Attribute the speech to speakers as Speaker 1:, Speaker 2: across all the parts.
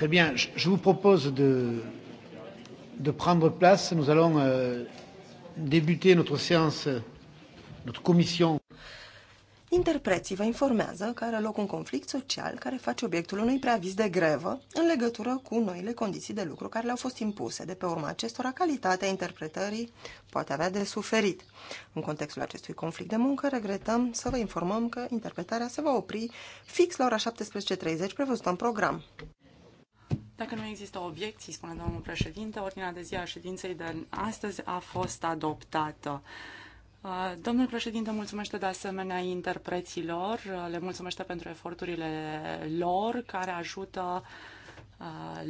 Speaker 1: Très bien, je vous propose de, de prendre place. Nous allons euh,
Speaker 2: débuter notre séance, euh, notre commission. Interpreții vă informează că are loc un conflict social care face obiectul unui preaviz de grevă în legătură cu noile condiții de lucru care le-au fost impuse. De pe urma acestora, calitatea interpretării poate avea de suferit. În contextul acestui conflict de muncă, regretăm să vă informăm că interpretarea se va opri fix la ora 17.30 prevăzută în program.
Speaker 3: Dacă nu există obiecții, spune domnul președinte, ordinea de zi a ședinței de astăzi a fost adoptată. Uh, domnul președinte mulțumește de asemenea interpreților, le mulțumește pentru eforturile lor care ajută uh, Uh,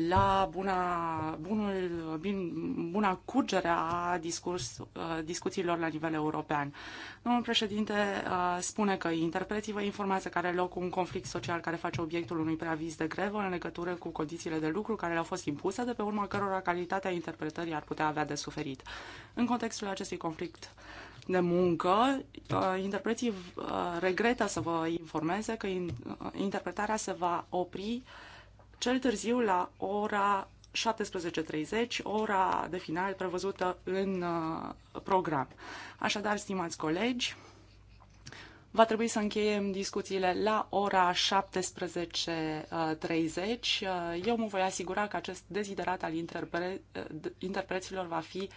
Speaker 3: la buna, bunul, bin, buna curgere a discurs, uh, discuțiilor la nivel european. Domnul președinte uh, spune că interpreții vă informează că are loc un conflict social care face obiectul unui preaviz de grevă în legătură cu condițiile de lucru care le-au fost impuse, de pe urma cărora calitatea interpretării ar putea avea de suferit. În contextul acestui conflict de muncă, interpreții regretă să vă informeze că interpretarea se va opri cel târziu la ora 17.30, ora de final prevăzută în uh, program. Așadar, stimați colegi, va trebui să încheiem discuțiile la ora 17.30. Uh, eu mă voi asigura că acest deziderat al interpre- uh, interpreților va fi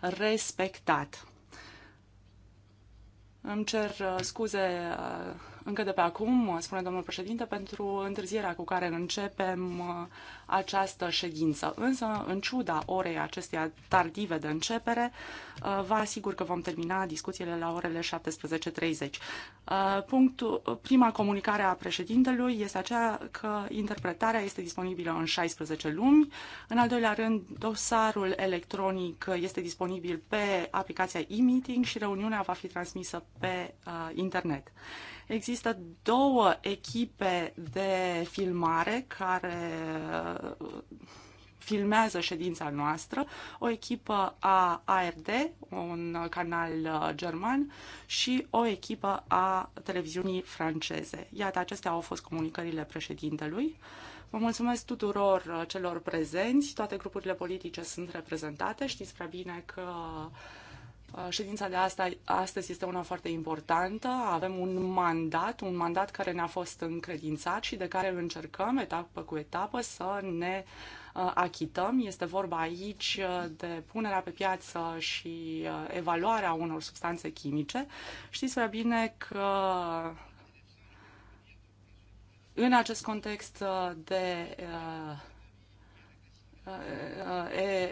Speaker 3: respectat. Îmi cer scuze încă de pe acum, spune domnul președinte, pentru întârzierea cu care începem uh, această ședință. Însă, în ciuda orei acesteia tardive de începere, uh, vă asigur că vom termina discuțiile la orele 17.30. Uh, punctul, prima comunicare a președintelui este aceea că interpretarea este disponibilă în 16 lumi. În al doilea rând, dosarul electronic este disponibil pe aplicația e-meeting și reuniunea va fi transmisă pe internet. Există două echipe de filmare care uh, filmează ședința noastră, o echipă a ARD, un canal uh, german, și o echipă a televiziunii franceze. Iată, acestea au fost comunicările președintelui. Vă mulțumesc tuturor uh, celor prezenți, toate grupurile politice sunt reprezentate, știți prea bine că uh, Ședința de asta, astăzi este una foarte importantă. Avem un mandat, un mandat care ne-a fost încredințat și de care încercăm etapă cu etapă să ne achităm. Este vorba aici de punerea pe piață și evaluarea unor substanțe chimice. Știți prea bine că în acest context de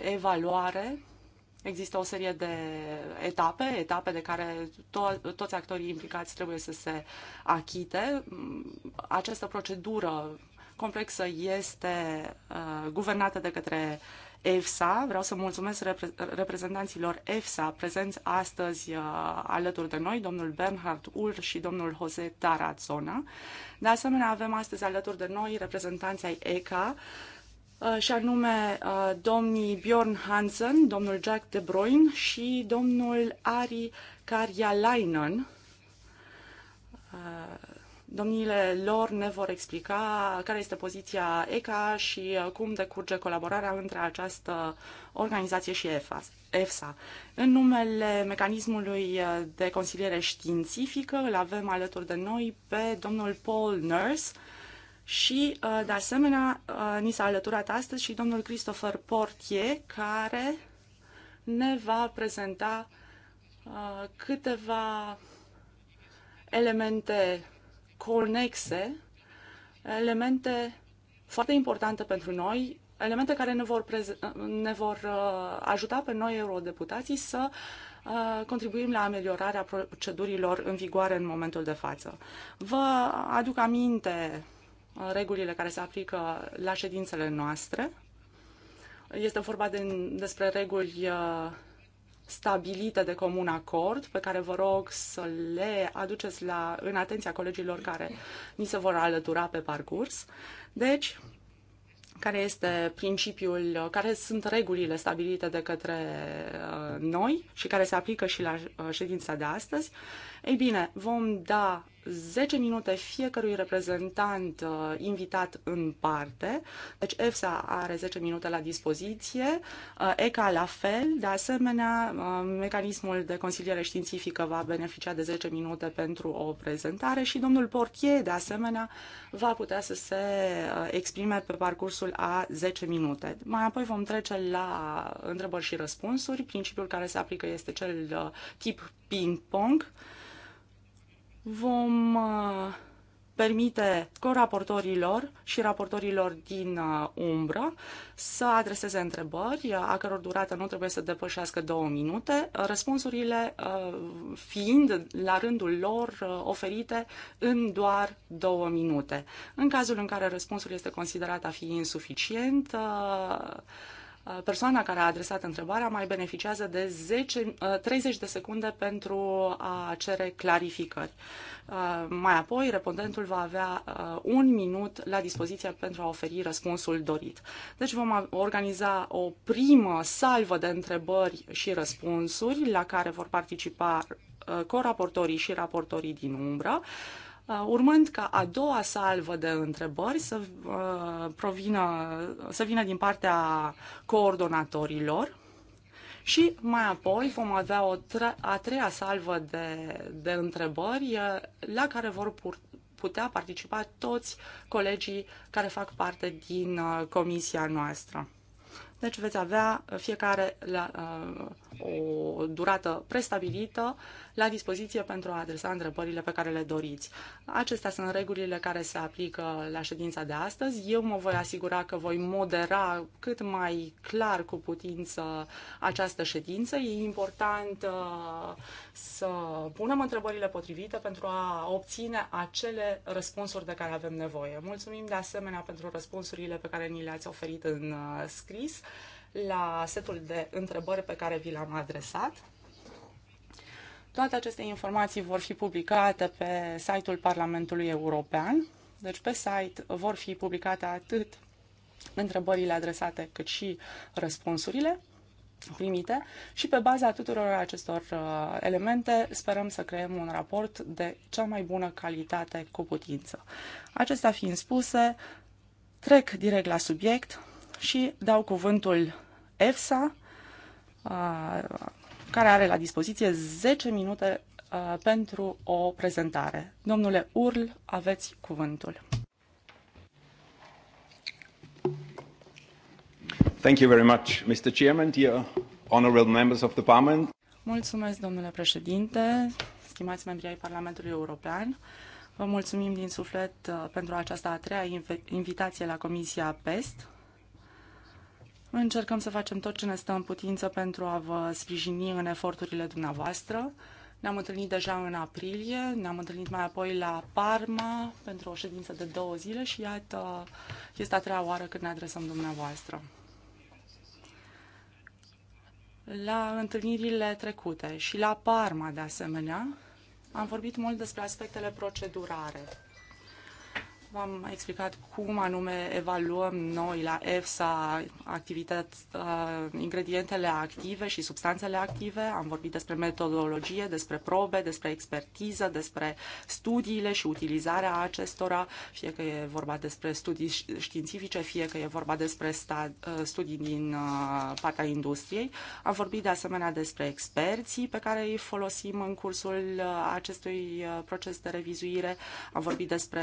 Speaker 3: evaluare, Există o serie de etape, etape de care to- toți actorii implicați trebuie să se achite. Această procedură complexă este uh, guvernată de către EFSA. Vreau să mulțumesc repre- reprezentanților EFSA prezenți astăzi uh, alături de noi, domnul Bernhard Ur și domnul Jose Tarazona. De asemenea, avem astăzi alături de noi reprezentanții ECA, uh, Uh, și anume uh, domnii Bjorn Hansen, domnul Jack de Bruyne și domnul Ari Karjalainen. Uh, domniile lor ne vor explica care este poziția ECA și cum decurge colaborarea între această organizație și EFSA. În numele mecanismului de consiliere științifică îl avem alături de noi pe domnul Paul Nurse, și, uh, de asemenea, uh, ni s-a alăturat astăzi și domnul Christopher Portier, care ne va prezenta uh, câteva elemente conexe, elemente foarte importante pentru noi, elemente care ne vor, ne vor ajuta pe noi, eurodeputații, să contribuim la ameliorarea procedurilor în vigoare în momentul de față. Vă aduc aminte regulile care se aplică la ședințele noastre. Este vorba de, despre reguli uh, stabilite de comun acord, pe care vă rog să le aduceți la, în atenția colegilor care ni se vor alătura pe parcurs. Deci, care este principiul, uh, care sunt regulile stabilite de către uh, noi și care se aplică și la ședința de astăzi. Ei bine, vom da 10 minute fiecărui reprezentant uh, invitat în parte. Deci EFSA are 10 minute la dispoziție, uh, ECA la fel, de asemenea, uh, mecanismul de consiliere științifică va beneficia de 10 minute pentru o prezentare și domnul Portier, de asemenea, va putea să se uh, exprime pe parcursul a 10 minute. Mai apoi vom trece la întrebări și răspunsuri. Principiul care se aplică este cel uh, tip ping-pong. Vom uh, permite coraportorilor și raportorilor din uh, umbră să adreseze întrebări, uh, a căror durată nu trebuie să depășească două minute, răspunsurile fiind la rândul lor oferite în doar două minute. În cazul în care răspunsul este considerat a fi insuficient, Uh, persoana care a adresat întrebarea mai beneficiază de 10, 30 uh, de secunde pentru a cere clarificări. Uh, mai apoi, respondentul va avea un minut la dispoziție pentru a oferi răspunsul dorit. Deci vom organiza o primă salvă de întrebări și răspunsuri la care vor participa coraportorii și raportorii din umbră. Uh, urmând ca a doua salvă de întrebări să, uh, provină, să vină din partea coordonatorilor și mai apoi vom avea o tre- a treia salvă de, de întrebări uh, la care vor putea participa toți colegii care fac parte din comisia noastră. Deci veți avea fiecare la, o durată prestabilită la dispoziție pentru a adresa întrebările pe care le doriți. Acestea sunt regulile care se aplică la ședința de astăzi. Eu mă voi asigura că voi modera cât mai clar cu putință această ședință. E important uh, să punem întrebările potrivite pentru a obține acele răspunsuri de care avem nevoie. Mulțumim de asemenea pentru răspunsurile pe care ni le-ați oferit în uh, scris la setul de întrebări pe care vi l-am adresat. Toate aceste informații vor fi publicate pe site-ul Parlamentului European. Deci pe site vor fi publicate atât întrebările adresate cât și răspunsurile primite și pe baza tuturor acestor uh, elemente sperăm să creăm un raport de cea mai bună calitate cu putință. Acestea fiind spuse, trec direct la subiect și dau cuvântul EFSA, uh, care are la dispoziție 10 minute uh, pentru o prezentare. Domnule Url, aveți cuvântul.
Speaker 4: Thank you very much, Mr. Chairman, dear honorable members of the Parliament.
Speaker 3: Mulțumesc, domnule președinte, stimați membri ai Parlamentului European. Vă mulțumim din suflet uh, pentru această a treia invitație la Comisia PEST. Încercăm să facem tot ce ne stă în putință pentru a vă sprijini în eforturile dumneavoastră. Ne-am întâlnit deja în aprilie, ne-am întâlnit mai apoi la Parma pentru o ședință de două zile și iată, este a treia oară când ne adresăm dumneavoastră. La întâlnirile trecute și la Parma, de asemenea, am vorbit mult despre aspectele procedurare V-am explicat cum anume evaluăm noi la EFSA activități, uh, ingredientele active și substanțele active. Am vorbit despre metodologie, despre probe, despre expertiză, despre studiile și utilizarea acestora, fie că e vorba despre studii științifice, fie că e vorba despre sta, uh, studii din uh, partea industriei. Am vorbit de asemenea despre experții pe care îi folosim în cursul uh, acestui uh, proces de revizuire. Am vorbit despre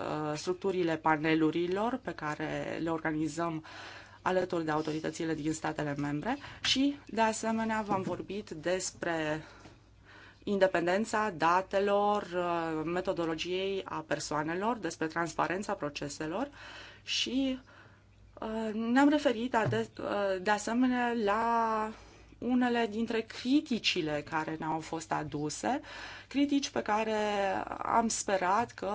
Speaker 3: Uh, structurile panelurilor pe care le organizăm alături de autoritățile din statele membre și, de asemenea, v-am vorbit despre independența datelor, uh, metodologiei a persoanelor, despre transparența proceselor și uh, ne-am referit de, de asemenea la unele dintre criticile care ne-au fost aduse, critici pe care am sperat că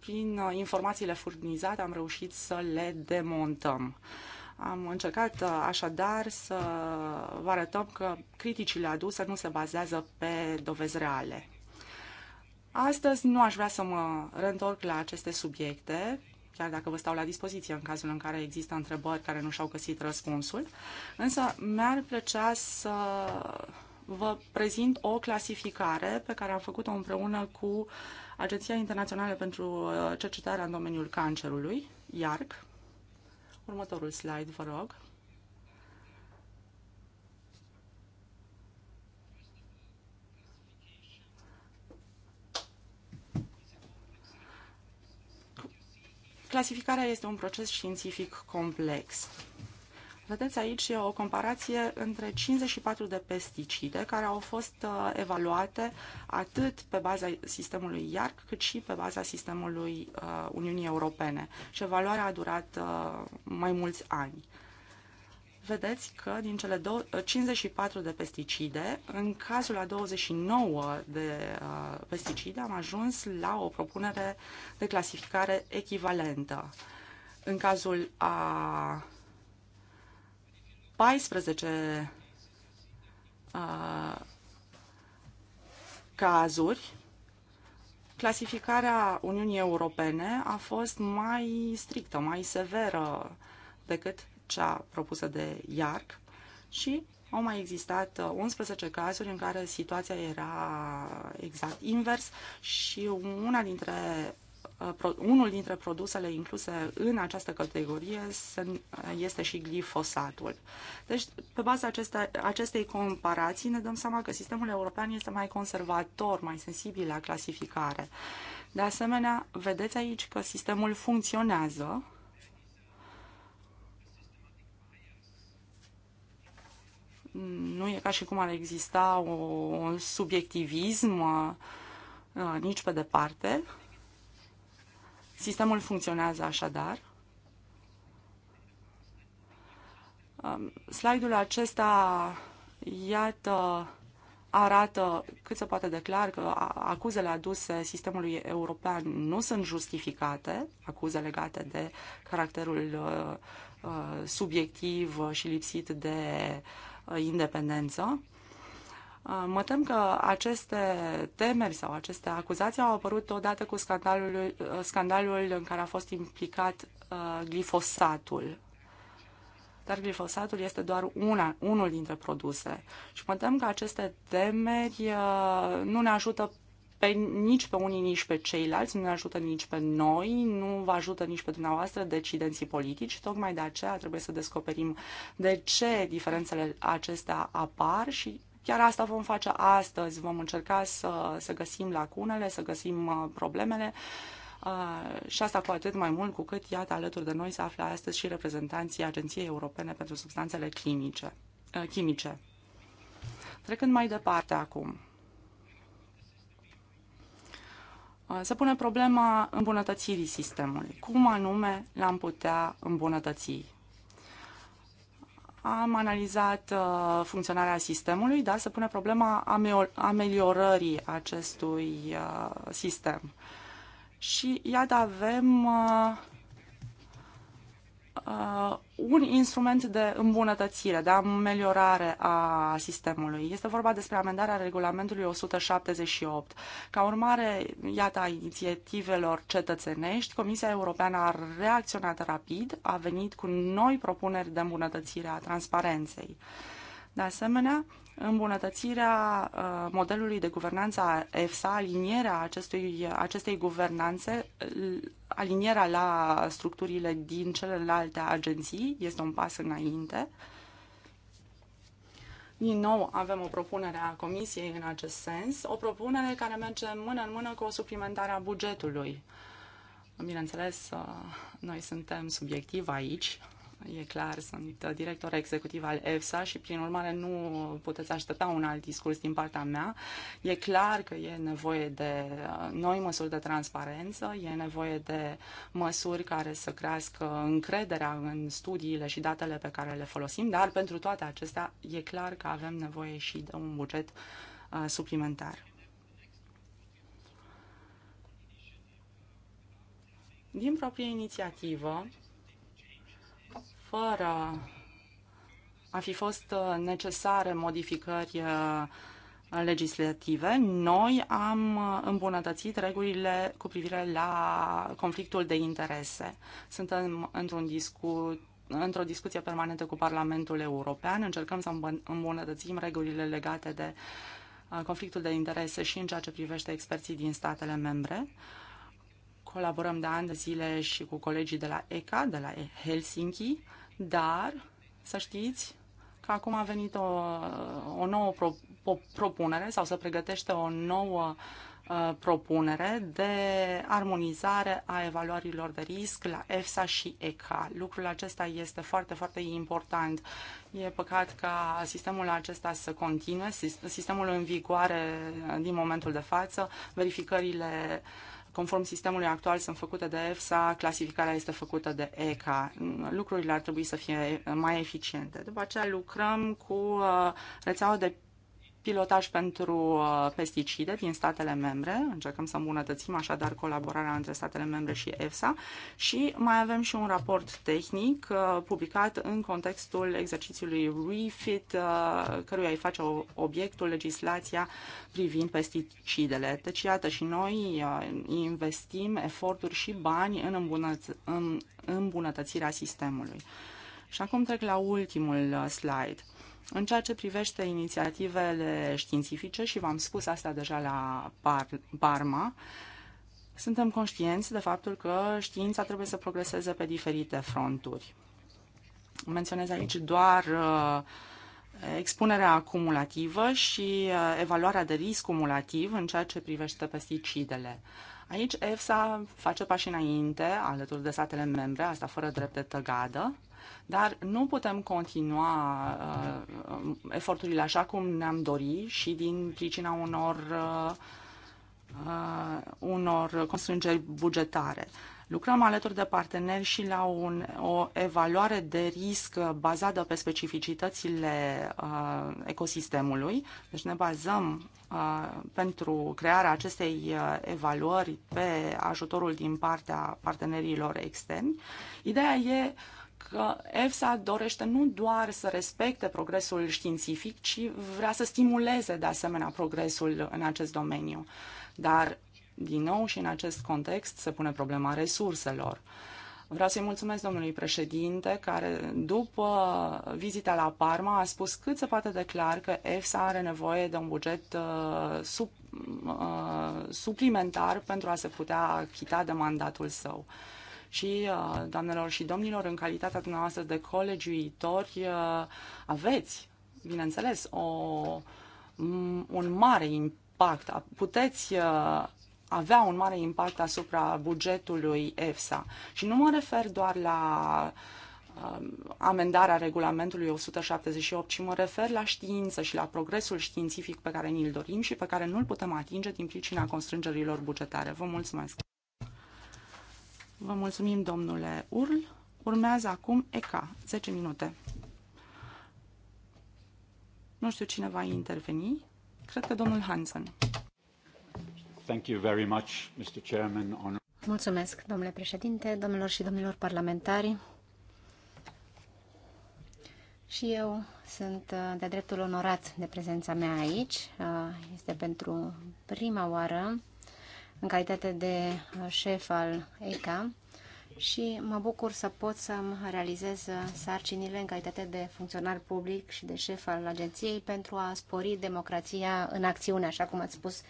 Speaker 3: prin informațiile furnizate am reușit să le demontăm. Am încercat așadar să vă arătăm că criticile aduse nu se bazează pe dovezi reale. Astăzi nu aș vrea să mă reîntorc la aceste subiecte, chiar dacă vă stau la dispoziție în cazul în care există întrebări care nu și-au găsit răspunsul. Însă mi-ar plăcea să vă prezint o clasificare pe care am făcut-o împreună cu Agenția Internațională pentru uh, Cercetarea în domeniul cancerului, IARC. Următorul slide, vă rog. Clasificarea este un proces științific complex. Vedeți aici o comparație între 54 de pesticide care au fost uh, evaluate atât pe baza sistemului IARC cât și pe baza sistemului uh, Uniunii Europene și evaluarea a durat uh, mai mulți ani vedeți că din cele 54 uh, de pesticide, în cazul a 29 de uh, pesticide, am ajuns la o propunere de clasificare echivalentă. În cazul a 14 uh, cazuri, clasificarea Uniunii Europene a fost mai strictă, mai severă decât cea propusă de IARC și au mai existat 11 uh, cazuri în care situația era exact invers și una dintre uh, unul dintre produsele incluse în această categorie uh, este și glifosatul. Deci, pe baza acestei, acestei comparații, ne dăm seama că sistemul european este mai conservator, mai sensibil la clasificare. De asemenea, vedeți aici că sistemul funcționează, nu e ca și cum ar exista o, un subiectivism a uh, uh, nici pe departe. Sistemul funcționează așadar. Um, slide-ul acesta, iată, arată cât se poate declar că acuzele aduse sistemului european nu sunt justificate, acuze legate de caracterul uh, uh subiectiv și lipsit de Uh, independență. Uh, mă tem că aceste temeri sau aceste acuzații au apărut odată cu scandalul, uh, scandalul în care a fost implicat glifosatul dar glifosatul este doar una, unul dintre produse. Și mă tem că aceste temeri nu ne ajută pe, nici pe unii, nici pe ceilalți, nu ne ajută nici pe noi, nu vă ajută nici pe dumneavoastră decidenții politici. Tocmai de aceea trebuie să descoperim de ce diferențele acestea apar și Chiar asta vom face astăzi. Vom încerca să, să găsim lacunele, să găsim uh, problemele uh, și asta cu atât mai mult cu cât, iată, alături de noi se află astăzi și reprezentanții Agenției Europene pentru Substanțele Chimice. Uh, chimice. Trecând mai departe acum, Uh, se pune problema îmbunătățirii sistemului. Cum anume l-am putea îmbunătăți? Am analizat uh, funcționarea sistemului, dar se pune problema ameliorării acestui uh, sistem. Și iată avem uh, uh, un instrument de îmbunătățire, de ameliorare a sistemului. Este vorba despre amendarea regulamentului 178. Ca urmare, iată, a inițiativelor cetățenești, Comisia Europeană a reacționat rapid, a venit cu noi propuneri de îmbunătățire a transparenței. De asemenea, îmbunătățirea uh, modelului de guvernanță a EFSA, alinierea acestui, acestei guvernanțe, uh, alinierea la structurile din celelalte agenții este un pas înainte. Din nou avem o propunere a Comisiei în acest sens, o propunere care merge mână în mână cu o suplimentare a bugetului. Bineînțeles, uh, noi suntem subiectivi aici, e clar, sunt director executiv al EFSA și prin urmare nu puteți aștepta un alt discurs din partea mea. E clar că e nevoie de uh, noi măsuri de transparență, e nevoie de măsuri care să crească încrederea în studiile și datele pe care le folosim, dar pentru toate acestea e clar că avem nevoie și de un buget uh, suplimentar. Din proprie inițiativă, fără a fi fost uh, necesare modificări uh, legislative, noi am uh, îmbunătățit regulile cu privire la conflictul de interese. Suntem într-un discut într-o discuție permanentă cu Parlamentul European. Încercăm să îmbunătățim regulile legate de conflictul de interese și în ceea ce privește experții din statele membre. Colaborăm de ani de zile și cu colegii de la ECA, de la Helsinki, dar să știți că acum a venit o, o nouă pro, o propunere sau se pregătește o nouă uh, propunere de armonizare a evaluărilor de risc la EFSA și ECA. Lucrul acesta este foarte, foarte important. E păcat ca sistemul acesta să continue, sistemul în vigoare din momentul de față, verificările uh, conform sistemului actual, sunt făcute de EFSA, clasificarea este făcută de ECA. Lucrurile ar trebui să fie mai eficiente. După aceea lucrăm cu uh, rețeaua de pilotaj pentru uh, pesticide din statele membre, încercăm să îmbunătățim așadar colaborarea între statele membre și EFSA și mai avem și un raport tehnic uh, publicat în contextul exercițiului REFIT, uh, căruia îi face obiectul legislația privind pesticidele. Deci iată și noi investim eforturi și bani în, îmbunăt- în îmbunătățirea sistemului. Și acum trec la ultimul slide. În ceea ce privește inițiativele științifice, și v-am spus asta deja la Parma, suntem conștienți de faptul că știința trebuie să progreseze pe diferite fronturi. Menționez aici doar uh, expunerea acumulativă și uh, evaluarea de risc cumulativ în ceea ce privește pesticidele. Aici EFSA face pași înainte, alături de statele membre, asta fără drept de tăgadă. Uh, dar nu putem continua uh, eforturile așa cum ne-am dori și din pricina unor, uh, unor constrângeri bugetare. Lucrăm alături de parteneri și la un, o evaluare de risc bazată pe specificitățile uh, ecosistemului. Deci ne bazăm uh, pentru crearea acestei uh, evaluări pe ajutorul din partea partenerilor externi. Ideea e că EFSA dorește nu doar să respecte progresul științific, ci vrea să stimuleze de asemenea progresul în acest domeniu. Dar, din nou și în acest context, se pune problema resurselor. Vreau să-i mulțumesc domnului președinte, care după vizita la Parma a spus cât se poate de clar că EFSA are nevoie de un buget uh, sub, uh, suplimentar pentru a se putea achita de mandatul său. Uh, și, uh, doamnelor și domnilor, în calitatea dumneavoastră de colegiuitori, uh, aveți, bineînțeles, o, un mare impact. Puteți uh, avea un mare impact asupra bugetului EFSA. Și nu mă refer doar la amendarea regulamentului 178, ci mă refer la știință și la progresul științific pe care ni-l dorim și pe care nu-l putem atinge din pricina constrângerilor bugetare. Vă mulțumesc! Vă mulțumim, domnule Url. Urmează acum ECA, 10 minute. Nu știu cine va interveni.
Speaker 4: Cred că domnul Hansen.
Speaker 1: Thank you very much, Mr. Chairman. On...
Speaker 4: Mulțumesc, domnule președinte, domnilor și domnilor parlamentari. Și eu sunt uh, de dreptul onorat de prezența mea aici. Uh, este pentru prima oară în calitate de uh, șef al ECA și mă bucur să pot să-mi realizez uh, sarcinile în calitate de funcționar public și de șef al agenției pentru a spori democrația în acțiune, așa cum ați spus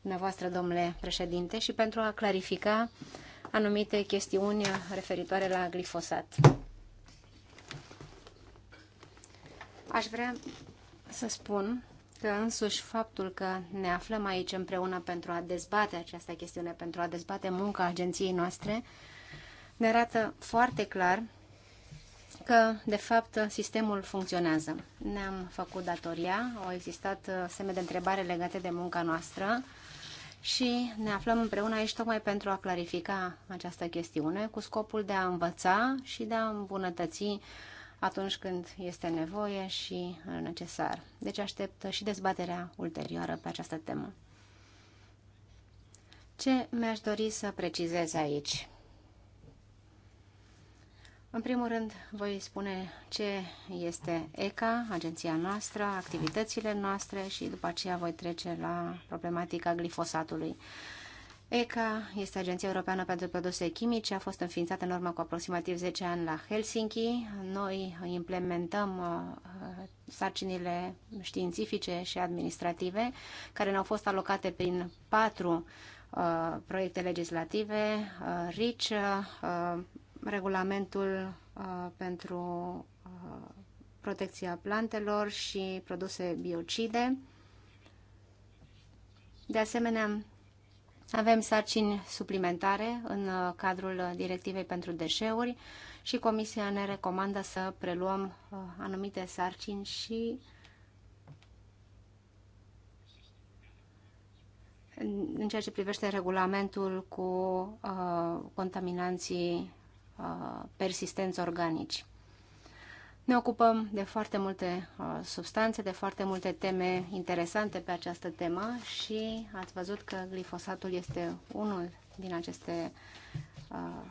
Speaker 4: dumneavoastră, domnule președinte, și pentru a clarifica anumite chestiuni uh, referitoare la glifosat. Aș vrea să spun că însuși faptul că ne aflăm aici împreună pentru a dezbate această chestiune, pentru a dezbate munca agenției noastre, ne arată foarte clar că, de fapt, sistemul funcționează. Ne-am făcut datoria, au existat semne de întrebare legate de munca noastră și ne aflăm împreună aici tocmai pentru a clarifica această chestiune cu scopul de a învăța și de a îmbunătăți atunci când este nevoie și necesar. Deci aștept și dezbaterea ulterioară pe această temă. Ce mi-aș dori să precizez aici? În primul rând, voi spune ce este ECA, agenția noastră, activitățile noastre și după aceea voi trece la problematica glifosatului. ECA este Agenția Europeană pentru Produse Chimice, a fost înființată în urmă cu aproximativ 10 ani la Helsinki. Noi implementăm uh, sarcinile științifice și administrative care ne-au fost alocate prin patru uh, proiecte legislative, uh, RICH, uh, regulamentul pentru protecția plantelor și produse biocide. De asemenea, avem sarcini suplimentare în uh, cadrul uh, directivei pentru deșeuri și Comisia ne recomandă să preluăm uh, anumite sarcini și în ceea ce privește regulamentul cu uh, contaminanții uh, persistenți organici. Ne ocupăm de foarte multe uh, substanțe, de foarte multe teme interesante pe această temă și ați văzut că glifosatul este unul din aceste, uh,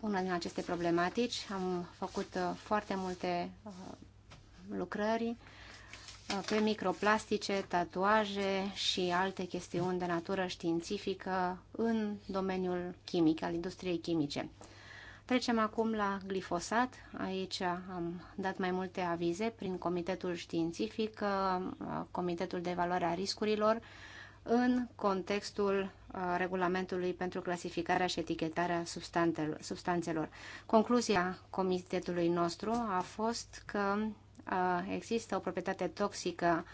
Speaker 4: una din aceste problematici. Am făcut uh, foarte multe uh, lucrări uh, pe microplastice, tatuaje și alte chestiuni de natură științifică în domeniul chimic, al industriei chimice. Trecem acum la glifosat. Aici am dat mai multe avize prin Comitetul Științific, uh, Comitetul de Evaluare a Riscurilor, în contextul uh, regulamentului pentru clasificarea și etichetarea substanțelor. Concluzia comitetului nostru a fost că uh, există o proprietate toxică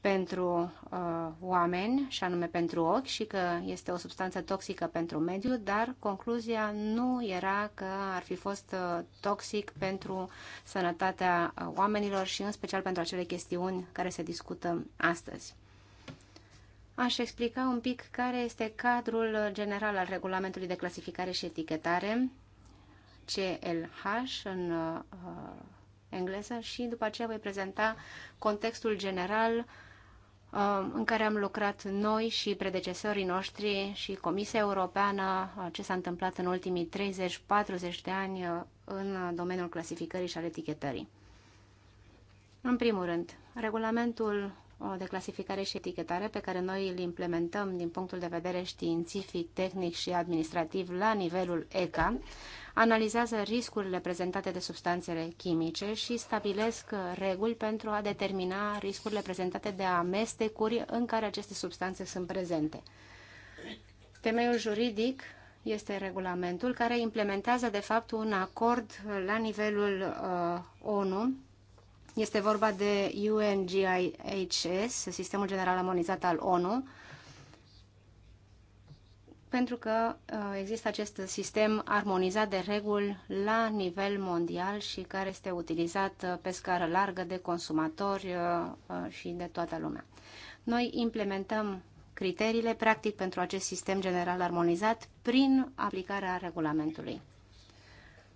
Speaker 4: pentru uh, oameni, și anume pentru ochi, și că este o substanță toxică pentru mediu, dar concluzia nu era că ar fi fost uh, toxic pentru sănătatea uh, oamenilor și în special pentru acele chestiuni care se discută astăzi. Aș explica un pic care este cadrul general al regulamentului de clasificare și etichetare, CLH, în uh, engleză, și după aceea voi prezenta contextul general uh, Uh, în care am lucrat noi și predecesorii noștri și Comisia Europeană, uh, ce s-a întâmplat în ultimii 30-40 de ani uh, în domeniul clasificării și al etichetării. În primul rând, regulamentul de clasificare și etichetare pe care noi îl implementăm din punctul de vedere științific, tehnic și administrativ la nivelul ECA, analizează riscurile prezentate de substanțele chimice și stabilesc reguli pentru a determina riscurile prezentate de amestecuri în care aceste substanțe sunt prezente. Temeiul juridic este regulamentul care implementează, de fapt, un acord la nivelul uh, ONU este vorba de UNGIHS, Sistemul General Armonizat al ONU, pentru că uh, există acest sistem armonizat de reguli la nivel mondial și care este utilizat uh, pe scară largă de consumatori uh, și de toată lumea. Noi implementăm criteriile, practic, pentru acest sistem general armonizat prin aplicarea regulamentului.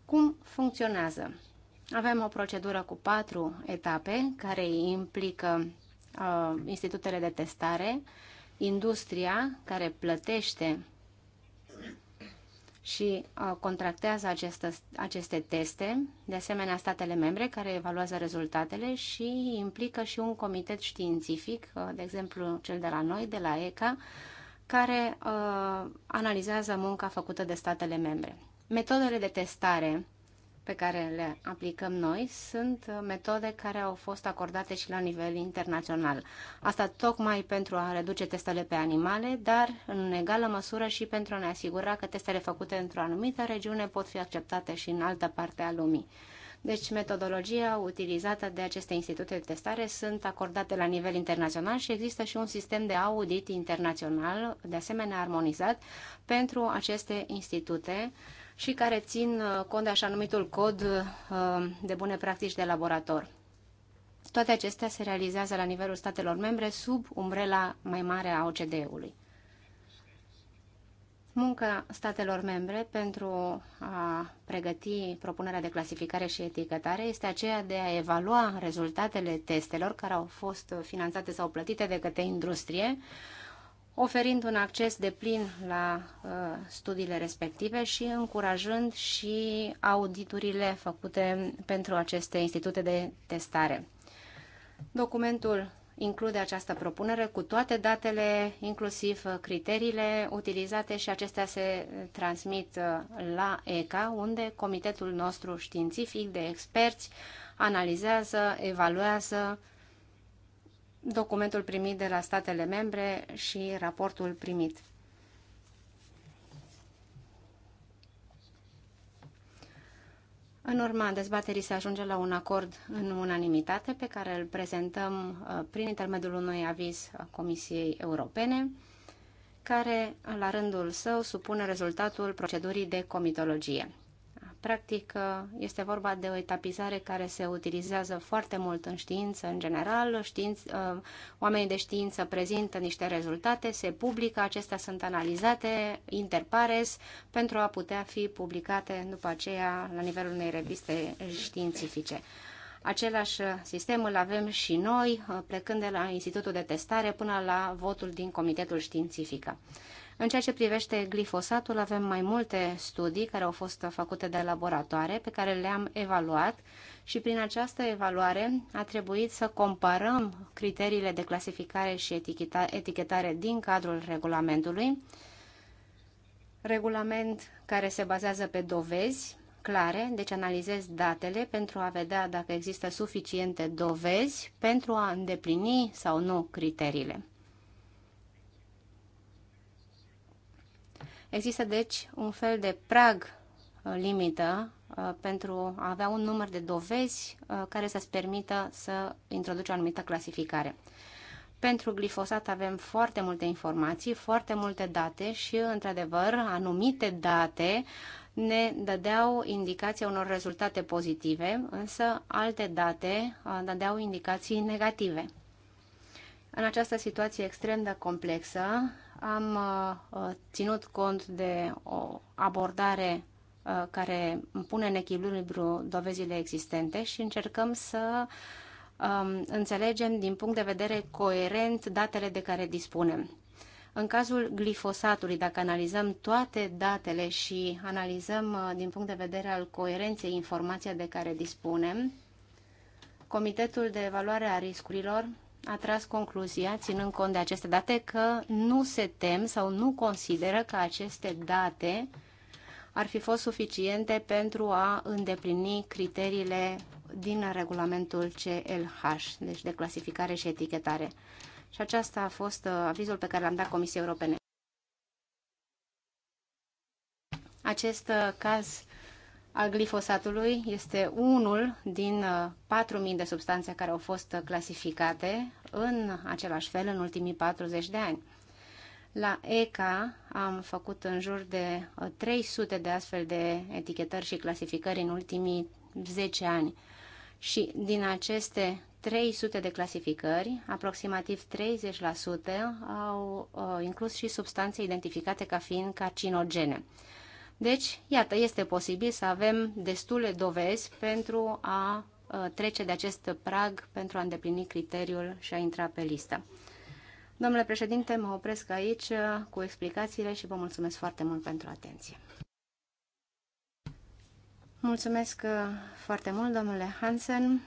Speaker 4: Cum funcționează? Avem o procedură cu patru etape care implică uh, institutele de testare, industria care plătește și uh, contractează aceste, aceste teste, de asemenea statele membre care evaluează rezultatele și implică și un comitet științific, uh, de exemplu cel de la noi, de la ECA, care uh, analizează munca făcută de statele membre. Metodele de testare pe care le aplicăm noi sunt uh, metode care au fost acordate și la nivel internațional. Asta tocmai pentru a reduce testele pe animale, dar în egală măsură și pentru a ne asigura că testele făcute într-o anumită regiune pot fi acceptate și în altă parte a lumii. Deci metodologia utilizată de aceste institute de testare sunt acordate la nivel internațional și există și un sistem de audit internațional, de asemenea armonizat, pentru aceste institute și care țin uh, cont de așa numitul cod uh, de bune practici de laborator. Toate acestea se realizează la nivelul statelor membre sub umbrela mai mare a OCDE-ului. Munca statelor membre pentru a pregăti propunerea de clasificare și etichetare este aceea de a evalua rezultatele testelor care au fost finanțate sau plătite de către industrie, oferind un acces de plin la uh, studiile respective și încurajând și auditurile făcute pentru aceste institute de testare. Documentul include această propunere cu toate datele, inclusiv criteriile utilizate și acestea se transmit uh, la ECA, unde comitetul nostru științific de experți analizează, evaluează documentul primit de la statele membre și raportul primit. În urma dezbaterii se ajunge la un acord în unanimitate pe care îl prezentăm uh, prin intermediul unui aviz a Comisiei Europene, care, la rândul său, supune rezultatul procedurii de comitologie. Practic, uh, este vorba de o etapizare care se utilizează foarte mult în știință, în general. Știință, uh, oamenii de știință prezintă niște rezultate, se publică, acestea sunt analizate, interpares, pentru a putea fi publicate după aceea la nivelul unei reviste științifice. Același sistem îl avem și noi, uh, plecând de la Institutul de Testare până la votul din Comitetul Științific. În ceea ce privește glifosatul, avem mai multe studii care au fost făcute de laboratoare pe care le-am evaluat și prin această evaluare a trebuit să comparăm criteriile de clasificare și etichetare din cadrul regulamentului, regulament care se bazează pe dovezi clare, deci analizez datele pentru a vedea dacă există suficiente dovezi pentru a îndeplini sau nu criteriile. Există deci un fel de prag uh, limită uh, pentru a avea un număr de dovezi uh, care să-ți permită să introduci o anumită clasificare. Pentru glifosat avem foarte multe informații, foarte multe date și, într-adevăr, anumite date ne dădeau indicația unor rezultate pozitive, însă alte date dădeau indicații negative. În această situație extrem de complexă, am uh, uh, ținut cont de o abordare uh, care pune în echilibru dovezile existente și încercăm să um, înțelegem din punct de vedere coerent datele de care dispunem. În cazul glifosatului, dacă analizăm toate datele și analizăm din punct de vedere al coerenței informația de care dispunem, Comitetul de Evaluare a Riscurilor a tras concluzia, ținând cont de aceste date, că nu se tem sau nu consideră că aceste date ar fi fost suficiente pentru a îndeplini criteriile din regulamentul CLH, deci de clasificare și etichetare. Și aceasta a fost uh, avizul pe care l-am dat Comisiei Europene. Acest uh, caz al glifosatului este unul din 4.000 uh, de substanțe care au fost uh, clasificate în același fel în ultimii 40 de ani. La ECA am făcut în jur de 300 uh, de astfel de etichetări și clasificări în ultimii 10 ani. Și din aceste 300 de clasificări, aproximativ 30% au inclus și substanțe identificate ca fiind carcinogene. Deci, iată, este posibil să avem destule dovezi pentru a uh, trece de acest prag pentru a îndeplini criteriul și a intra pe listă. Domnule președinte, mă opresc aici uh, cu explicațiile și vă mulțumesc foarte mult pentru atenție. Mulțumesc uh, foarte mult, domnule Hansen.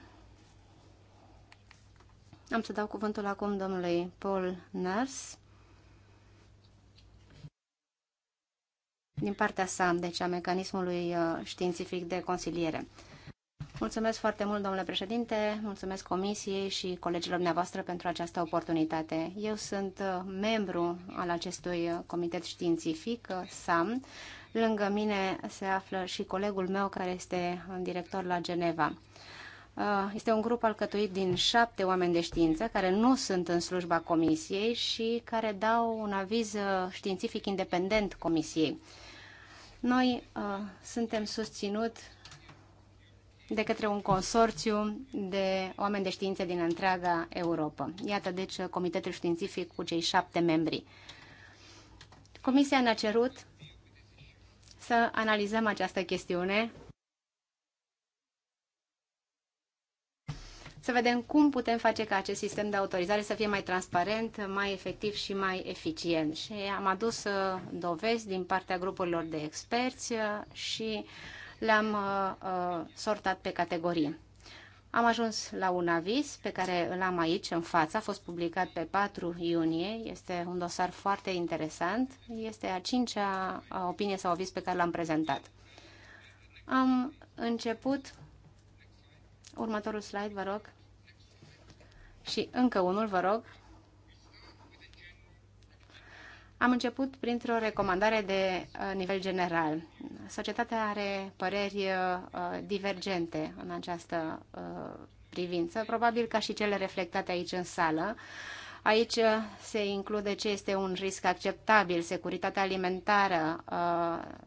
Speaker 4: Am să dau cuvântul acum domnului Paul Nurse din partea sa, deci a mecanismului uh, științific de consiliere. Mulțumesc foarte mult, domnule președinte, mulțumesc comisiei și colegilor dumneavoastră pentru această oportunitate. Eu sunt uh, membru al acestui uh, comitet științific, SAM. Lângă mine se află și colegul meu care este director la Geneva. Este un grup alcătuit din șapte oameni de știință care nu sunt în slujba comisiei și care dau un aviz științific independent comisiei. Noi uh, suntem susținut de către un consorțiu de oameni de știință din întreaga Europa. Iată, deci, comitetul științific cu cei șapte membri. Comisia ne-a cerut să analizăm această chestiune să vedem cum putem face ca acest sistem de autorizare să fie mai transparent, mai efectiv și mai eficient. Și am adus uh, dovezi din partea grupurilor de experți uh, și le-am uh, sortat pe categorii. Am ajuns la un aviz pe care îl am aici în față, a fost publicat pe 4 iunie, este un dosar foarte interesant, este a cincea opinie sau aviz pe care l-am prezentat. Am început Următorul slide, vă rog. Și încă unul, vă rog. Am început printr-o recomandare de uh, nivel general. Societatea are păreri uh, divergente în această uh, privință, probabil ca și cele reflectate aici în sală, Aici uh, se include ce este un risc acceptabil, securitatea alimentară, uh,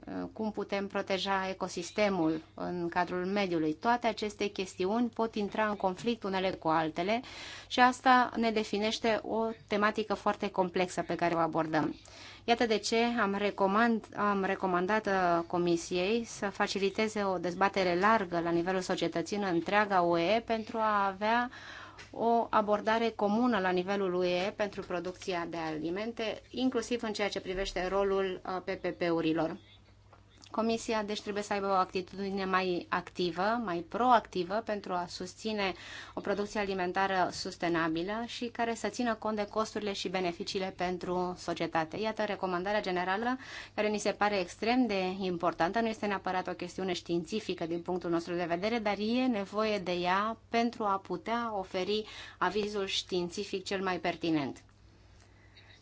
Speaker 4: uh, cum putem proteja ecosistemul în cadrul mediului. Toate aceste chestiuni pot intra în conflict unele cu altele și asta ne definește o tematică foarte complexă pe care o abordăm. Iată de ce am, recomand, am recomandat Comisiei să faciliteze o dezbatere largă la nivelul societății în întreaga UE pentru a avea uh, o abordare comună la nivelul UE pentru producția de alimente, inclusiv în ceea ce privește rolul uh, PPP-urilor. Comisia deci trebuie să aibă o actitudine mai activă, mai proactivă pentru a susține o producție alimentară sustenabilă și care să țină cont de costurile și beneficiile pentru societate. Iată recomandarea generală care ni se pare extrem de importantă. Nu este neapărat o chestiune științifică din punctul nostru de vedere, dar e nevoie de ea pentru a putea oferi avizul științific cel mai pertinent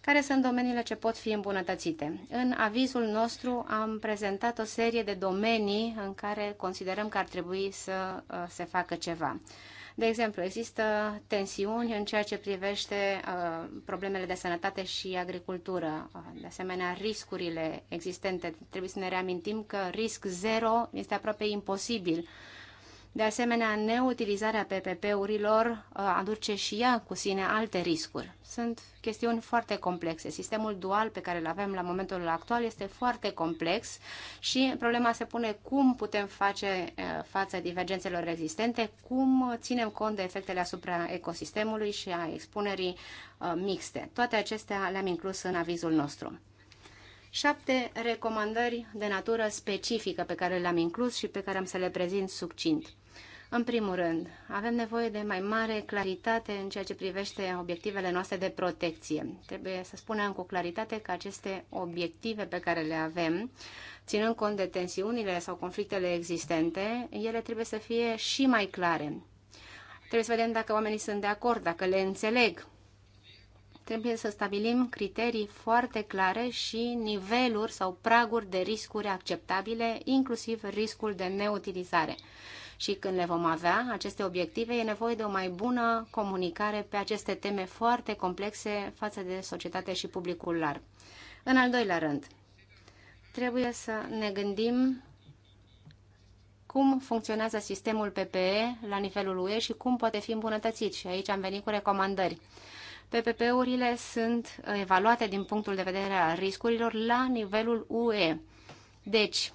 Speaker 4: care sunt domeniile ce pot fi îmbunătățite. În avizul nostru am prezentat o serie de domenii în care considerăm că ar trebui să uh, se facă ceva. De exemplu, există tensiuni în ceea ce privește uh, problemele de sănătate și agricultură. Uh, de asemenea, riscurile existente. Trebuie să ne reamintim că risc zero este aproape imposibil de asemenea, neutilizarea PPP-urilor uh, aduce și ea cu sine alte riscuri. Sunt chestiuni foarte complexe. Sistemul dual pe care îl avem la momentul actual este foarte complex și problema se pune cum putem face uh, față divergențelor existente, cum ținem cont de efectele asupra ecosistemului și a expunerii uh, mixte. Toate acestea le-am inclus în avizul nostru șapte recomandări de natură specifică pe care le-am inclus și pe care am să le prezint succint. În primul rând, avem nevoie de mai mare claritate în ceea ce privește obiectivele noastre de protecție. Trebuie să spunem cu claritate că aceste obiective pe care le avem, ținând cont de tensiunile sau conflictele existente, ele trebuie să fie și mai clare. Trebuie să vedem dacă oamenii sunt de acord, dacă le înțeleg, Trebuie să stabilim criterii foarte clare și niveluri sau praguri de riscuri acceptabile, inclusiv riscul de neutilizare. Și când le vom avea, aceste obiective, e nevoie de o mai bună comunicare pe aceste teme foarte complexe față de societate și publicul larg. În al doilea rând, trebuie să ne gândim cum funcționează sistemul PPE la nivelul UE și cum poate fi îmbunătățit. Și aici am venit cu recomandări. PPP-urile sunt uh, evaluate din punctul de vedere al riscurilor la nivelul UE. Deci,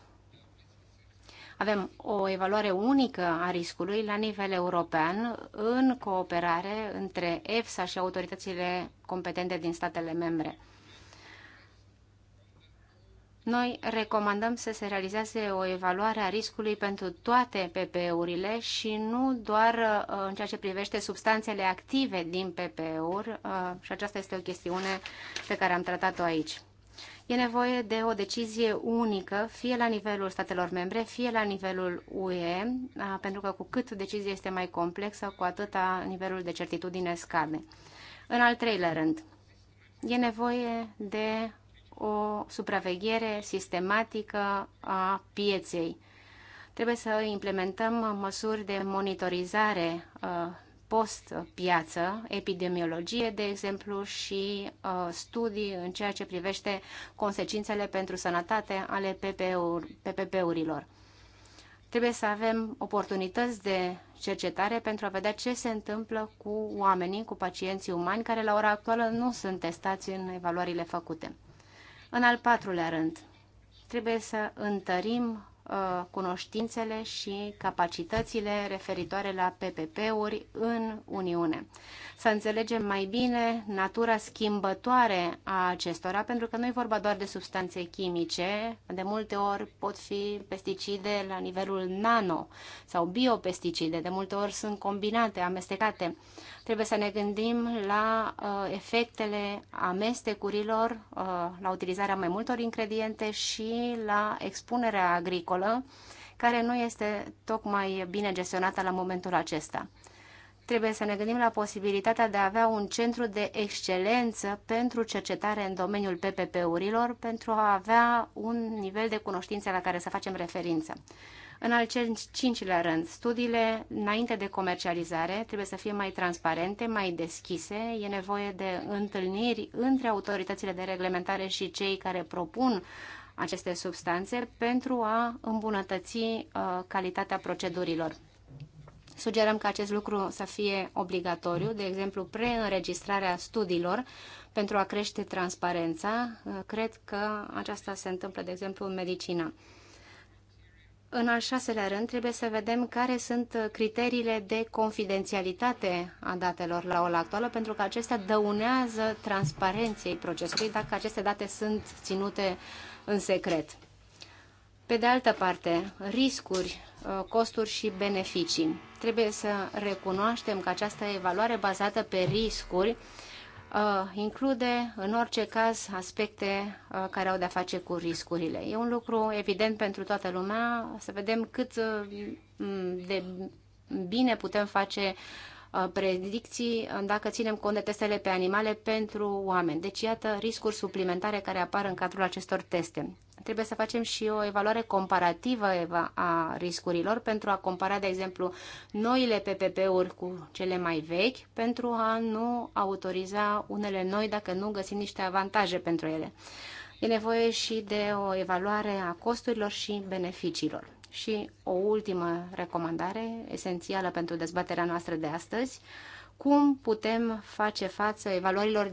Speaker 4: avem o evaluare unică a riscului la nivel european în cooperare între EFSA și autoritățile competente din statele membre. Noi recomandăm să se realizeze o evaluare a riscului pentru toate PPE-urile și nu doar uh, în ceea ce privește substanțele active din PPE-uri uh, și aceasta este o chestiune pe care am tratat-o aici. E nevoie de o decizie unică, fie la nivelul statelor membre, fie la nivelul UE, uh, pentru că cu cât decizia este mai complexă, cu atât nivelul de certitudine scade. În al treilea rând, e nevoie de o supraveghere sistematică a pieței. Trebuie să implementăm măsuri de monitorizare uh, post-piață, epidemiologie, de exemplu, și uh, studii în ceea ce privește consecințele pentru sănătate ale PPP-urilor trebuie să avem oportunități de cercetare pentru a vedea ce se întâmplă cu oamenii, cu pacienții umani, care la ora actuală nu sunt testați în evaluările făcute. În al patrulea rând, trebuie să întărim uh, cunoștințele și capacitățile referitoare la PPP-uri în Uniune. Să înțelegem mai bine natura schimbătoare a acestora, pentru că nu e vorba doar de substanțe chimice, de multe ori pot fi pesticide la nivelul nano sau biopesticide, de multe ori sunt combinate, amestecate. Uh, Trebuie să ne gândim la uh, efectele amestecurilor, uh, la utilizarea mai multor ingrediente și la expunerea agricolă, care nu este tocmai bine gestionată la momentul acesta trebuie să ne gândim la posibilitatea de a avea un centru de excelență pentru cercetare în domeniul PPP-urilor, pentru a avea un nivel de cunoștințe la care să facem referință. În al cincilea rând, studiile înainte de comercializare trebuie să fie mai transparente, mai deschise. E nevoie de întâlniri între autoritățile de reglementare și cei care propun aceste substanțe pentru a îmbunătăți uh, calitatea procedurilor. Sugerăm că acest lucru să fie obligatoriu, de exemplu, preînregistrarea studiilor pentru a crește transparența. Uh, cred că aceasta se întâmplă, de exemplu, în medicină. În al șaselea rând, trebuie să vedem care sunt criteriile de confidențialitate a datelor la ora actuală, pentru că acestea dăunează transparenței procesului dacă aceste date sunt ținute în secret. Pe de altă parte, riscuri, uh, costuri și beneficii. Trebuie să recunoaștem că această evaluare bazată pe riscuri Uh, include în orice caz aspecte uh, care au de-a face cu riscurile. E un lucru evident pentru toată lumea, să vedem cât uh, de bine putem face Uh, predicții uh, dacă ținem cont de testele pe animale pentru oameni. Deci, iată, riscuri suplimentare care apar în cadrul acestor teste. Trebuie să facem și o evaluare comparativă a riscurilor pentru a compara, de exemplu, noile PPP-uri cu cele mai vechi pentru a nu autoriza unele noi dacă nu găsim niște avantaje pentru ele. E nevoie și de o evaluare a costurilor și beneficiilor. Și o ultimă recomandare, esențială pentru dezbaterea noastră de astăzi, cum putem face față evaluărilor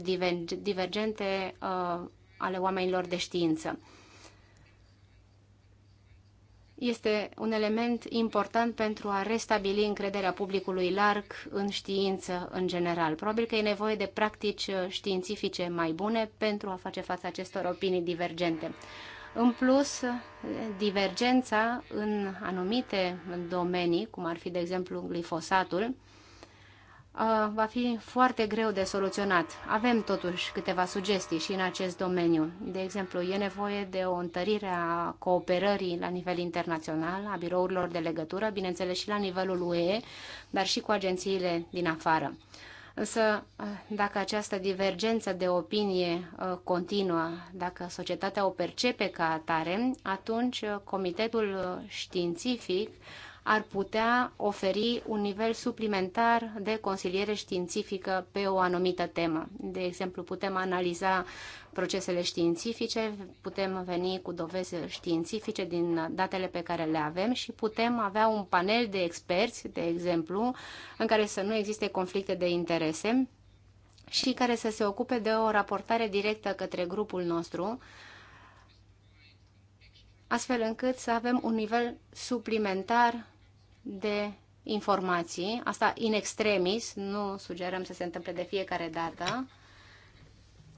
Speaker 4: divergente uh, ale oamenilor de știință. Este un element important pentru a restabili încrederea publicului larg în știință în general. Probabil că e nevoie de practici științifice mai bune pentru a face față acestor opinii divergente. În plus, divergența în anumite domenii, cum ar fi, de exemplu, glifosatul, uh, va fi foarte greu de soluționat. Avem totuși câteva sugestii și în acest domeniu. De exemplu, e nevoie de o întărire a cooperării la nivel internațional, a birourilor de legătură, bineînțeles și la nivelul UE, dar și cu agențiile din afară. Însă, eh, dacă această divergență de opinie eh, continuă, dacă societatea o percepe ca atare, atunci eh, Comitetul Științific ar putea oferi un nivel suplimentar de consiliere științifică pe o anumită temă. De exemplu, putem analiza procesele științifice, putem veni cu dovezi științifice din datele pe care le avem și putem avea un panel de experți, de exemplu, în care să nu existe conflicte de interese și care să se ocupe de o raportare directă către grupul nostru, astfel încât să avem un nivel suplimentar de informații, asta in extremis, nu sugerăm să se întâmple de fiecare dată,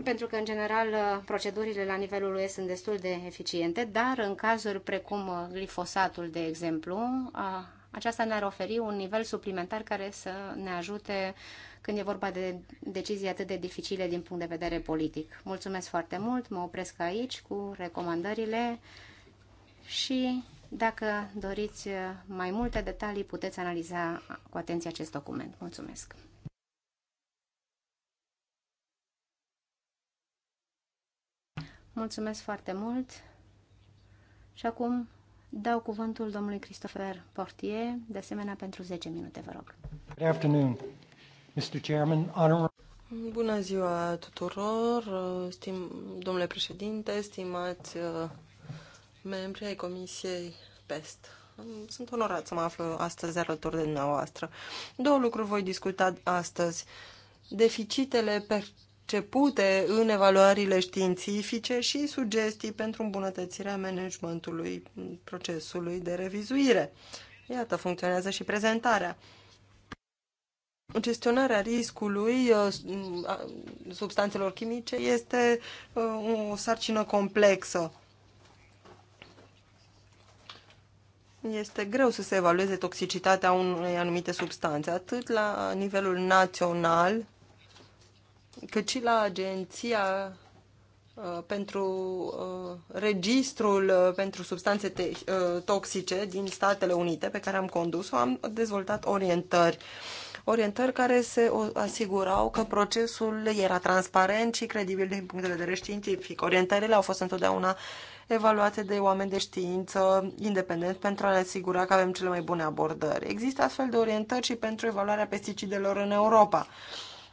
Speaker 4: pentru că, în general, procedurile la nivelul UE sunt destul de eficiente, dar în cazuri precum glifosatul, de exemplu, aceasta ne-ar oferi un nivel suplimentar care să ne ajute când e vorba de decizii atât de dificile din punct de vedere politic. Mulțumesc foarte mult, mă opresc aici cu recomandările și dacă doriți uh, mai multe detalii, puteți analiza cu atenție acest document. Mulțumesc! Mulțumesc foarte mult! Și acum dau cuvântul domnului Christopher Portier, de asemenea pentru 10 minute, vă rog.
Speaker 2: Good afternoon, Mr. Chairman,
Speaker 4: Bună ziua tuturor, uh,
Speaker 2: stim, domnule președinte, stimați uh, membri ai Comisiei PEST. Sunt onorat să mă aflu astăzi alături de dumneavoastră. Două lucruri voi discuta astăzi. Deficitele percepute în evaluările științifice și sugestii pentru îmbunătățirea managementului procesului de revizuire. Iată, funcționează și prezentarea gestionarea riscului uh, uh, substanțelor chimice este uh, o sarcină complexă. este greu să se evalueze toxicitatea unei anumite substanțe, atât la nivelul național, cât și la agenția uh, pentru uh, registrul uh, pentru substanțe te, uh, toxice din Statele Unite pe care am condus-o, am dezvoltat orientări. Orientări care se asigurau că procesul era transparent și credibil din punct de vedere științific. Orientările au fost întotdeauna uh, evaluate de oameni de știință independent pentru a ne asigura că avem cele mai bune abordări. Există astfel de orientări și pentru evaluarea pesticidelor în Europa.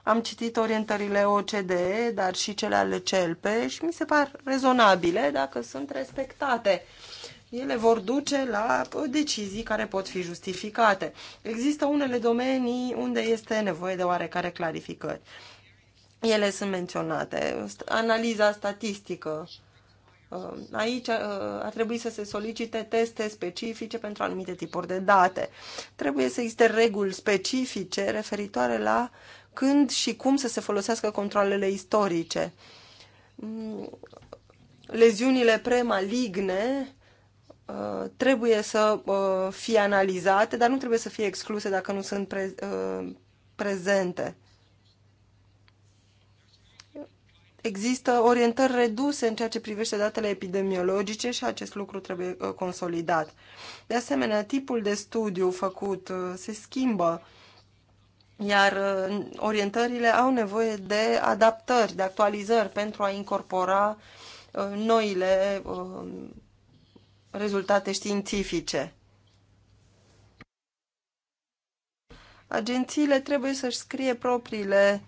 Speaker 2: Am citit orientările OCD, dar și cele ale CLP și mi se par rezonabile dacă sunt respectate. Ele vor duce la decizii care pot fi justificate. Există unele domenii unde este nevoie de oarecare clarificări. Ele sunt menționate. Analiza statistică Uh, aici uh, ar trebui să se solicite teste specifice pentru anumite tipuri de date. Trebuie să existe reguli specifice referitoare la când și cum să se folosească controlele istorice. Mm, leziunile premaligne uh, trebuie să fie analizate, dar nu trebuie să fie excluse dacă nu sunt prezente. există orientări reduse în ceea ce privește datele epidemiologice și acest lucru trebuie uh, consolidat. De asemenea, tipul de studiu făcut uh, se schimbă, iar uh, orientările au nevoie de adaptări, de actualizări pentru a incorpora noile rezultate științifice. Agențiile trebuie să-și scrie propriile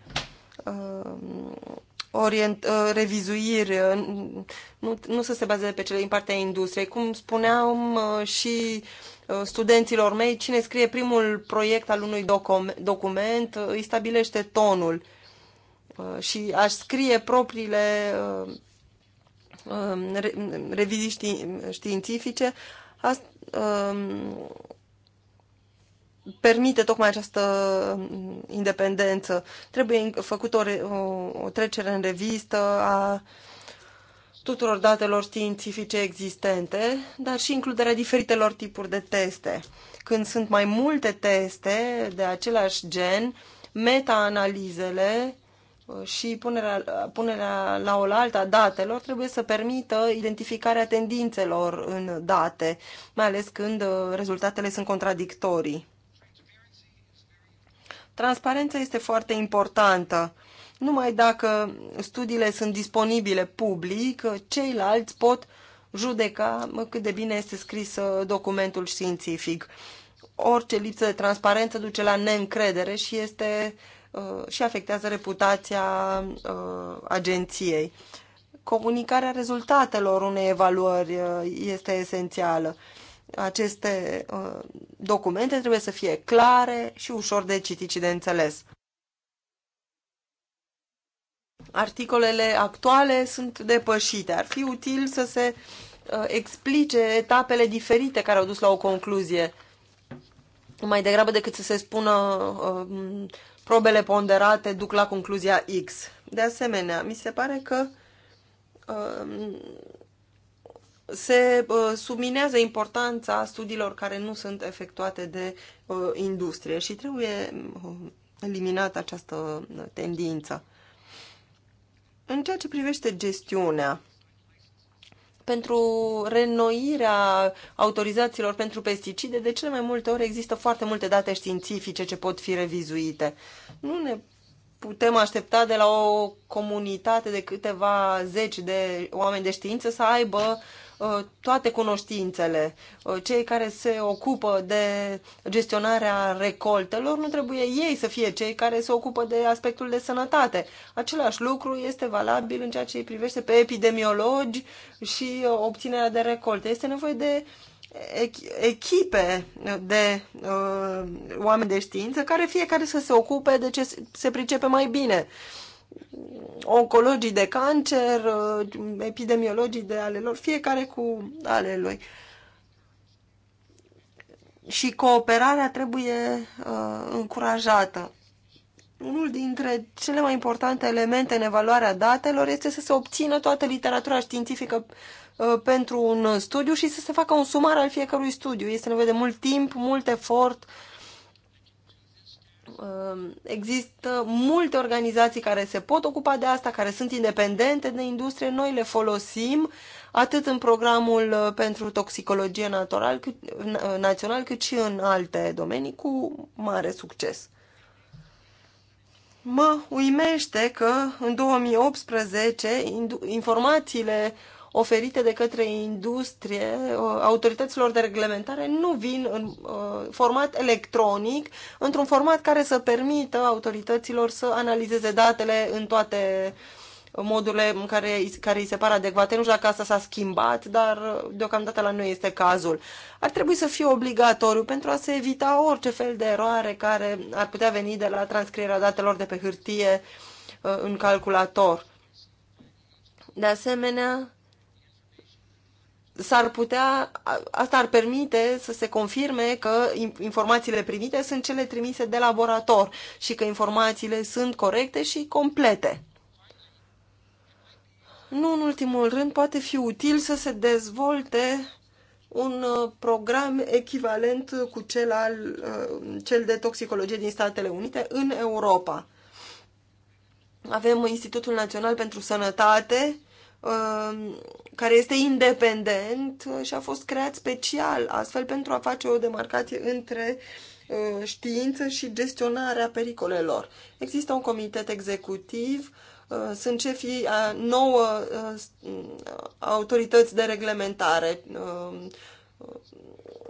Speaker 2: orient, uh, revizuiri, uh, nu, nu să se bazeze pe cele din partea industriei. Cum spuneam uh, și studenților mei, cine scrie primul proiect al unui document îi stabilește tonul și aș scrie propriile um, revizii științifice, um, permite tocmai această mm, independență. Trebuie făcut o, re, o, o trecere în revistă a tuturor datelor științifice existente, dar și includerea diferitelor tipuri de teste. Când sunt mai multe teste de același gen, meta-analizele uh, și punerea, punerea la oaltă a datelor trebuie să permită identificarea tendințelor în date, mai ales când uh, rezultatele sunt contradictorii. Transparența este foarte importantă. Numai dacă studiile sunt disponibile public, ceilalți pot judeca cât de bine este scris uh, documentul științific. Orice lipsă de transparență duce la neîncredere și este uh, și afectează reputația uh, agenției. Comunicarea rezultatelor unei evaluări este esențială aceste uh, documente trebuie să fie clare și ușor de citit și de înțeles. Articolele actuale sunt depășite. Ar fi util să se uh, explice etapele diferite care au dus la o concluzie, mai degrabă decât să se spună uh, probele ponderate duc la concluzia X. De asemenea, mi se pare că uh, se uh, subminează importanța studiilor care nu sunt efectuate de uh, industrie și trebuie uh, eliminată această tendință. În ceea ce privește gestiunea, pentru reînnoirea autorizațiilor pentru pesticide, de cele mai multe ori există foarte multe date științifice ce pot fi revizuite. Nu ne putem aștepta de la o comunitate de câteva zeci de oameni de știință să aibă Uh, toate cunoștințele. Uh, cei care se ocupă de gestionarea recoltelor nu trebuie ei să fie cei care se ocupă de aspectul de sănătate. Același lucru este valabil în ceea ce îi privește pe epidemiologi și uh, obținerea de recolte. Este nevoie de echipe de uh, oameni de știință care fiecare să se ocupe de ce se pricepe mai bine. Uh, oncologii de cancer, uh, epidemiologii de ale lor, fiecare cu ale lui. Și cooperarea trebuie uh, încurajată. Unul dintre cele mai importante elemente în evaluarea datelor este să se obțină toată literatura științifică uh, pentru un studiu și să se facă un sumar al fiecărui studiu. Este nevoie de mult timp, mult efort, uh, Um, există multe organizații care se pot ocupa de asta, care sunt independente de industrie. Noi le folosim atât în programul uh, pentru toxicologie natural, cât, uh, național, cât și în alte domenii cu mare succes. Mă uimește că în 2018 informațiile oferite de către industrie uh, autorităților de reglementare nu vin în uh, format electronic, într-un format care să permită autorităților să analizeze datele în toate modurile în care, care îi se par adecvate. Nu știu dacă asta s-a schimbat, dar uh, deocamdată la noi este cazul. Ar trebui să fie obligatoriu pentru a se evita orice fel de eroare care ar putea veni de la transcrierea datelor de pe hârtie în calculator. De asemenea, s-ar putea, asta ar permite să se confirme că informațiile primite sunt cele trimise de laborator și că informațiile sunt corecte și complete. Nu în ultimul rând, poate fi util să se dezvolte un uh, program echivalent cu cel, al, uh, cel de toxicologie din Statele Unite în Europa. Avem Institutul Național pentru Sănătate, Um, care este independent și a fost creat special astfel pentru a face o demarcație între uh, știință și gestionarea pericolelor. Există un comitet executiv, uh, sunt șefii a nouă uh, autorități de reglementare, um,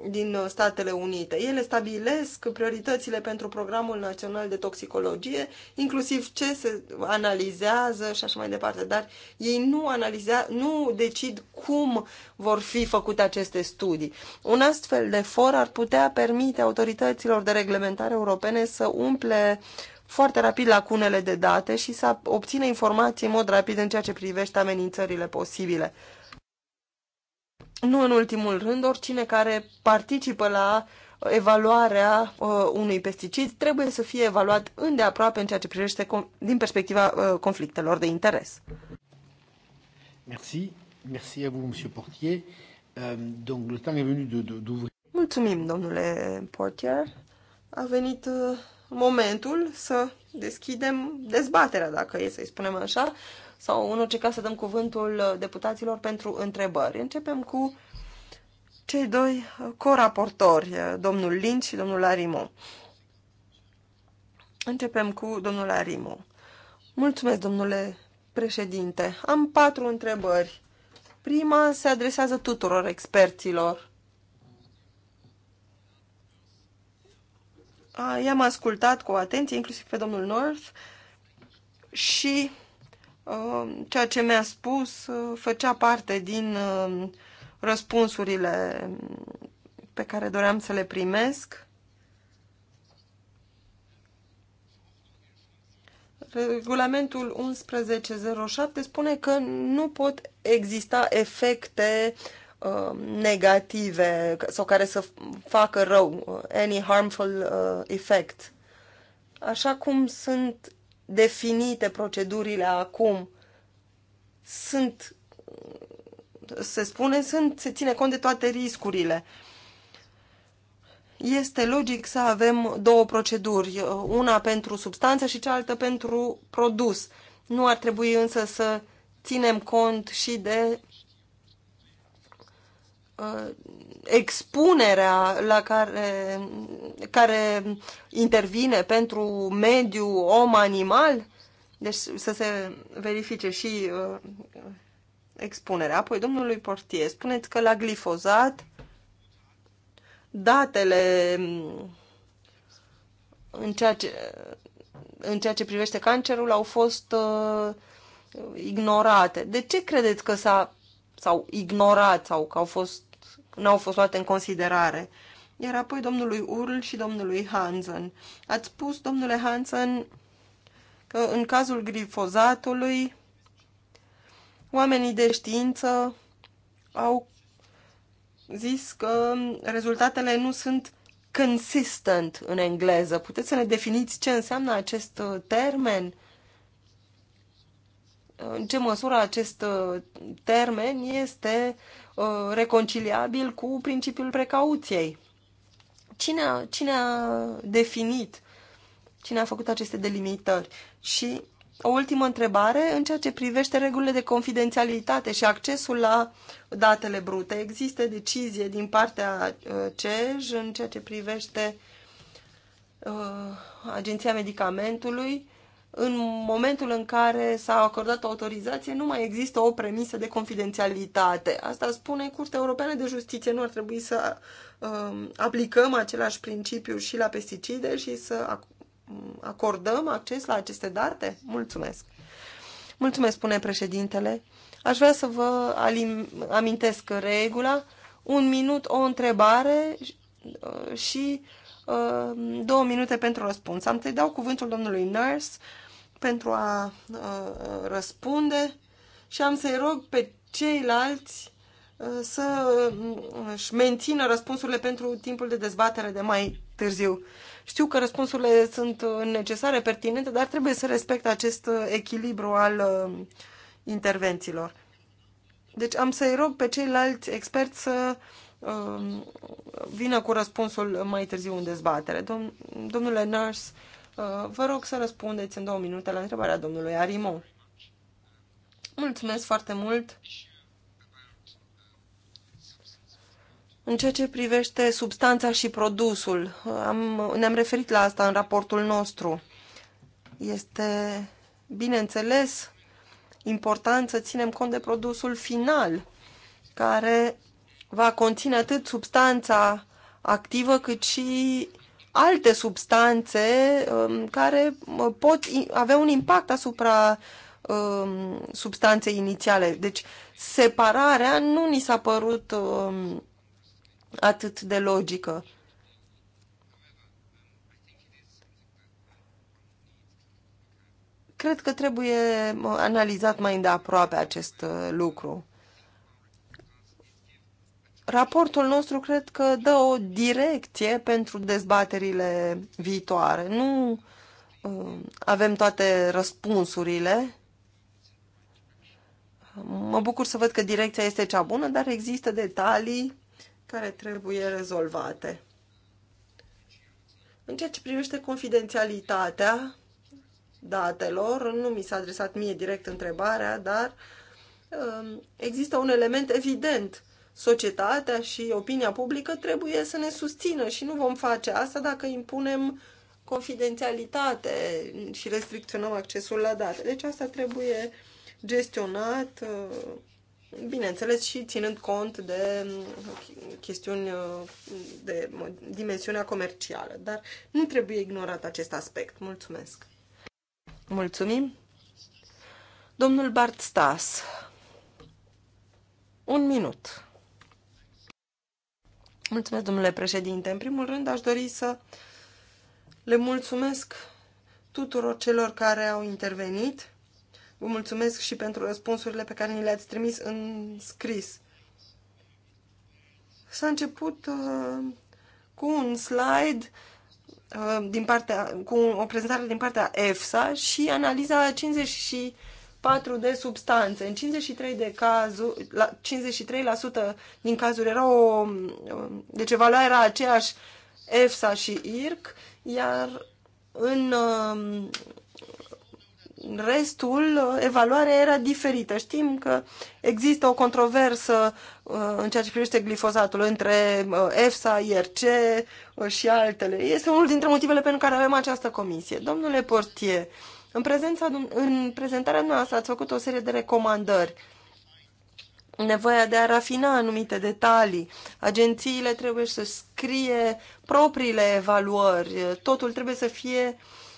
Speaker 2: din uh, Statele Unite. Ele stabilesc prioritățile pentru programul național de toxicologie, inclusiv ce se analizează și așa mai departe, dar ei nu analizează, nu decid cum vor fi făcute aceste studii. Un astfel de for ar putea permite autorităților de reglementare europene să umple foarte rapid lacunele de date și să obțină informații în mod rapid în ceea ce privește amenințările posibile nu în ultimul rând, oricine care participă la uh, evaluarea uh, unui pesticid trebuie să fie evaluat îndeaproape în ceea ce privește din perspectiva uh, conflictelor de interes.
Speaker 1: Merci. Merci à vous, monsieur Portier. Euh, donc, le temps est venu
Speaker 2: d'ouvrir. Mulțumim, domnule Portier. A venit uh, momentul să deschidem dezbaterea, dacă e să-i spunem așa sau în orice caz să dăm cuvântul uh, deputaților pentru întrebări. Începem cu cei doi uh, coraportori, uh, domnul Lynch și domnul Arimo. Începem cu domnul Arimo. Mulțumesc, domnule președinte. Am patru întrebări. Prima se adresează tuturor experților. I-am ascultat cu atenție, inclusiv pe domnul North, și Uh, ceea ce mi-a spus uh, făcea parte din uh, răspunsurile um, pe care doream să le primesc. Regulamentul 1107 spune că nu pot exista efecte uh, negative sau care să facă rău, any harmful uh, effect. Așa cum sunt definite procedurile acum. Sunt, se spune, sunt, se ține cont de toate riscurile. Este logic să avem două proceduri, una pentru substanță și cealaltă pentru produs. Nu ar trebui însă să ținem cont și de uh, expunerea la care, care intervine pentru mediu, om, animal, deci să se verifice și uh, expunerea. Apoi, domnului Portie, spuneți că la glifozat datele mm, în ceea ce, în ceea ce privește cancerul au fost uh, ignorate. De ce credeți că s au ignorat sau că au fost n-au fost luate în considerare. Iar apoi domnului Url și domnului Hansen. Ați spus, domnule Hansen, că în cazul grifozatului, oamenii de știință au zis că rezultatele nu sunt consistent în engleză. Puteți să ne definiți ce înseamnă acest uh, termen? În ce măsură acest uh, termen este Uh, reconciliabil cu principiul precauției. Cine a, cine a definit, cine a făcut aceste delimitări? Și o ultimă întrebare în ceea ce privește regulile de confidențialitate și accesul la datele brute. Există decizie din partea uh, CEJ în ceea ce privește uh, Agenția Medicamentului în momentul în care s-a acordat o autorizație, nu mai există o premisă de confidențialitate. Asta spune Curtea Europeană de Justiție. Nu ar trebui să uh, aplicăm același principiu și la pesticide și să acordăm acces la aceste date? Mulțumesc! Mulțumesc, spune președintele. Aș vrea să vă amintesc regula. Un minut, o întrebare uh, și uh, două minute pentru răspuns. Am să-i dau cuvântul domnului Nurse pentru a uh, răspunde și am să-i rog pe ceilalți uh, să mm, își mențină răspunsurile pentru timpul de dezbatere de mai târziu. Știu că răspunsurile sunt uh, necesare, pertinente, dar trebuie să respecte acest echilibru al intervențiilor. Deci am să-i rog pe ceilalți experți să vină cu răspunsul mai târziu în dezbatere. Dom- domnule Nurse, Uh, vă rog să răspundeți în două minute la întrebarea domnului Arimo. Mulțumesc foarte mult! În ceea ce privește substanța și produsul, uh, am, ne-am referit la asta în raportul nostru. Este, bineînțeles, important să ținem cont de produsul final, care va conține atât substanța activă cât și alte substanțe um, care uh, pot avea un impact asupra um, substanței inițiale. Deci separarea nu ni s-a părut um, atât de logică. Cred că trebuie uh, analizat mai îndeaproape acest uh, lucru. Raportul nostru cred că dă o direcție pentru dezbaterile viitoare. Nu uh, avem toate răspunsurile. Mă bucur să văd că direcția este cea bună, dar există detalii care trebuie rezolvate. În ceea ce privește confidențialitatea datelor, nu mi s-a adresat mie direct întrebarea, dar uh, există un element evident societatea și opinia publică trebuie să ne susțină și nu vom face asta dacă impunem confidențialitate și restricționăm accesul la date. Deci asta trebuie gestionat, uh, bineînțeles, și ținând cont de uh, chestiuni uh, de dimensiunea comercială, dar nu trebuie ignorat acest aspect. Mulțumesc! Mulțumim! Domnul Bart Stas, un minut. Mulțumesc, domnule președinte. În primul rând, aș dori să le mulțumesc tuturor celor care au intervenit. Vă mulțumesc și pentru răspunsurile pe care ni le-ați trimis în scris. S-a început uh, cu un slide uh, din partea, cu o prezentare din partea EFSA și analiza 50 și 4 de substanțe. În 53 de cazuri, la 53% din cazuri erau, deci evaluarea era aceeași EFSA și IRC, iar în um, restul, evaluarea era diferită. Știm că există o controversă uh, în ceea ce privește glifozatul între uh, EFSA, IRC uh, și altele. Este unul dintre motivele pentru care avem această comisie. Domnule Portier, în, prezența, în prezentarea noastră ați făcut o serie de recomandări. Nevoia de a rafina anumite detalii. Agențiile trebuie să scrie propriile evaluări. Totul trebuie să fie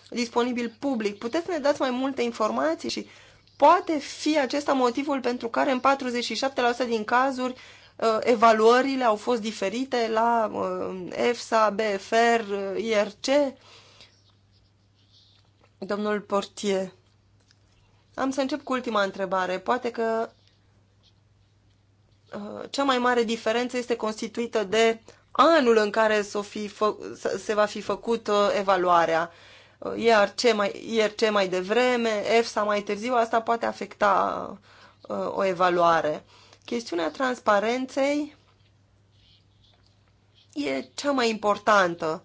Speaker 2: disponibil public. Puteți să ne dați mai multe informații și poate fi acesta motivul pentru care în 47% din cazuri uh, evaluările au fost diferite la uh, EFSA, BFR, uh, IRC. Domnul Portier, am să încep cu ultima întrebare. Poate că uh, cea mai mare diferență este constituită de anul în care se va fi făcut uh, evaluarea. Uh, iar ce mai, iar ce mai devreme, sau mai târziu, asta poate afecta o evaluare. Chestiunea transparenței e cea mai importantă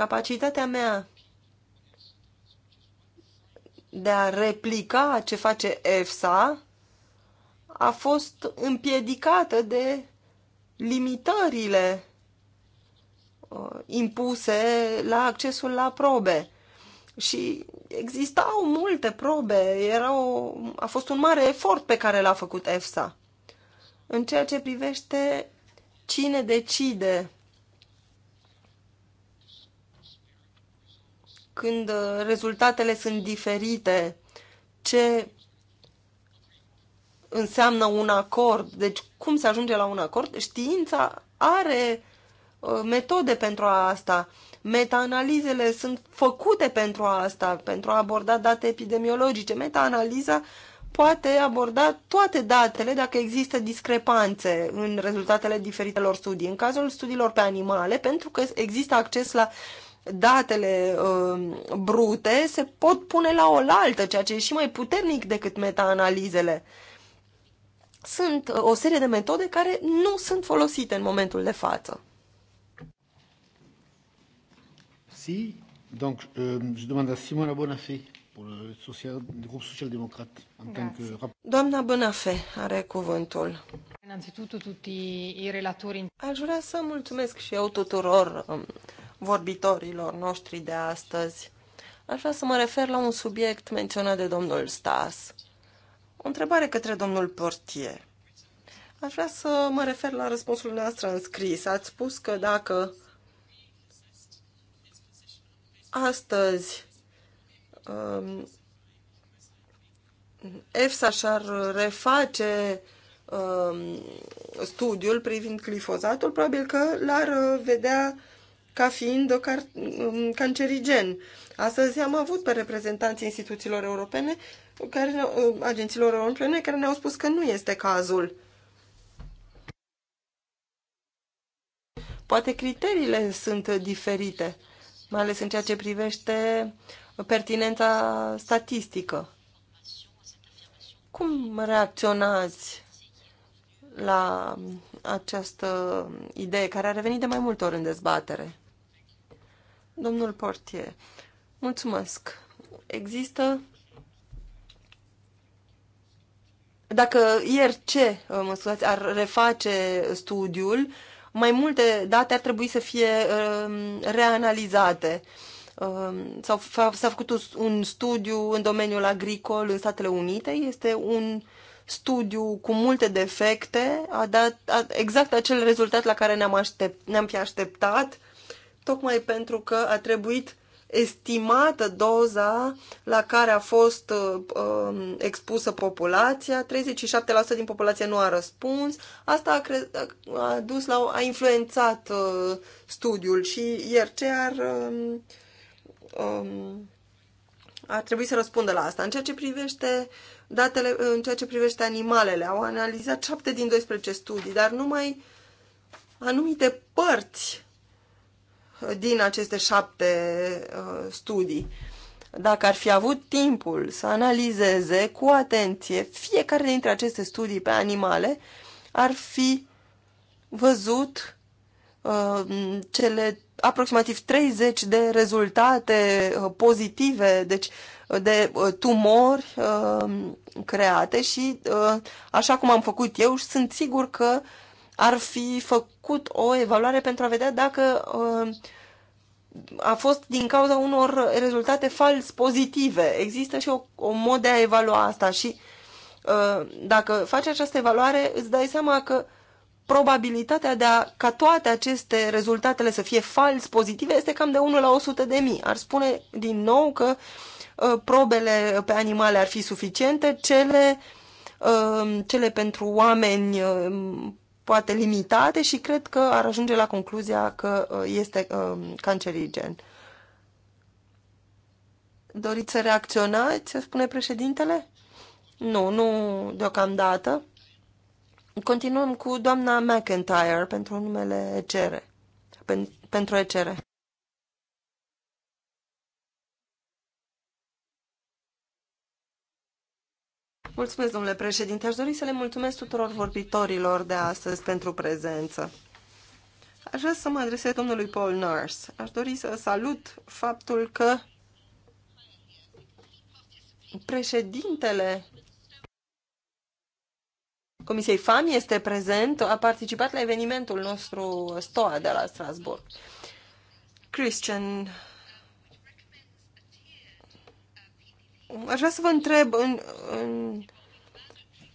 Speaker 2: Capacitatea mea de a replica ce face EFSA a fost împiedicată de limitările uh, impuse la accesul la probe. Și existau multe probe, Erau a fost un mare efort pe care l-a făcut EFSA. În ceea ce privește cine decide când uh, rezultatele sunt diferite, ce înseamnă un acord. Deci cum se ajunge la un acord? Știința are uh, metode pentru asta. Metaanalizele sunt făcute pentru asta, pentru a aborda date epidemiologice. Metaanaliza poate aborda toate datele dacă există discrepanțe în rezultatele diferitelor studii. În cazul studiilor pe animale, pentru că există acces la datele uh, brute se pot pune la oaltă, ceea ce e și mai puternic decât metaanalizele. Sunt uh, o serie de metode care nu sunt folosite în momentul de față.
Speaker 1: Si, donc euh, je demande à Simona Bonafé pour le social, le groupe
Speaker 2: social-démocrate en tant que Doamna Bonafé are cuvântul. Innanzitutto tutti i relatori. Aș vrea să mulțumesc și eu tuturor um, vorbitorilor noștri de astăzi. Aș vrea să mă refer la un subiect menționat de domnul Stas. O întrebare către domnul Portier. Aș vrea să mă refer la răspunsul noastră în scris. Ați spus că dacă astăzi um, EFSA și-ar reface um, studiul privind glifozatul, probabil că l-ar vedea ca fiind car um, cancerigen. Astăzi am avut pe reprezentanții instituțiilor europene, care, um, agențiilor europene, care ne-au spus că nu este cazul. Poate criteriile sunt diferite, mai ales în ceea ce privește pertinența statistică. Cum reacționați la această idee care a revenit de mai multe ori în dezbatere? Domnul Portier, mulțumesc. Există dacă ce, mă scuzați, ar reface studiul, mai multe date ar trebui să fie um, reanalizate. Um, s-a făcut un studiu în domeniul agricol în Statele Unite, este un studiu cu multe defecte, a dat exact acel rezultat la care ne-am, aștept, ne-am fi așteptat, tocmai pentru că a trebuit estimată doza la care a fost uh, um, expusă populația, 37% din populație nu a răspuns, asta a, cre- a dus la a influențat uh, studiul și iar ce ar uh, um, um ar trebui să răspundă la asta. În ceea ce privește datele, în ceea ce privește animalele, au analizat 7 din 12 studii, dar numai anumite părți din aceste șapte uh, studii. Dacă ar fi avut timpul să analizeze cu atenție fiecare dintre aceste studii pe animale, ar fi văzut uh, cele aproximativ 30 de rezultate uh, pozitive, deci uh, de tumori uh, create și uh, așa cum am făcut eu, sunt sigur că ar fi făcut o evaluare pentru a vedea dacă uh, a fost din cauza unor rezultate fals pozitive. Există și o, o mod de a evalua asta și uh, dacă faci această evaluare, îți dai seama că probabilitatea de a, ca toate aceste rezultatele să fie fals pozitive este cam de 1 la 100 de mii. Ar spune din nou că uh, probele pe animale ar fi suficiente, cele, cele pentru oameni poate limitate și cred că ar ajunge la concluzia că uh, este um, cancerigen. Doriți să reacționați, spune președintele? Nu, nu deocamdată. Continuăm cu doamna McIntyre pentru numele ECR. pentru ECR. Mulțumesc, domnule președinte. Aș dori să le mulțumesc tuturor vorbitorilor de astăzi pentru prezență. Aș vrea să mă adresez domnului Paul Nurse. Aș dori să salut faptul că președintele Comisiei FAM este prezent, a participat la evenimentul nostru STOA de la Strasburg. Christian Aș vrea să vă întreb în, în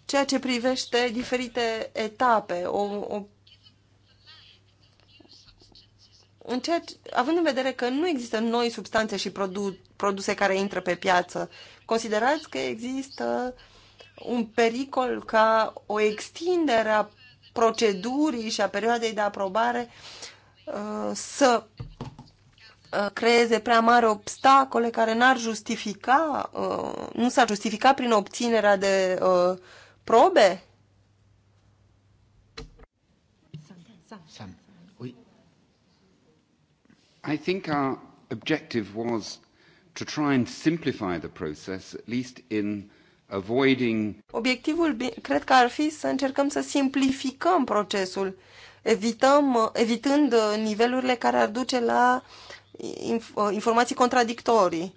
Speaker 2: ceea ce privește diferite etape, o, o, în ceea ce, având în vedere că nu există noi substanțe și produ, produse care intră pe piață, considerați că există un pericol ca o extindere a procedurii și a perioadei de aprobare uh, să Uh, creeze prea mari obstacole care n-ar justifica, uh, nu s-ar justifica prin obținerea de uh, probe?
Speaker 1: Sam. Oui. I think our objective was to try and simplify the process, at least in avoiding...
Speaker 2: Obiectivul cred că ar fi să încercăm să simplificăm procesul, evităm, evitând nivelurile care ar duce la uh, Uh, informații contradictorii.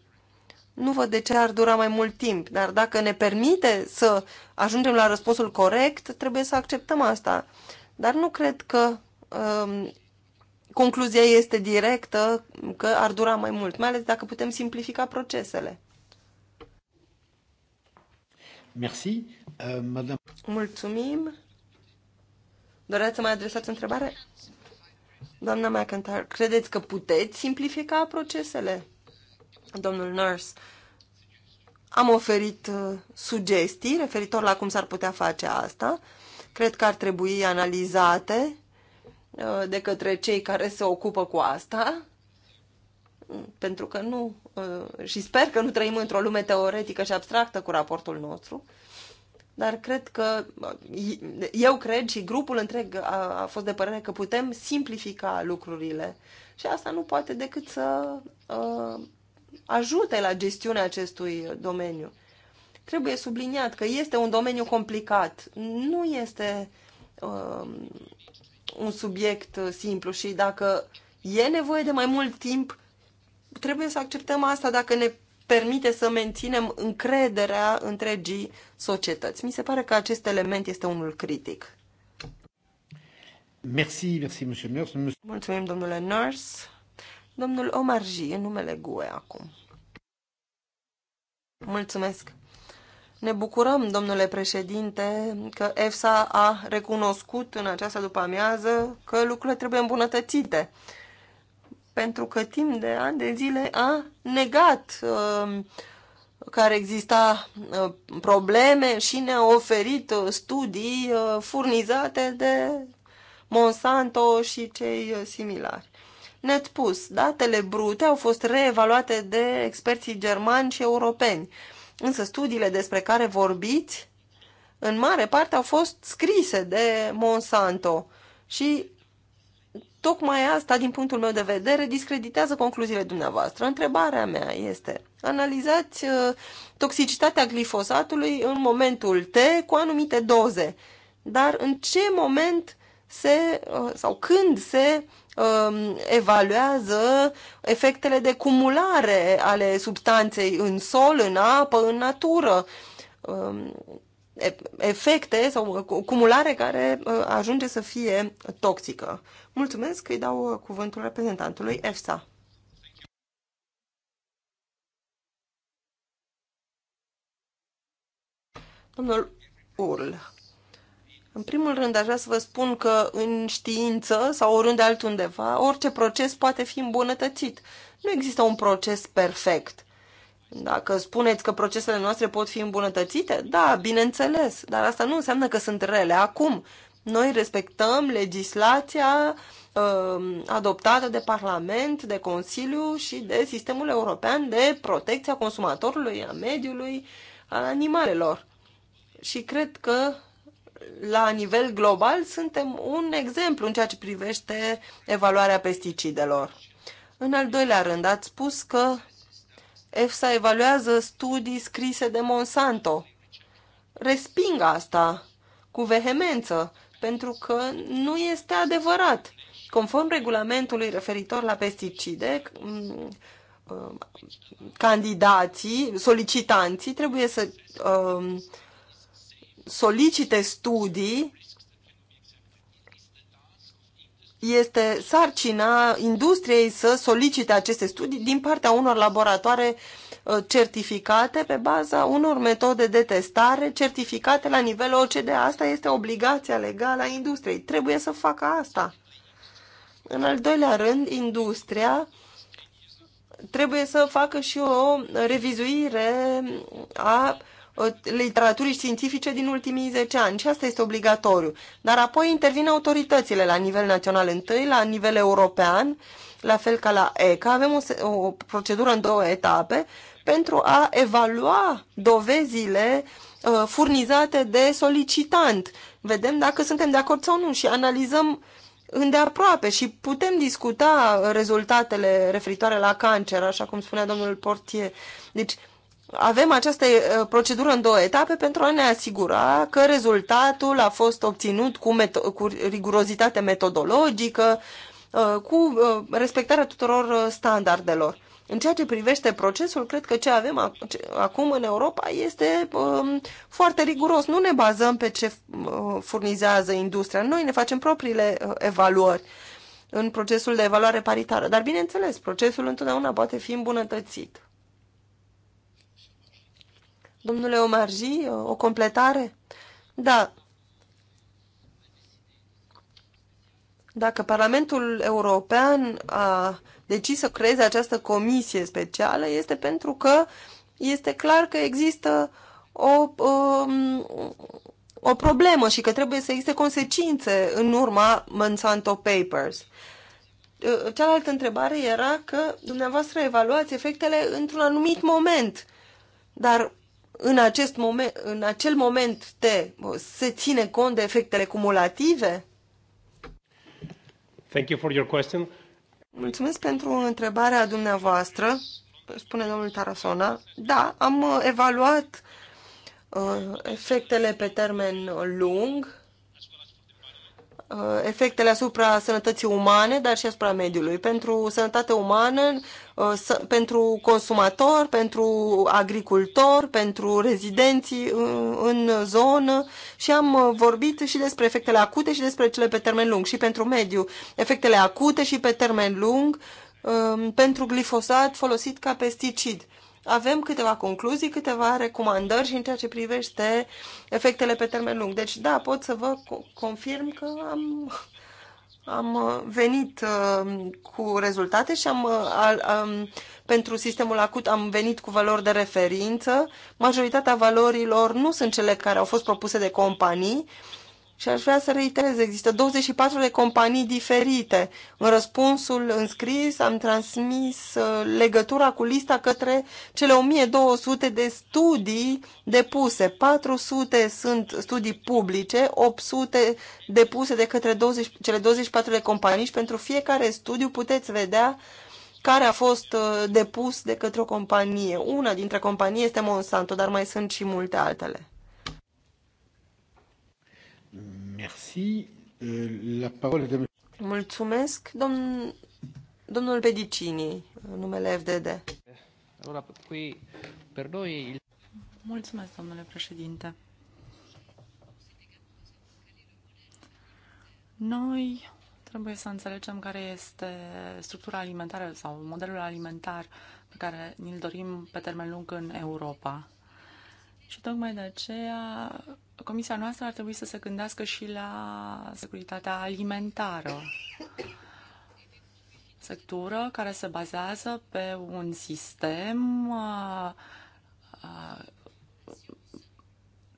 Speaker 2: Nu văd de ce ar dura mai mult timp, dar dacă ne permite să ajungem la răspunsul corect, trebuie să acceptăm asta. Dar nu cred că um, concluzia este directă că ar dura mai mult, mai ales dacă putem simplifica procesele. Merci. Uh, madame... Mulțumim. Doreați să mai adresați o întrebare? Doamna McIntyre, credeți că puteți simplifica procesele? Domnul Nurse, am oferit uh, sugestii referitor la cum s-ar putea face asta. Cred că ar trebui analizate uh, de către cei care se ocupă cu asta, pentru că nu, uh, și sper că nu trăim într-o lume teoretică și abstractă cu raportul nostru dar cred că, eu cred și grupul întreg a, a fost de părere că putem simplifica lucrurile. Și asta nu poate decât să a, ajute la gestiunea acestui domeniu. Trebuie subliniat că este un domeniu complicat, nu este a, un subiect simplu și dacă e nevoie de mai mult timp, trebuie să acceptăm asta dacă ne permite să menținem încrederea întregii societăți. Mi se pare că acest element este unul critic. Merci, merci, monsieur Nurse. Mulțumim, domnule Nurse. Domnul G, în numele GUE acum. Mulțumesc. Ne bucurăm, domnule președinte, că EFSA a recunoscut în această după-amiază că lucrurile trebuie îmbunătățite pentru că timp de ani de zile a negat uh, care exista uh, probleme și ne-a oferit uh, studii uh, furnizate de Monsanto și cei uh, similari. Net pus, datele brute au fost reevaluate de experții germani și europeni, însă studiile despre care vorbiți, în mare parte, au fost scrise de Monsanto și tocmai asta, din punctul meu de vedere, discreditează concluziile dumneavoastră. Întrebarea mea este, analizați uh, toxicitatea glifosatului în momentul T cu anumite doze, dar în ce moment se, uh, sau când se um, evaluează efectele de cumulare ale substanței în sol, în apă, în natură. Um, efecte sau cumulare care uh, ajunge să fie toxică. Mulțumesc că îi dau uh, cuvântul reprezentantului EFSA. Domnul Url, în primul rând aș vrea să vă spun că în știință sau oriunde altundeva, orice proces poate fi îmbunătățit. Nu există un proces perfect dacă spuneți că procesele noastre pot fi îmbunătățite, da, bineînțeles, dar asta nu înseamnă că sunt rele acum. Noi respectăm legislația uh, adoptată de Parlament, de Consiliu și de sistemul european de protecția consumatorului, a mediului, a animalelor. Și cred că la nivel global suntem un exemplu în ceea ce privește evaluarea pesticidelor. În al doilea rând, ați spus că EFSA evaluează studii scrise de Monsanto. Resping asta cu vehemență, pentru că nu este adevărat. Conform regulamentului referitor la pesticide, candidații, solicitanții trebuie să um, solicite studii este sarcina industriei să solicite aceste studii din partea unor laboratoare uh, certificate pe baza unor metode de testare certificate la nivel OCDE. Asta este obligația legală a industriei. Trebuie să facă asta. În al doilea rând, industria trebuie să facă și o revizuire a uh, literaturii științifice din ultimii 10 ani și asta este obligatoriu. Dar apoi intervin autoritățile la nivel național întâi, la nivel european, la fel ca la ECA. Avem o, o procedură în două etape pentru a evalua dovezile uh, furnizate de solicitant. Vedem dacă suntem de acord sau nu și analizăm îndeaproape și putem discuta rezultatele referitoare la cancer, așa cum spunea domnul Portier. Deci avem această procedură în două etape pentru a ne asigura că rezultatul a fost obținut cu, meto- cu rigurozitate metodologică, cu respectarea tuturor standardelor. În ceea ce privește procesul, cred că ce avem acum în Europa este um, foarte riguros. Nu ne bazăm pe ce furnizează industria. Noi ne facem propriile evaluări în procesul de evaluare paritară. Dar, bineînțeles, procesul întotdeauna poate fi îmbunătățit. Domnule Omarji, o completare? Da. Dacă Parlamentul European a decis să creeze această comisie specială, este pentru că este clar că există o, o, um, o problemă și că trebuie să existe consecințe în urma Monsanto Papers. Cealaltă întrebare era că dumneavoastră evaluați efectele într-un anumit moment, dar în, acest moment, în acel moment te, se ține cont de efectele cumulative? Thank you for your question. Mulțumesc pentru întrebarea dumneavoastră, spune domnul Tarasona. Da, am uh, evaluat uh, efectele pe termen lung Uh, efectele asupra sănătății umane, dar și asupra mediului. Pentru sănătate umană, uh, pentru consumator, pentru agricultor, pentru rezidenții uh, în zonă și am vorbit și despre efectele acute și despre cele pe termen lung și pentru mediu. Efectele acute și pe termen lung um, pentru glifosat folosit ca pesticid avem câteva concluzii, câteva recomandări și în ceea ce privește efectele pe termen lung. Deci, da, pot să vă confirm că am, am uh, venit uh, cu rezultate și am, uh, am, pentru sistemul acut am venit cu valori de referință. Majoritatea valorilor nu sunt cele care au fost propuse de companii, și aș vrea să reiterez, există 24 de companii diferite. În răspunsul înscris am transmis uh, legătura cu lista către cele 1200 de studii depuse. 400 sunt studii publice, 800 depuse de către 20, cele 24 de companii și pentru fiecare studiu puteți vedea care a fost uh, depus de către o companie. Una dintre companii este Monsanto, dar mai sunt și multe altele.
Speaker 1: Merci. Euh, la parole est
Speaker 2: Mulțumesc, domn... domnul Pedicini, numele FDD. noi Mulțumesc, domnule
Speaker 3: președinte. Noi trebuie să înțelegem care este structura alimentară sau modelul alimentar pe care ni-l dorim pe termen lung în Europa. Și tocmai de aceea comisia noastră ar trebui să se gândească și la securitatea alimentară. Sectură care se bazează pe un sistem uh, uh,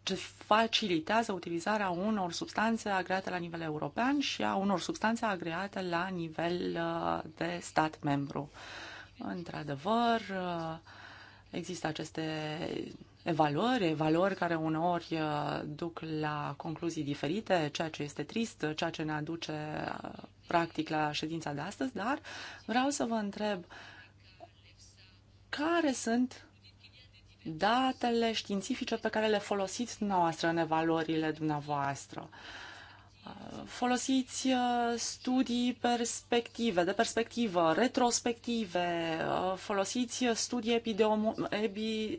Speaker 3: ce facilitează utilizarea unor substanțe agreate la nivel european și a unor substanțe agreate la nivel uh, de stat membru. Într-adevăr, există aceste evaluări, evaluări care uneori uh, duc la concluzii diferite, ceea ce este trist, ceea ce ne aduce uh, practic la ședința de astăzi, dar vreau să vă întreb care sunt datele științifice pe care le folosiți dumneavoastră în evaluările dumneavoastră. Uh, folosiți uh, studii perspective, de perspectivă, retrospective, uh, folosiți studii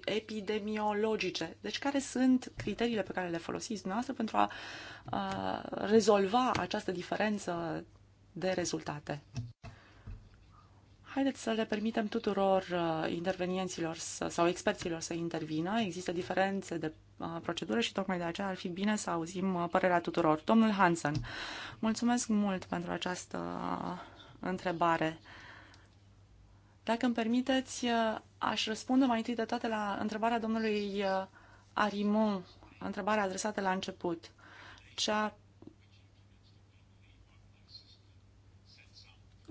Speaker 3: epidemiologice. Deci care sunt criteriile pe care le folosiți dumneavoastră pentru a, a uh, rezolva această diferență de rezultate? Haideți să le permitem tuturor uh, intervenienților sau experților să intervină. Există diferențe de uh, procedură și tocmai de aceea ar fi bine să auzim uh, părerea tuturor. Domnul Hansen, mulțumesc mult pentru această întrebare. Dacă îmi permiteți, aș răspunde mai întâi de toate la întrebarea domnului Arimon, întrebarea adresată la început, cea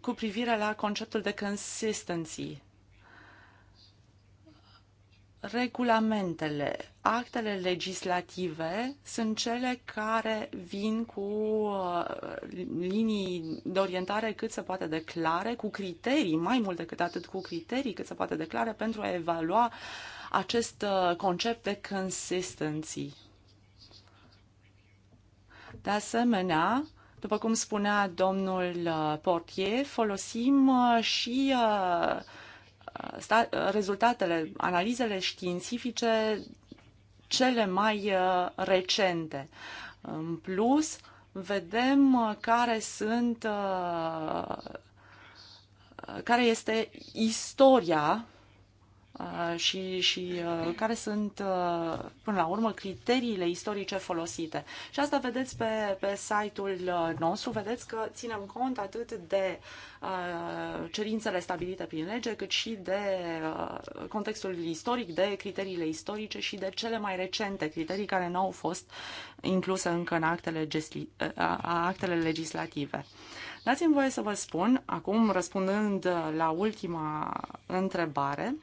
Speaker 3: cu privire la conceptul de consistency. Regulamentele, actele legislative sunt cele care vin cu uh, linii de orientare cât se poate declare cu criterii, mai mult decât atât, cu criterii cât se poate declare pentru a evalua acest uh, concept de consistency. De asemenea, după cum spunea domnul uh, Portier, folosim uh, și uh, rezultatele, analizele științifice cele mai recente. În plus, vedem care sunt care este istoria Uh, și, și uh, care sunt, uh, până la urmă, criteriile istorice folosite. Și asta vedeți pe, pe site-ul nostru, vedeți că ținem cont atât de cerințele stabilite prin lege, cât și de contextul istoric, de criteriile istorice și de cele mai recente criterii care nu au fost incluse încă în actele, gesli, actele legislative. Dați-mi voie să vă spun, acum răspundând la ultima întrebare,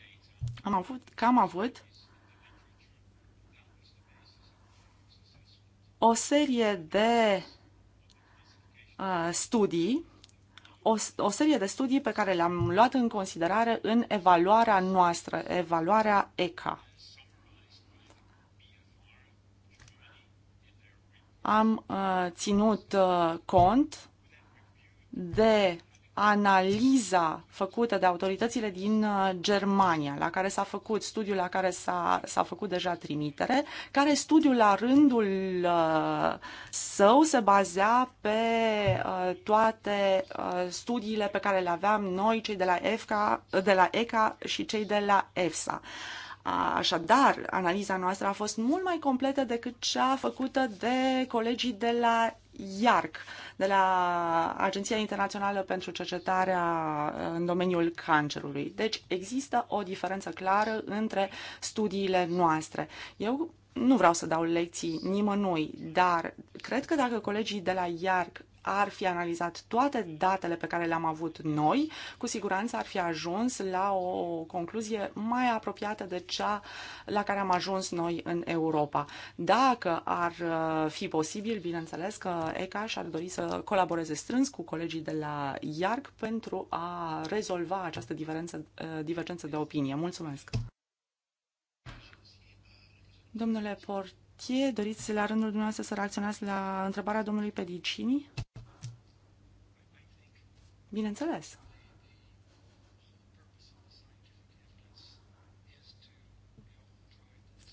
Speaker 3: am avut, am avut o serie de uh, studii, o, o serie de studii pe care le-am luat în considerare în evaluarea noastră, evaluarea ECA. Am uh, ținut uh, cont de analiza făcută de autoritățile din uh, Germania, la care s-a făcut studiul la care s-a, s-a făcut deja trimitere, care studiul la rândul uh, său se bazea pe uh, toate studiile pe care le aveam noi, cei de la, EFCA, de la ECA și cei de la EFSA. Așadar, analiza noastră a fost mult mai completă decât cea făcută de colegii de la IARC, de la Agenția Internațională pentru Cercetarea uh, în domeniul cancerului. Deci există o diferență clară între studiile noastre. Eu nu vreau să dau lecții nimănui, dar cred că dacă colegii de la IARC ar fi analizat toate datele pe care le-am avut noi, cu siguranță ar fi ajuns la o concluzie mai apropiată de cea la care am ajuns noi în Europa. Dacă ar uh, fi posibil, bineînțeles că ECA și-ar dori să colaboreze strâns cu colegii de la IARC pentru a rezolva această diferență, uh, divergență de opinie. Mulțumesc! Domnule Port, Chie, doriți la rândul dumneavoastră să reacționați la întrebarea domnului Pedicini? Bineînțeles.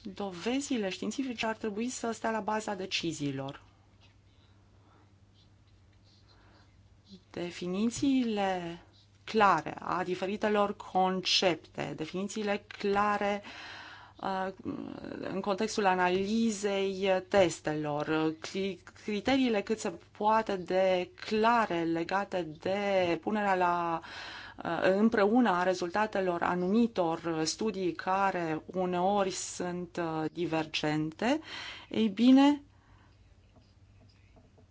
Speaker 3: Dovezile științifice ar trebui să stea la baza deciziilor. Definițiile clare a diferitelor concepte, definițiile clare uh, în contextul analizei testelor, criteriile cât se poate de clare legate de punerea la uh, împreună a rezultatelor anumitor studii care uneori sunt uh, divergente, ei bine,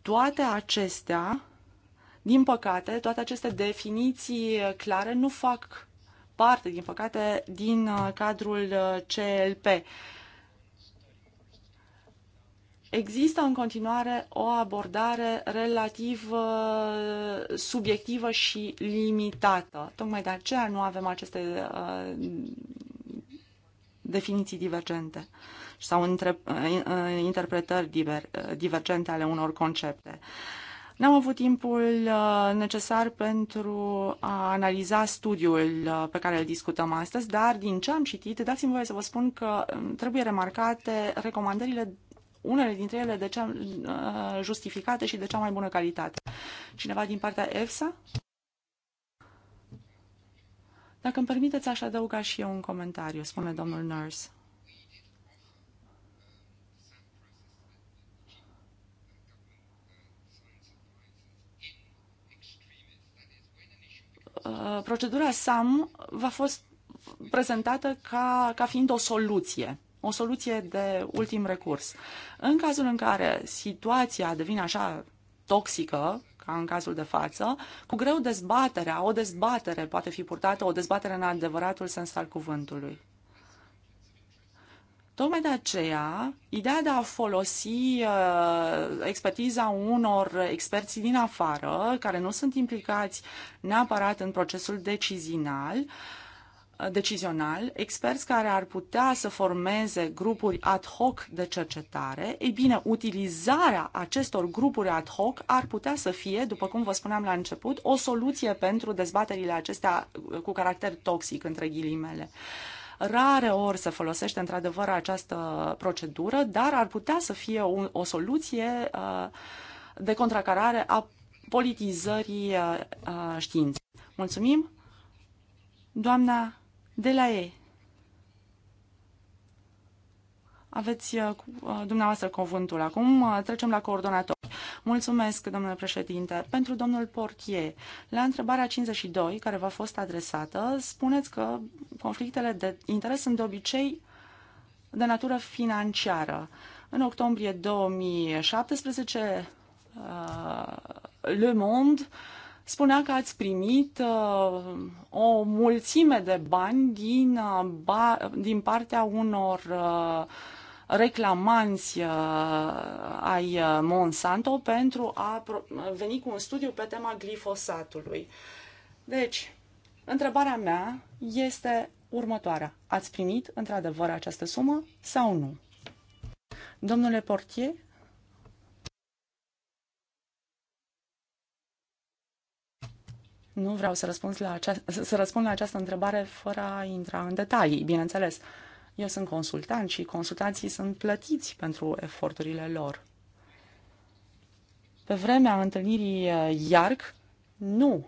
Speaker 3: toate acestea, din păcate, toate aceste definiții clare nu fac parte, din păcate, din uh, cadrul uh, CLP. Există în continuare o abordare relativ uh, subiectivă și limitată. Tocmai de aceea nu avem aceste definiții divergente sau între, interpretări divergente ale unor concepte. Uh, N-am avut timpul uh, necesar pentru a analiza studiul uh, pe care îl discutăm astăzi, dar din ce am citit, dați-mi voie să vă spun că um, trebuie remarcate recomandările unele dintre ele de cea uh, justificate și de cea mai bună calitate. Cineva din partea EFSA? Dacă îmi permiteți, aș adăuga și eu un comentariu, spune domnul Nurse. Uh, procedura SAM va fost prezentată ca, ca fiind o soluție, o soluție de ultim recurs. În cazul în care situația devine așa toxică, ca în cazul de față, cu greu dezbaterea, o dezbatere poate fi purtată, o dezbatere în adevăratul sens al cuvântului. Tocmai de aceea, ideea de a folosi uh, expertiza unor experți din afară, care nu sunt implicați neapărat în procesul decizional, uh, decizional, experți care ar putea să formeze grupuri ad hoc de cercetare, ei bine, utilizarea acestor grupuri ad hoc ar putea să fie, după cum vă spuneam la început, o soluție pentru dezbaterile acestea cu caracter toxic, între ghilimele. Uh, Rare ori se folosește într-adevăr această procedură, dar ar putea să fie un, o soluție uh, de contracarare a politizării uh, uh, științei. Mulțumim! Doamna de la ei. Aveți dumneavoastră cuvântul acum. Trecem la coordonator. Mulțumesc, domnule președinte. Pentru domnul Portier, la întrebarea 52, care v-a fost adresată, spuneți că conflictele de interes sunt de obicei de natură financiară. În octombrie 2017, uh, Le Monde spunea că ați primit uh, o mulțime de bani din, uh, din partea unor reclamanți uh, ai uh, Monsanto pentru a veni cu un studiu pe tema glifosatului. Deci, întrebarea mea este următoarea. Ați primit într-adevăr această sumă sau nu? Domnule portier, Nu vreau să răspund, la acea, să răspund la această întrebare fără a intra în detalii, bineînțeles. Eu sunt consultant și consultanții sunt plătiți pentru eforturile lor. Pe vremea întâlnirii uh, IARC, nu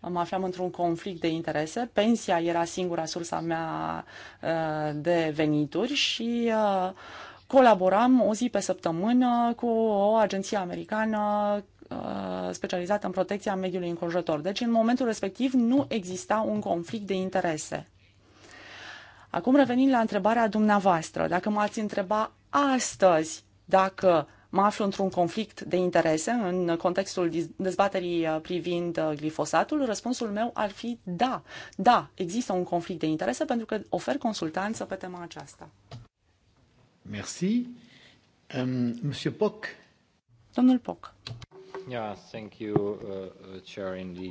Speaker 3: mă aflam într-un conflict de interese. Pensia era singura sursa mea uh, de venituri și uh, colaboram o zi pe săptămână cu o agenție americană specializată în protecția mediului înconjurător. Deci, în momentul respectiv, nu exista un conflict de interese. Acum revenind la întrebarea dumneavoastră, dacă m-ați întreba astăzi dacă mă aflu într-un conflict de interese în contextul dezbaterii uh, privind uh, glifosatul, răspunsul meu ar fi da. Da, există un conflict de interese pentru că ofer consultanță pe tema aceasta. Merci. Um, Monsieur Poc. Domnul Poc. Yeah, thank you, uh, uh Chair, indeed.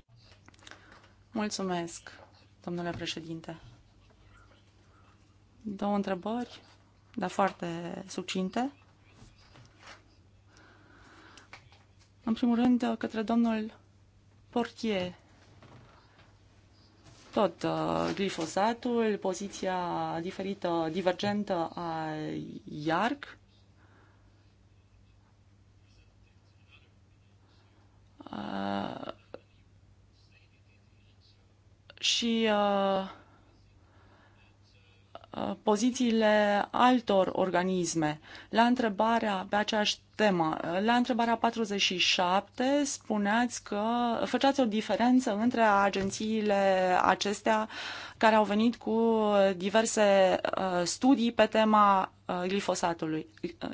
Speaker 3: Mulțumesc, domnule președinte. Două întrebări, dar foarte sucinte. În primul rând, către domnul Portier. Tot uh, glifosatul, poziția diferită, divergentă a IARC. Uh, și uh, Uh, pozițiile altor organisme. La întrebarea pe aceeași temă, uh, la întrebarea 47, spuneați că făceați o diferență între agențiile acestea care au venit cu diverse uh, studii pe tema glifosatului.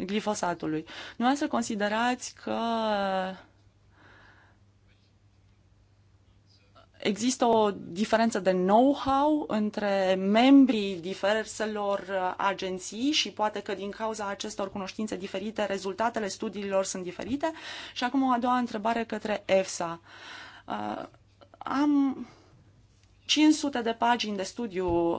Speaker 3: glifosatului. Nu să considerați că Există o diferență de know-how între membrii diverselor uh, agenții și poate că din cauza acestor cunoștințe diferite, rezultatele studiilor sunt diferite. Și acum o a doua întrebare către EFSA. Uh, am 500 de pagini de studiu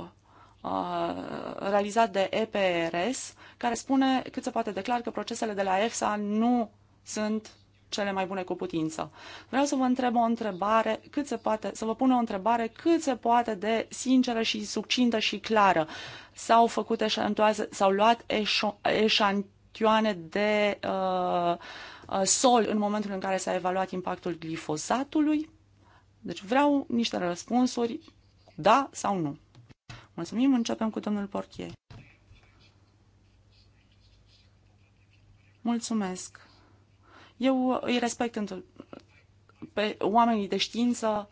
Speaker 3: uh, realizat de EPRS, care spune cât se poate declar că procesele de la EFSA nu sunt cele mai bune cu putință. Vreau să vă întreb o întrebare cât se poate, să vă pun o întrebare cât se poate de sinceră și succintă și clară. S-au făcut eșantoase, s-au luat eșantioane de uh, uh, sol în momentul în care s-a evaluat impactul glifosatului? Deci vreau niște răspunsuri, da sau nu. Mulțumim, începem cu domnul Portier. Mulțumesc. Eu îi respect pe oamenii de știință,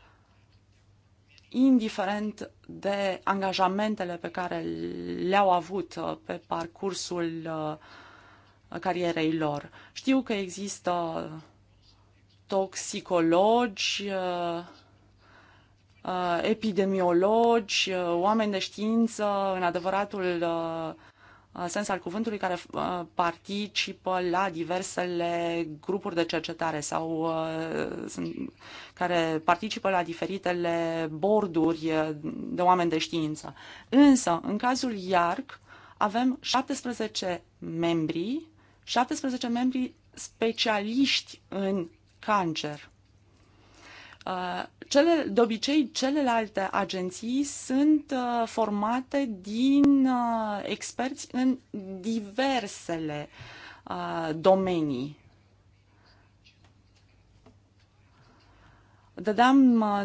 Speaker 3: indiferent de angajamentele pe care le-au avut uh, pe parcursul uh, carierei lor. Știu că există toxicologi, uh, epidemiologi, oameni de știință în adevăratul Uh, sens al cuvântului, care uh, participă la diversele grupuri de cercetare sau uh, care participă la diferitele borduri de oameni de știință. Însă, în cazul IARC, avem 17 membri, 17 membri specialiști în cancer. Uh, cele, de obicei, celelalte agenții sunt uh, formate din uh, experți în diversele domenii. Dădeam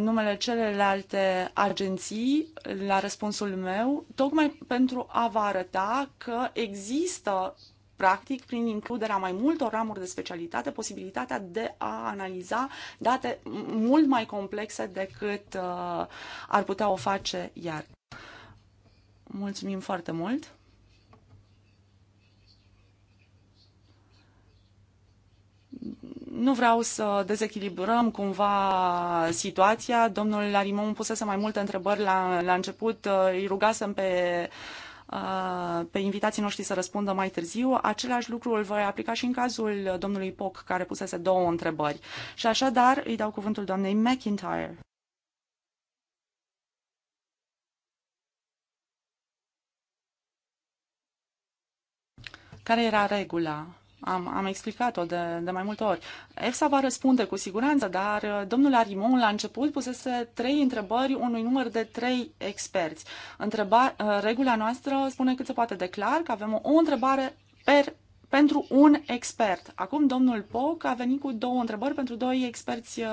Speaker 3: numele celelalte agenții la răspunsul meu, tocmai pentru a vă arăta că există practic, prin includerea mai multor ramuri de specialitate, posibilitatea de a analiza date mult mai complexe decât uh, ar putea o face iar. Mulțumim foarte mult! nu vreau să dezechilibrăm cumva situația. Domnul Larimon pusese mai multe întrebări la, la început. Îi rugasem pe uh, Uh, pe invitații noștri să răspundă mai târziu. Același lucru îl voi aplica și în cazul domnului Poc, care pusese două întrebări. Și așadar îi dau cuvântul doamnei McIntyre. Care era regula? Am, am explicat-o de, de mai multe ori. EFSA va răspunde cu siguranță, dar uh, domnul Arimon la început pusese trei întrebări unui număr de trei experți. Întreba, uh, regula noastră spune cât se poate de clar că avem o, o întrebare per pentru un expert. Acum domnul Poc a venit cu două întrebări pentru doi experți uh,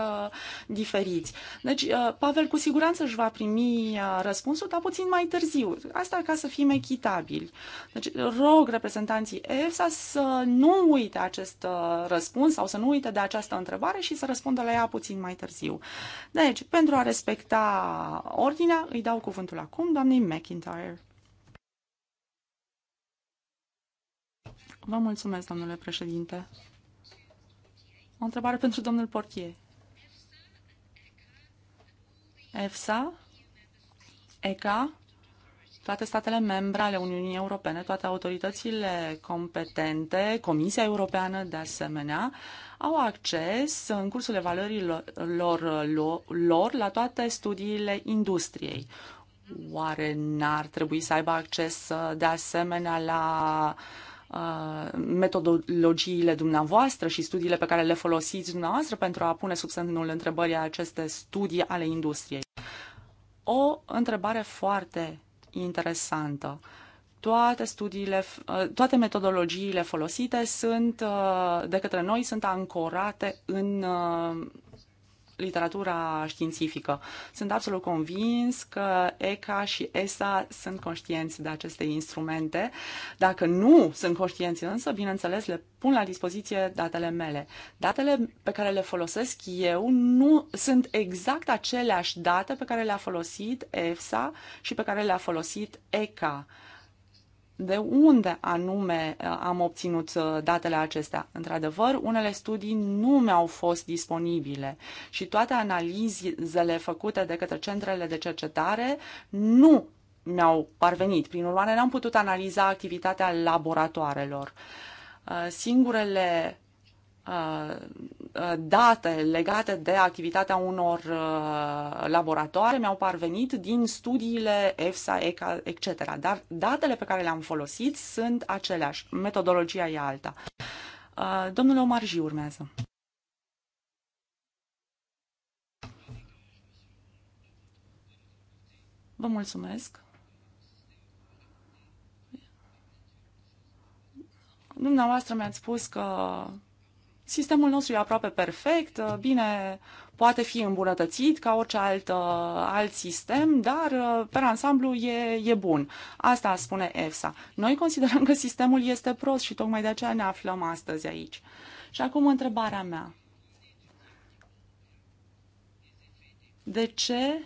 Speaker 3: diferiți. Deci, uh, Pavel cu siguranță își va primi uh, răspunsul, dar puțin mai târziu. Asta ca să fim echitabili. Deci, rog reprezentanții EFSA să nu uite acest uh, răspuns sau să nu uite de această întrebare și să răspundă la ea puțin mai târziu. Deci, pentru a respecta ordinea, îi dau cuvântul acum doamnei McIntyre. Vă mulțumesc, domnule președinte. O întrebare pentru domnul portier. EFSA, ECA, toate statele membre ale Uniunii Europene, toate autoritățile competente, Comisia Europeană de asemenea, au acces în cursul evaluărilor lor, lor, lor la toate studiile industriei. Oare n-ar trebui să aibă acces de asemenea la uh, Uh, metodologiile dumneavoastră și studiile pe care le folosiți dumneavoastră pentru a pune sub semnul întrebării aceste studii ale industriei. O întrebare foarte interesantă. Toate studiile, uh, toate metodologiile folosite sunt uh, de către noi sunt ancorate în literatura științifică. Sunt absolut convins că ECA și ESA sunt conștienți de aceste instrumente. Dacă nu sunt conștienți însă, bineînțeles, le pun la dispoziție datele mele. Datele pe care le folosesc eu nu sunt exact aceleași date pe care le-a folosit EFSA și pe care le-a folosit ECA de unde anume uh, am obținut uh, datele acestea. Într-adevăr, unele studii nu mi-au fost disponibile și toate analizele făcute de către centrele de cercetare nu mi-au parvenit. Prin urmare, n-am putut analiza activitatea laboratoarelor. Uh, singurele Uh, uh, date legate de activitatea unor uh, laboratoare mi-au parvenit din studiile EFSA, ECA, etc. Dar datele pe care le-am folosit sunt aceleași. Metodologia e alta. Domnule Omarji urmează. Vă mulțumesc. Dumneavoastră mi-ați spus că Sistemul nostru e aproape perfect, uh, bine, poate fi îmbunătățit ca orice alt, uh, alt sistem, dar uh, pe ansamblu e, e bun. Asta spune EFSA. Noi considerăm că sistemul este prost și tocmai de aceea ne aflăm astăzi aici. Și acum întrebarea mea. De ce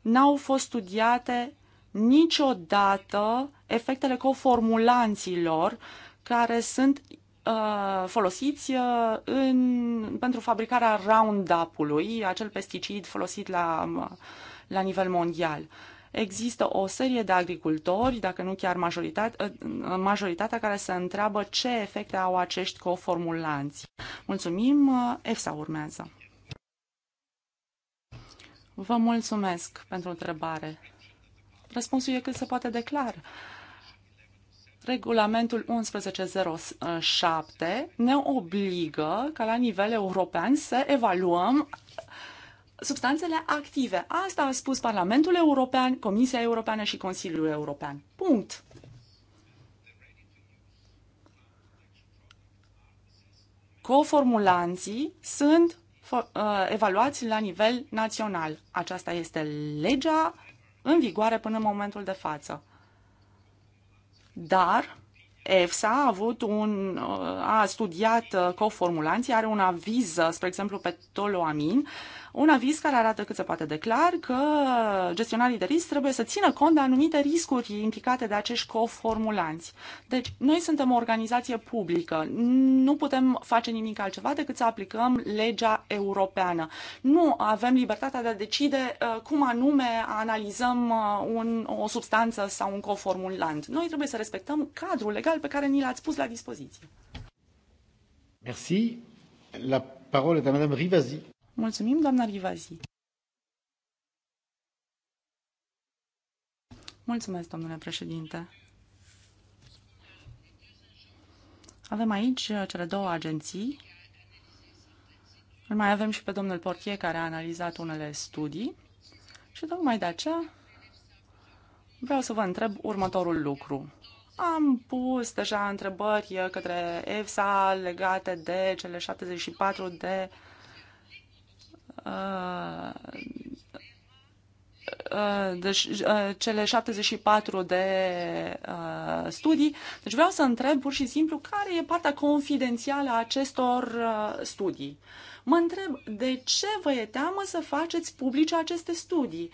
Speaker 3: n-au fost studiate niciodată efectele coformulanților care sunt Uh, folosiți uh, în, pentru fabricarea Roundup-ului, acel pesticid folosit la, uh, la nivel mondial. Există o serie de agricultori, dacă nu chiar majoritate, majoritatea, care se întreabă ce efecte au acești coformulanți. Mulțumim, EFSA urmează. Vă mulțumesc pentru întrebare. Răspunsul e cât se poate declara. Regulamentul 1107 ne obligă ca la nivel european să evaluăm substanțele active. Asta a spus Parlamentul European, Comisia Europeană și Consiliul European. Punct. Coformulanții sunt uh, evaluați la nivel național. Aceasta este legea în vigoare până în momentul de față dar EFSA a avut un, a studiat coformulanții, are un aviz, spre exemplu, pe toloamin, un aviz care arată cât se poate de clar că gestionarii de risc trebuie să țină cont de anumite riscuri implicate de acești coformulanți. Deci, noi suntem o organizație publică, nu putem face nimic altceva decât să aplicăm legea europeană. Nu avem libertatea de a decide uh, cum anume analizăm uh, un, o substanță sau un coformulant. Noi trebuie să respectăm cadrul legal pe care ni l-ați pus la dispoziție.
Speaker 1: Merci. La parole est à Madame Rivasi.
Speaker 3: Mulțumim, doamna Rivazi. Mulțumesc, domnule președinte. Avem aici uh, cele două agenții. Îl mai avem și pe domnul Portier, care a analizat unele studii. Și tocmai de aceea vreau să vă întreb următorul lucru. Am pus deja întrebări uh, către EFSA legate de cele 74 de uh, Uh, deci, uh, cele 74 de uh, studii. Deci vreau să întreb pur și simplu care e partea confidențială a acestor uh, studii. Mă întreb de ce vă e teamă să faceți publice aceste studii?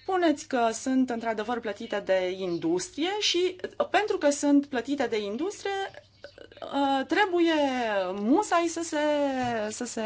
Speaker 3: Spuneți că sunt într-adevăr plătite de industrie și pentru că sunt plătite de industrie, Uh, trebuie musai să se, să se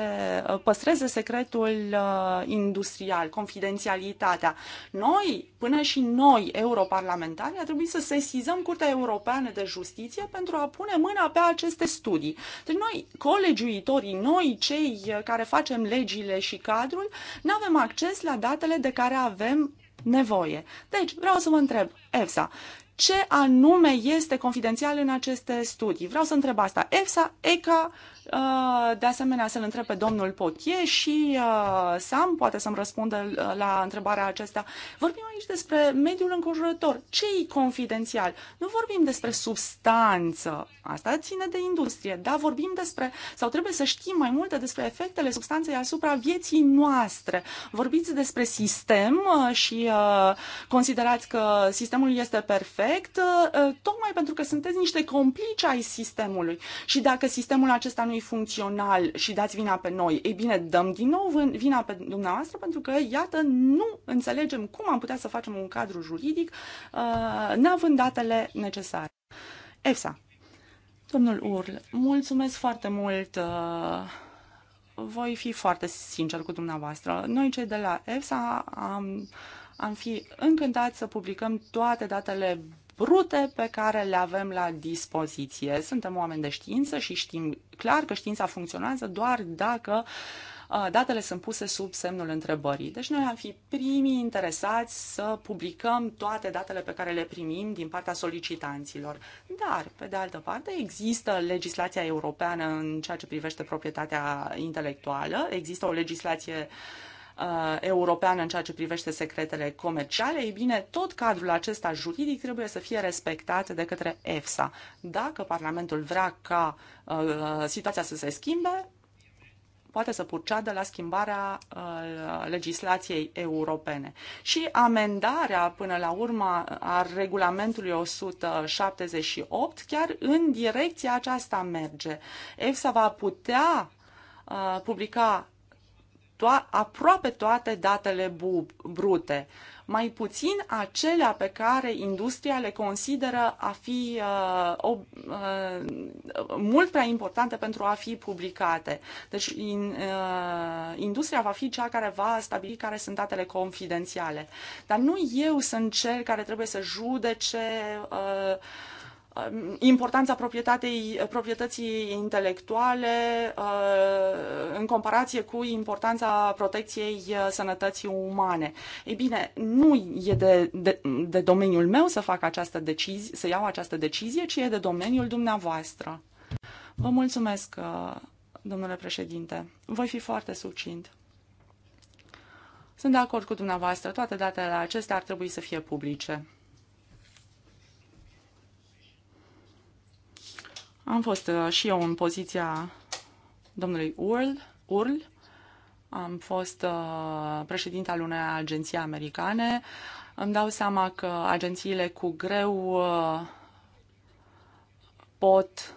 Speaker 3: uh, păstreze secretul uh, industrial, confidențialitatea. Noi, până și noi, europarlamentari, a trebuit să sesizăm Curtea Europeană de Justiție pentru a pune mâna pe aceste studii. Deci noi, colegiuitorii, noi, cei care facem legile și cadrul, nu avem acces la datele de care avem nevoie. Deci, vreau să vă întreb, EFSA, ce anume este confidențial în aceste studii. Vreau să întreb asta. EFSA, ECA, Uh, de asemenea, să-l întreb pe domnul Pochie și uh, Sam poate să-mi răspundă uh, la întrebarea acesta. Vorbim aici despre mediul înconjurător. ce e confidențial? Nu vorbim despre substanță. Asta ține de industrie. Da, vorbim despre, sau trebuie să știm mai multe despre efectele substanței asupra vieții noastre. Vorbiți despre sistem și considerați că sistemul este perfect, tocmai pentru că sunteți niște complici ai sistemului. Și dacă sistemul acesta nu unui funcțional și dați vina pe noi. Ei bine, dăm din nou vina pe dumneavoastră pentru că, iată, nu înțelegem cum am putea să facem un cadru juridic uh, neavând datele necesare. EFSA. Domnul Url, mulțumesc foarte mult. Uh, voi fi foarte sincer cu dumneavoastră. Noi, cei de la EFSA, am, am fi încântați să publicăm toate datele rute pe care le avem la dispoziție. Suntem oameni de știință și știm clar că știința funcționează doar dacă uh, datele sunt puse sub semnul întrebării. Deci noi am fi primii interesați să publicăm toate datele pe care le primim din partea solicitanților. Dar, pe de altă parte, există legislația europeană în ceea ce privește proprietatea intelectuală, există o legislație uh, Uh, europeană în ceea ce privește secretele comerciale, ei bine, tot cadrul acesta juridic trebuie să fie respectat de către EFSA. Dacă Parlamentul vrea ca uh, situația să se schimbe, poate să purceadă la schimbarea uh, legislației europene. Și amendarea, până la urmă, a regulamentului 178, chiar în direcția aceasta merge. EFSA va putea uh, publica to- aproape toate datele bu- brute, mai puțin acelea pe care industria le consideră a fi uh, ob, uh, mult prea importante pentru a fi publicate. Deci in, uh, industria va fi cea care va stabili care sunt datele confidențiale. Dar nu eu sunt cel care trebuie să judece uh, Uh, importanța proprietății, proprietății intelectuale uh, în comparație cu importanța protecției uh, sănătății umane. Ei bine, nu e de, de, de domeniul meu să fac această decizie, să iau această decizie, ci e de domeniul dumneavoastră. Vă mulțumesc, domnule președinte. Voi fi foarte succint. Sunt de acord cu dumneavoastră, toate datele acestea ar trebui să fie publice. Am fost uh, și eu în poziția domnului Url, Url. am fost uh, președinte al unei agenții americane. Îmi dau seama că agențiile cu greu uh, pot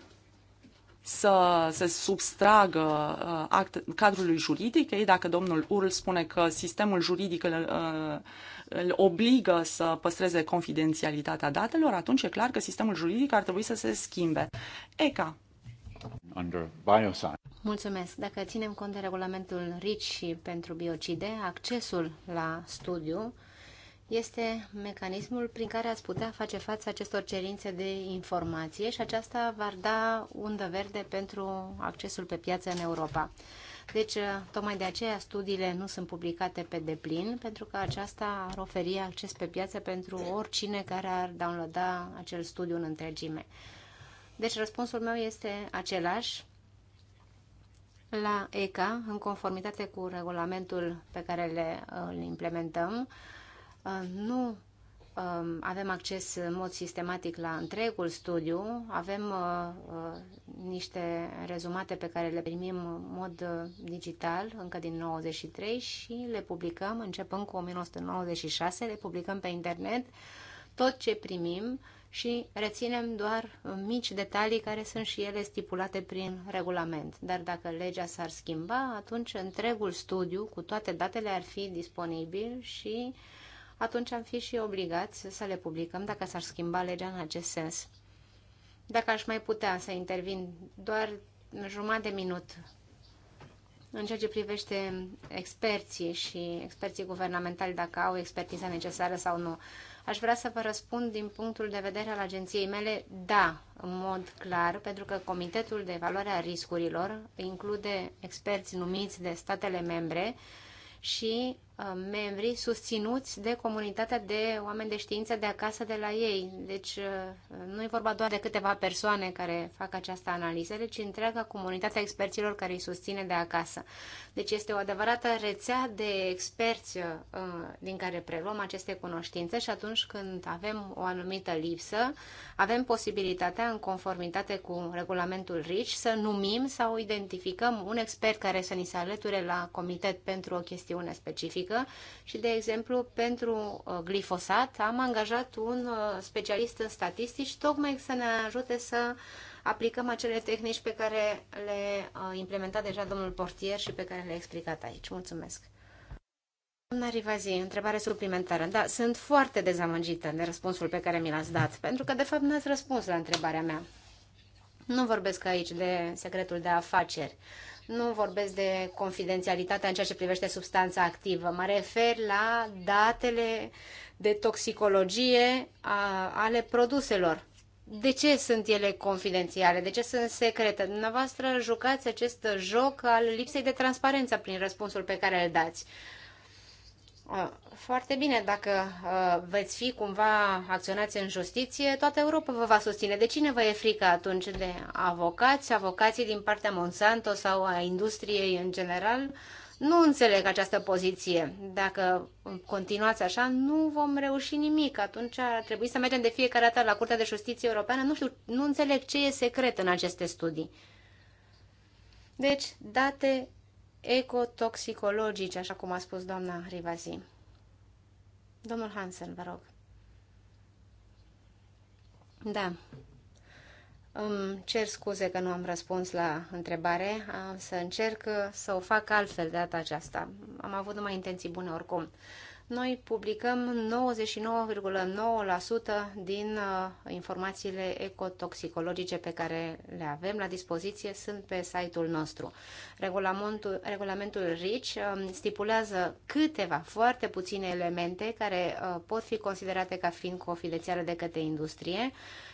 Speaker 3: să se substragă uh, act, cadrului juridic. Ei, dacă domnul Url spune că sistemul juridic îl, uh, îl obligă să păstreze confidențialitatea datelor, atunci e clar că sistemul juridic ar trebui să se schimbe. ECA.
Speaker 1: Under
Speaker 4: Mulțumesc. Dacă ținem cont de regulamentul RICI pentru biocide, accesul la studiu este mecanismul prin care ați putea face față acestor cerințe de informație și aceasta va da undă verde pentru accesul pe piață în Europa. Deci, uh, tocmai de aceea studiile nu sunt publicate pe deplin, pentru că aceasta ar oferi acces pe piață pentru oricine care ar downloada acel studiu în întregime. Deci, răspunsul meu este același. La ECA, în conformitate cu regulamentul pe care le, uh, îl implementăm, uh, Uh, nu um, avem acces în mod sistematic la întregul studiu, avem uh, uh, niște rezumate pe care le primim în mod digital încă din 93 și le publicăm începând cu 1996, le publicăm pe internet tot ce primim și reținem doar mici detalii care sunt și ele stipulate prin regulament. Dar dacă legea s-ar schimba, atunci întregul studiu cu toate datele ar fi disponibil și uh, atunci am fi și obligați să le publicăm dacă s-ar schimba legea în acest sens. Dacă aș mai putea să intervin doar jumătate de minut în ceea ce privește experții și experții guvernamentali, dacă au expertiza necesară sau nu, aș vrea să vă răspund din punctul de vedere al agenției mele, da, în mod clar, pentru că Comitetul de Evaluare a Riscurilor include experți numiți de statele membre și Uh, membri susținuți de comunitatea de oameni de știință de acasă de la ei. Deci uh, nu e vorba doar de câteva persoane care fac această analiză, ci întreaga comunitatea experților care îi susține de acasă. Deci este o adevărată rețea de experți uh, din care preluăm aceste cunoștințe și atunci când avem o anumită lipsă, avem posibilitatea, în conformitate cu regulamentul RICI, să numim sau identificăm un expert care să ni se alăture la comitet pentru o chestiune specifică politică și, de exemplu, pentru uh, glifosat am angajat un uh, specialist în statistici tocmai să ne ajute să aplicăm acele tehnici pe care le uh, implementat deja domnul Portier și pe care le-a explicat aici. Mulțumesc! Doamna Rivazi, întrebare suplimentară. Da, sunt foarte dezamăgită de răspunsul pe care mi l-ați dat, pentru că, de fapt, n-ați răspuns la întrebarea mea. Nu vorbesc aici de secretul de afaceri. Nu vorbesc de confidențialitatea în ceea ce privește substanța activă. Mă refer la datele de toxicologie a, ale produselor. De ce sunt ele confidențiale? De ce sunt secrete? Dumneavoastră jucați acest joc al lipsei de transparență prin răspunsul pe care îl dați. Ah, foarte bine, dacă ah, veți fi cumva acționați în justiție, toată Europa vă va susține. De cine vă e frică atunci? De avocați, avocații din partea Monsanto sau a industriei în general? Nu înțeleg această poziție. Dacă continuați așa, nu vom reuși nimic. Atunci ar trebui să mergem de fiecare dată la Curtea de Justiție Europeană. Nu știu, nu înțeleg ce e secret în aceste studii. Deci, date ecotoxicologice, așa cum a spus doamna Rivazi. Domnul Hansen, vă rog. Da. Îmi cer scuze că nu am răspuns la întrebare, am să încerc să o fac altfel data aceasta. Am avut numai intenții bune oricum. Uh, noi publicăm 99,9% din uh, informațiile ecotoxicologice pe care le avem la dispoziție sunt pe site-ul nostru. Regulamentul, regulamentul RICI um, stipulează câteva, foarte puține elemente care uh, pot fi considerate ca fiind confidențiale de către industrie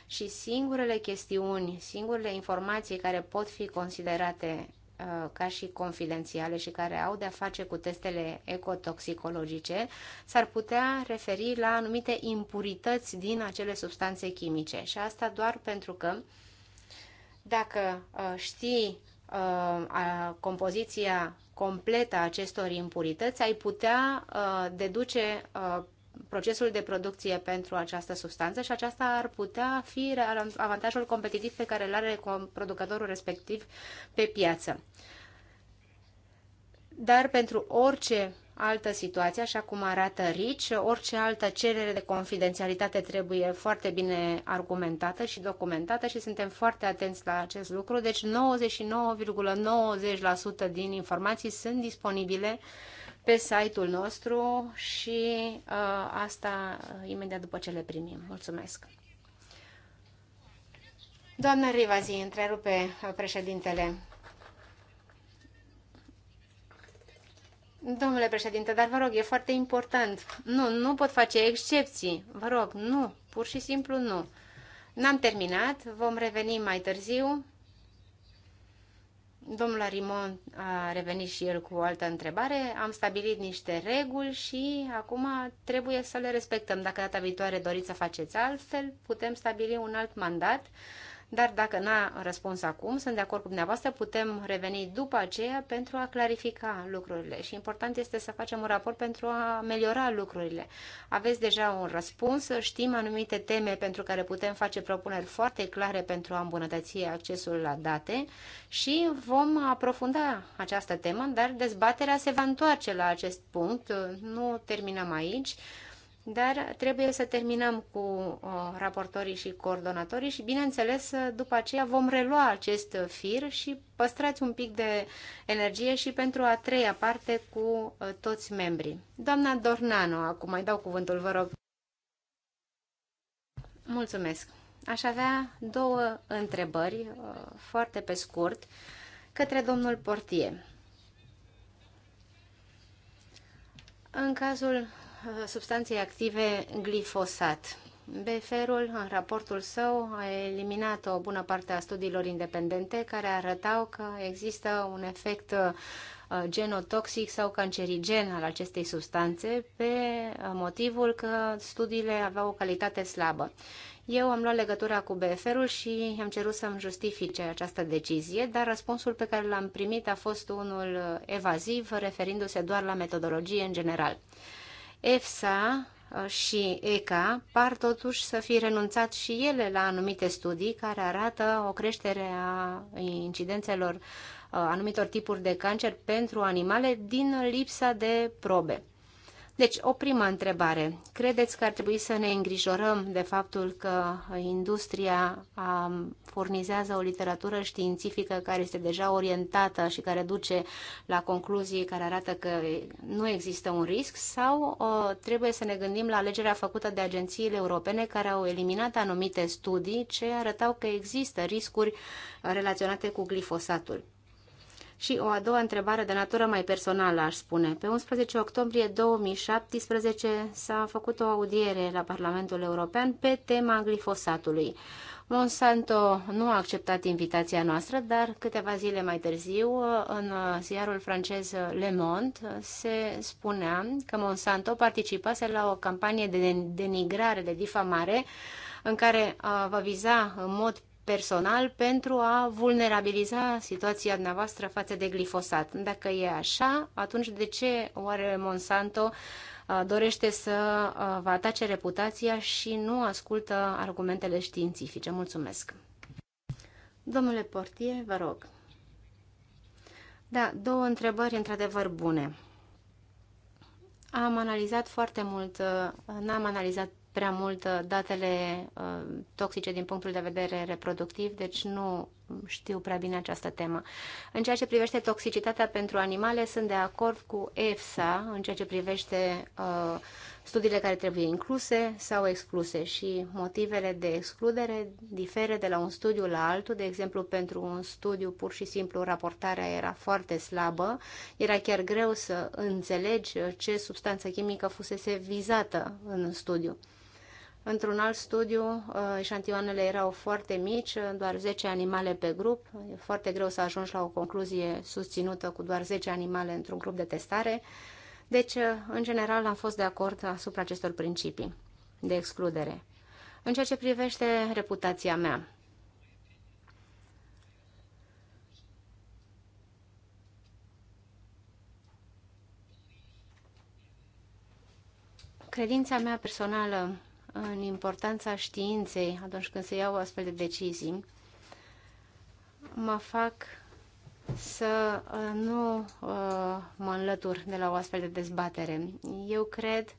Speaker 4: și singurele chestiuni, singurele informații care pot fi considerate Uh, ca și confidențiale și care au de-a face cu testele ecotoxicologice s-ar putea referi la anumite impurități din acele substanțe chimice. Și asta doar pentru că dacă uh, știi uh, compoziția completă a acestor impurități, ai putea deduce procesul de producție pentru această substanță și aceasta ar putea fi avantajul competitiv pe care îl are producătorul respectiv pe piață. Dar pentru orice altă situație, așa cum arată RICI, orice altă cerere de confidențialitate trebuie foarte bine argumentată și documentată și suntem foarte atenți la acest lucru. Deci 99,90% din informații sunt disponibile pe site-ul nostru și uh, asta uh, imediat după ce le primim. Mulțumesc! Doamna Rivazi, întrerupe uh, președintele. Domnule președinte, dar vă rog, e foarte important. Nu, nu pot face excepții. Vă rog, nu, pur și simplu nu. N-am terminat, vom reveni mai târziu Domnul Arimon a revenit și el cu o altă întrebare. Am stabilit niște reguli și acum trebuie să le respectăm. Dacă data viitoare doriți să faceți altfel, putem stabili un alt mandat dar dacă n-a răspuns acum, sunt de acord cu dumneavoastră, putem reveni după aceea pentru a clarifica lucrurile și important este să facem un raport pentru a ameliora lucrurile. Aveți deja un răspuns, știm anumite teme pentru care putem face propuneri foarte clare pentru a îmbunătăți accesul la date și vom aprofunda această temă, dar dezbaterea se va întoarce la acest punct, nu terminăm aici dar trebuie să terminăm cu uh, raportorii și coordonatorii și, bineînțeles, după aceea vom relua acest fir și păstrați un pic de energie și pentru a treia parte cu uh, toți membrii. Doamna Dornano, acum mai dau cuvântul, vă rog. Mulțumesc. Aș avea două întrebări, uh, foarte pe scurt, către domnul Portie. În cazul substanței active glifosat. BFR-ul, în raportul său, a eliminat o bună parte a studiilor independente care arătau că există un efect uh, genotoxic sau cancerigen al acestei substanțe pe uh, motivul că studiile aveau o calitate slabă. Eu am luat legătura cu BFR-ul și am cerut să-mi justifice această decizie, dar răspunsul pe care l-am primit a fost unul uh, evaziv, referindu-se doar la metodologie în general. EFSA uh, și ECA par totuși să fi renunțat și ele la anumite studii care arată o creștere a incidențelor uh, anumitor tipuri de cancer pentru animale din lipsa de probe. Deci, o primă întrebare. Credeți că ar trebui să ne îngrijorăm de faptul că industria um, furnizează o literatură științifică care este deja orientată și care duce la concluzii care arată că nu există un risc sau uh, trebuie să ne gândim la alegerea făcută de agențiile europene care au eliminat anumite studii ce arătau că există riscuri relaționate cu glifosatul? Și o a doua întrebare de natură mai personală, aș spune. Pe 11 octombrie 2017 s-a făcut o audiere la Parlamentul European pe tema glifosatului. Monsanto nu a acceptat invitația noastră, dar câteva zile mai târziu, în ziarul francez Le Monde, se spunea că Monsanto participase la o campanie de denigrare, de difamare, în care uh, va viza în mod personal pentru a vulnerabiliza situația dumneavoastră față de glifosat. Dacă e așa, atunci de ce oare Monsanto uh, dorește să uh, vă atace reputația și nu ascultă argumentele științifice? Mulțumesc! Domnule Portie, vă rog. Da, două întrebări într-adevăr bune. Am analizat foarte mult, uh, n-am analizat prea mult uh, datele uh, toxice din punctul de vedere reproductiv, deci nu știu prea bine această temă. În ceea ce privește toxicitatea pentru animale, sunt de acord cu EFSA în ceea ce privește uh, studiile care trebuie incluse sau excluse și motivele de excludere diferă de la un studiu la altul. De exemplu, pentru un studiu pur și simplu raportarea era foarte slabă, era chiar greu să înțelegi ce substanță chimică fusese vizată în studiu. Într-un alt studiu, uh, eșantioanele erau foarte mici, uh, doar 10 animale pe grup. E foarte greu să ajungi la o concluzie susținută cu doar 10 animale într-un grup de testare. Deci, uh, în general, am fost de acord asupra acestor principii de excludere. În ceea ce privește reputația mea, credința mea personală în importanța științei atunci când se iau astfel de decizii, mă fac să uh, nu uh, mă înlătur de la o astfel de dezbatere. Eu cred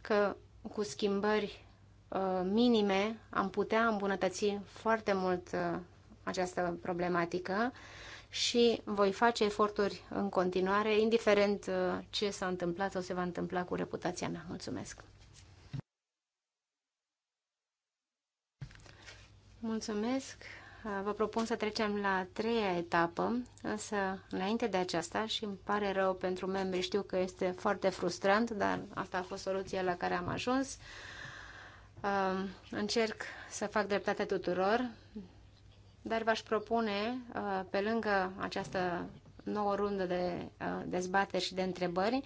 Speaker 4: că cu schimbări uh, minime am putea îmbunătăți foarte mult această problematică și voi face eforturi în continuare, indiferent ce s-a întâmplat sau se va întâmpla cu reputația mea. Mulțumesc! Mulțumesc. Vă propun să trecem la a treia etapă, însă înainte de aceasta, și îmi pare rău pentru membri, știu că este foarte frustrant, dar asta a fost soluția la care am ajuns. Um, încerc să fac dreptate tuturor, dar v-aș propune, uh, pe lângă această nouă rundă de uh, dezbateri și de întrebări,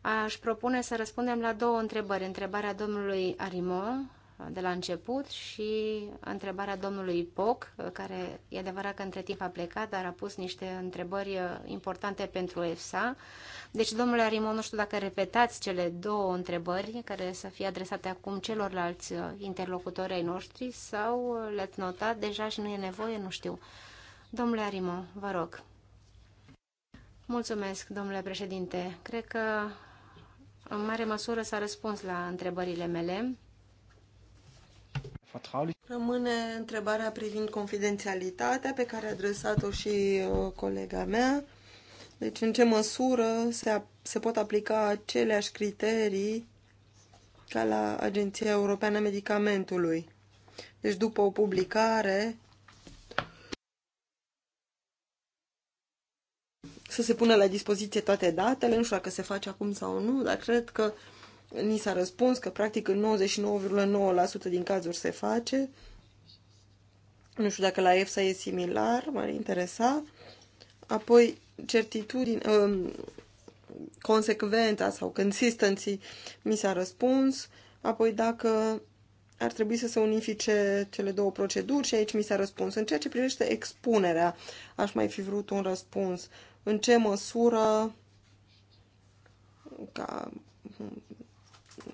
Speaker 4: aș propune să răspundem la două întrebări. Întrebarea domnului Arimon de la început și întrebarea domnului Poc, care e adevărat că între timp a plecat, dar a pus niște întrebări uh, importante pentru EFSA. Deci, domnule Arimon, nu știu dacă repetați cele două întrebări care să fie adresate acum celorlalți uh, interlocutori ai noștri sau uh, le-ați notat deja și nu e nevoie, nu știu. Domnule Arimon, vă rog. Mulțumesc, domnule președinte. Cred că în mare măsură s-a răspuns la întrebările mele. Rămâne întrebarea privind confidențialitatea pe care a
Speaker 2: adresat-o și uh, colega mea. Deci în ce măsură se, se pot aplica aceleași criterii ca la Agenția Europeană a Medicamentului. Deci după o publicare să se pună la dispoziție toate datele, nu știu dacă se face acum sau nu, dar cred că ni s-a răspuns că practic în 99,9% din cazuri se face. Nu știu dacă la EFSA e similar, m-ar interesa. Apoi, certitudine, um, consecvența sau consistency mi s-a răspuns. Apoi, dacă ar trebui să se unifice cele două proceduri și aici mi s-a răspuns. În ceea ce privește expunerea, aș mai fi vrut un răspuns. În ce măsură ca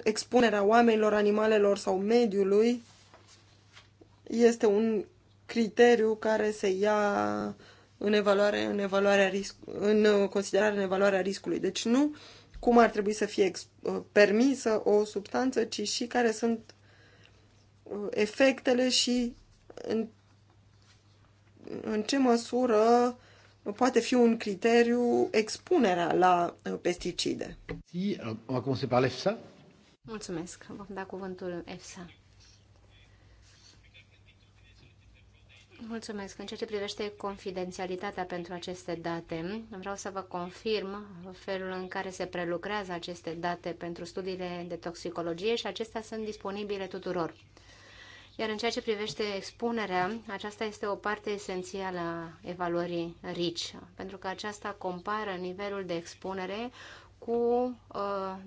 Speaker 2: expunerea oamenilor, animalelor sau mediului este un criteriu care se ia în, evaluare, în, evaluarea risc, în considerare în evaluarea riscului. Deci nu cum ar trebui să fie uh, permisă o substanță, ci și care sunt uh, efectele și în, în ce măsură poate fi un criteriu expunerea la uh, pesticide.
Speaker 1: Si, on a commencé par l'EFSA,
Speaker 4: Mulțumesc. Vom da cuvântul EFSA. Mulțumesc. În ceea ce privește confidențialitatea pentru aceste date, vreau să vă confirm felul în care se prelucrează aceste date pentru studiile de toxicologie și acestea sunt disponibile tuturor. Iar în ceea ce privește expunerea, aceasta este o parte esențială a evaluării RICI, pentru că aceasta compară nivelul de expunere cu uh,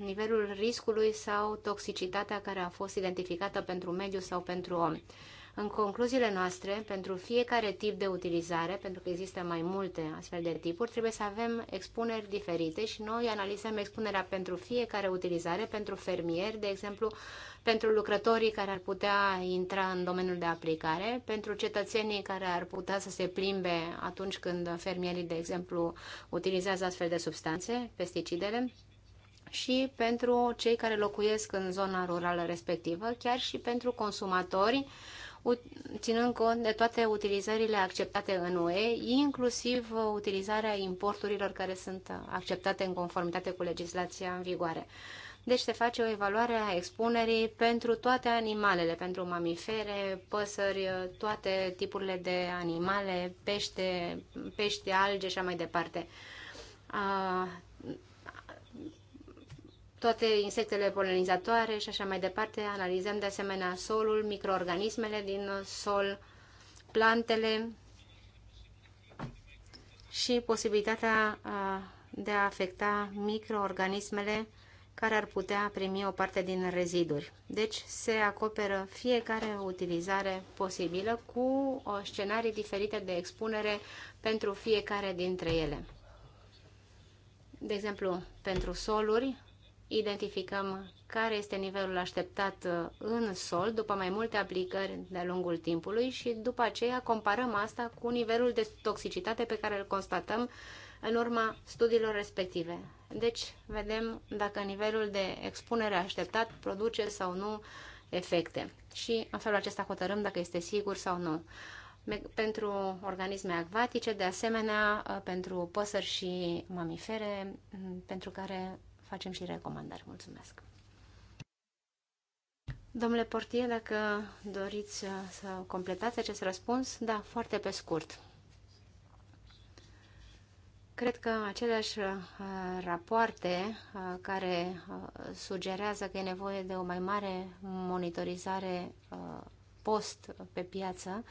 Speaker 4: nivelul riscului sau toxicitatea care a fost identificată pentru mediu sau pentru om. În concluziile noastre, pentru fiecare tip de utilizare, pentru că există mai multe astfel de tipuri, trebuie să avem expuneri diferite și noi analizăm expunerea pentru fiecare utilizare, pentru fermieri, de exemplu, pentru lucrătorii care ar putea intra în domeniul de aplicare, pentru cetățenii care ar putea să se plimbe atunci când fermierii, de exemplu, utilizează astfel de substanțe, pesticidele, și pentru cei care locuiesc în zona rurală respectivă, chiar și pentru consumatori, ținând cont de toate utilizările acceptate în UE, inclusiv utilizarea importurilor care sunt acceptate în conformitate cu legislația în vigoare. Deci se face o evaluare a expunerii pentru toate animalele, pentru mamifere, păsări, toate tipurile de animale, pește, pește, alge și așa mai departe. A, toate insectele polenizatoare și așa mai departe. Analizăm de asemenea solul, microorganismele din sol, plantele și posibilitatea de a afecta microorganismele care ar putea primi o parte din reziduri. Deci se acoperă fiecare utilizare posibilă cu o uh, scenarii diferite de expunere pentru fiecare dintre ele. De exemplu, pentru soluri, identificăm care este nivelul așteptat uh, în sol după mai multe aplicări de-a lungul timpului și după aceea comparăm asta cu nivelul de toxicitate pe care îl constatăm în urma studiilor respective. Deci, vedem dacă nivelul de expunere așteptat produce sau nu efecte. Și în felul acesta hotărâm dacă este sigur sau nu. Pentru organisme acvatice, de asemenea, ă, pentru păsări și mamifere, pentru care facem și recomandări. Mulțumesc! Domnule Portie, dacă doriți ă, să completați acest răspuns, da, foarte pe scurt. Cred că aceleași uh, rapoarte uh, care uh, sugerează că e nevoie de o mai mare monitorizare post pe piață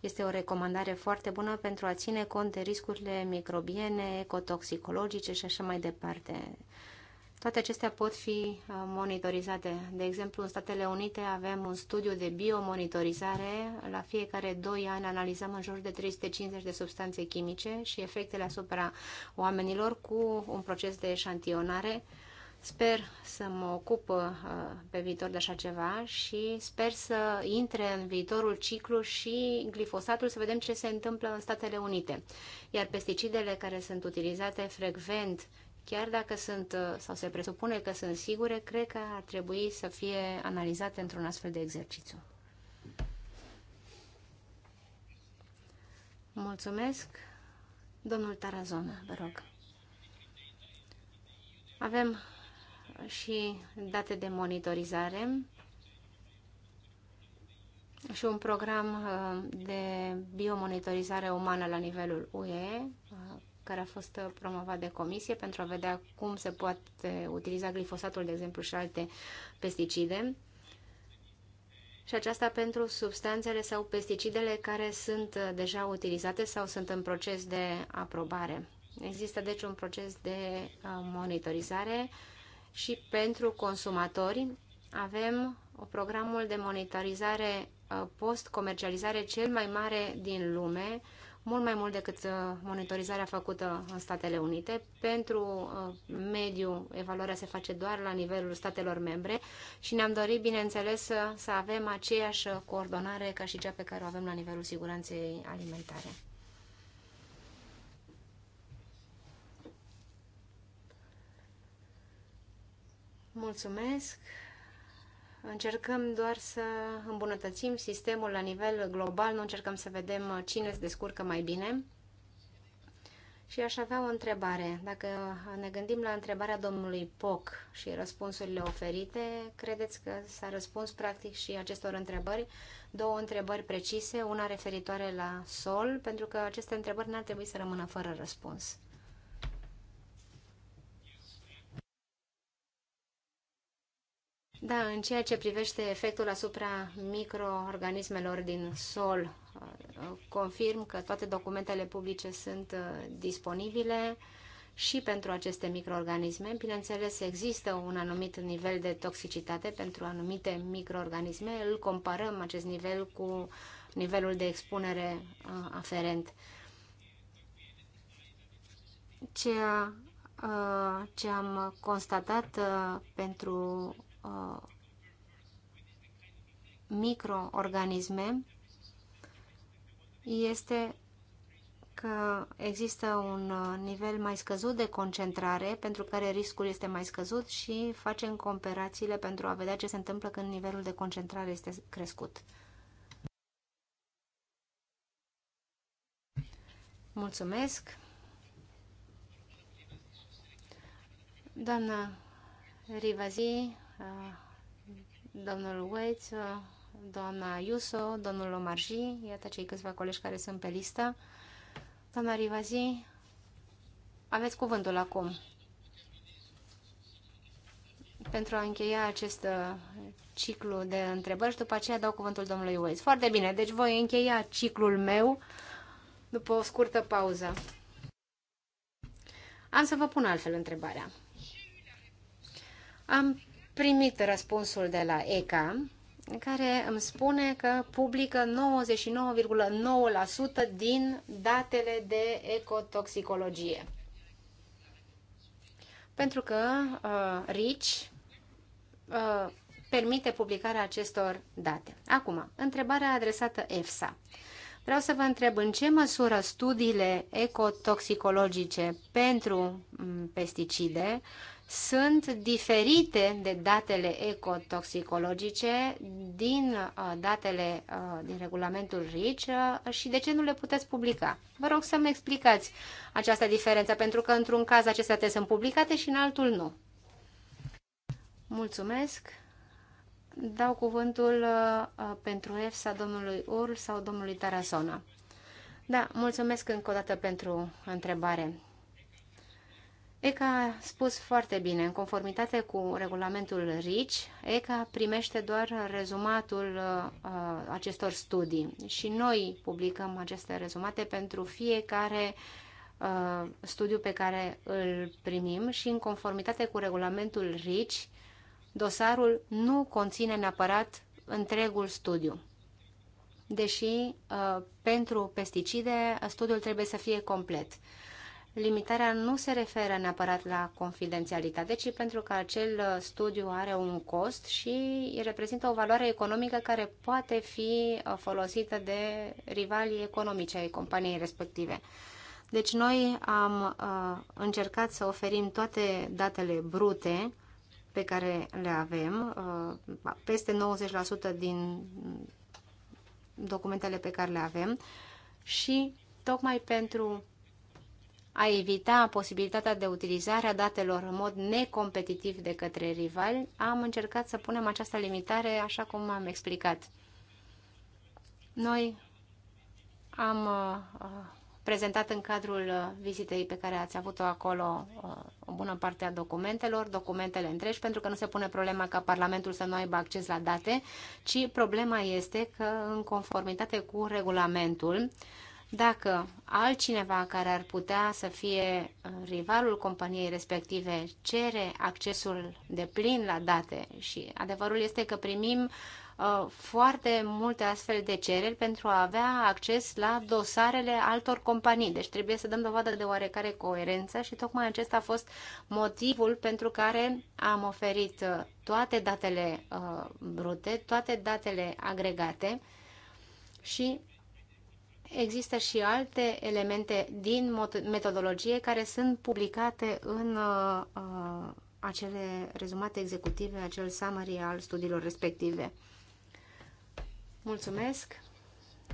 Speaker 4: este o recomandare foarte bună pentru a ține cont de riscurile microbiene, ecotoxicologice și așa mai departe. Toate acestea pot fi uh, monitorizate. De exemplu, în Statele Unite avem un studiu de biomonitorizare. La fiecare 2 ani analizăm în jur de 350 de substanțe chimice și efectele asupra oamenilor cu un proces de eșantionare. Sper să mă ocup uh, pe viitor de așa ceva și sper să intre în viitorul ciclu și glifosatul să vedem ce se întâmplă în Statele Unite. Iar pesticidele care sunt utilizate frecvent chiar dacă sunt, uh, sau se presupune că sunt sigure, cred că ar trebui să fie analizate într-un astfel de exercițiu. Mulțumesc. Domnul Tarazona, vă rog. Avem și date de monitorizare și un program uh, de biomonitorizare umană la nivelul UE uh, care a fost uh, promovat de comisie pentru a vedea cum se poate utiliza glifosatul, de exemplu, și alte pesticide. Și aceasta pentru substanțele sau pesticidele care sunt uh, deja utilizate sau sunt în proces de aprobare. Există deci un proces de uh, monitorizare și pentru consumatori avem programul de monitorizare post-comercializare cel mai mare din lume, mult mai mult decât uh, monitorizarea făcută în Statele Unite. Pentru uh, mediu, evaluarea se face doar la nivelul statelor membre și ne-am dorit, bineînțeles, să, avem aceeași coordonare ca și cea pe care o avem la nivelul siguranței alimentare. Mulțumesc! Încercăm doar să îmbunătățim sistemul la nivel global, nu încercăm să vedem cine se descurcă mai bine. Și aș avea o întrebare. Dacă ne gândim la întrebarea domnului Poc și răspunsurile oferite, credeți că s-a răspuns practic și acestor întrebări? Două întrebări precise, una referitoare la sol, pentru că aceste întrebări n-ar trebui să rămână fără răspuns. Da, în ceea ce privește efectul asupra microorganismelor din sol, uh, confirm că toate documentele publice sunt uh, disponibile și pentru aceste microorganisme. Bineînțeles, există un anumit nivel de toxicitate pentru anumite microorganisme. Îl comparăm acest nivel cu nivelul de expunere uh, aferent. Ceea ce am constatat pentru Uh, microorganisme este că există un uh, nivel mai scăzut de concentrare, pentru care riscul este mai scăzut și facem comparațiile pentru a vedea ce se întâmplă când nivelul de concentrare este crescut. Mulțumesc! Doamna Rivazi, Ah, domnul Waits, doamna Iuso, domnul Omarji, iată cei câțiva colegi care sunt pe listă. Doamna Rivazi, aveți cuvântul acum pentru a încheia acest uh, ciclu de întrebări și după aceea dau cuvântul domnului Waits. Foarte bine, deci voi încheia ciclul meu după o scurtă pauză. Am să vă pun altfel întrebarea. Am primit răspunsul de la ECA, care îmi spune că publică 99,9% din datele de ecotoxicologie. Pentru că uh, RICI uh, permite publicarea acestor date. Acum, întrebarea adresată EFSA. Vreau să vă întreb în ce măsură studiile ecotoxicologice pentru mm, pesticide sunt diferite de datele ecotoxicologice din uh, datele uh, din regulamentul uh, și de ce nu le puteți publica? Vă rog să-mi explicați această diferență, pentru că într-un caz acestea te sunt publicate și în altul nu. Mulțumesc. Dau cuvântul uh, pentru EFSA domnului Url sau domnului Tarasona. Da, mulțumesc încă o dată pentru întrebare. ECA a spus foarte bine, în conformitate cu regulamentul RICI, ECA primește doar rezumatul uh, uh, acestor studii și noi publicăm aceste rezumate pentru fiecare uh, studiu pe care îl primim și în conformitate cu regulamentul RICI, dosarul nu conține neapărat întregul studiu. Deși uh, pentru pesticide studiul trebuie să fie complet. Uh, limitarea nu se referă neapărat la confidențialitate, ci pentru că acel uh, studiu are un cost și reprezintă o valoare economică care poate fi uh, folosită de rivalii economici ai companiei respective. Deci noi am uh, încercat să oferim toate datele brute pe care le avem, peste 90% din documentele pe care le avem și tocmai pentru a evita posibilitatea de utilizare a datelor în mod necompetitiv de către rivali, am încercat să punem această limitare așa cum am explicat. Noi am uh, prezentat în cadrul uh, vizitei pe care ați avut-o acolo uh, o bună parte a documentelor, documentele întregi, pentru că nu se pune problema ca Parlamentul să nu aibă acces la date, ci problema este că, în conformitate cu regulamentul, uh, dacă altcineva care ar putea să fie uh, rivalul companiei respective cere accesul de plin la date și adevărul este că primim uh, foarte multe astfel de cereri pentru a avea acces la dosarele altor companii. Deci trebuie să dăm dovadă de oarecare coerență și tocmai acesta a fost motivul pentru care am oferit uh, toate datele brute, toate datele agregate și există și alte elemente din metodologie care sunt publicate în uh, uh, acele rezumate executive, acel summary al studiilor respective. Mulțumesc!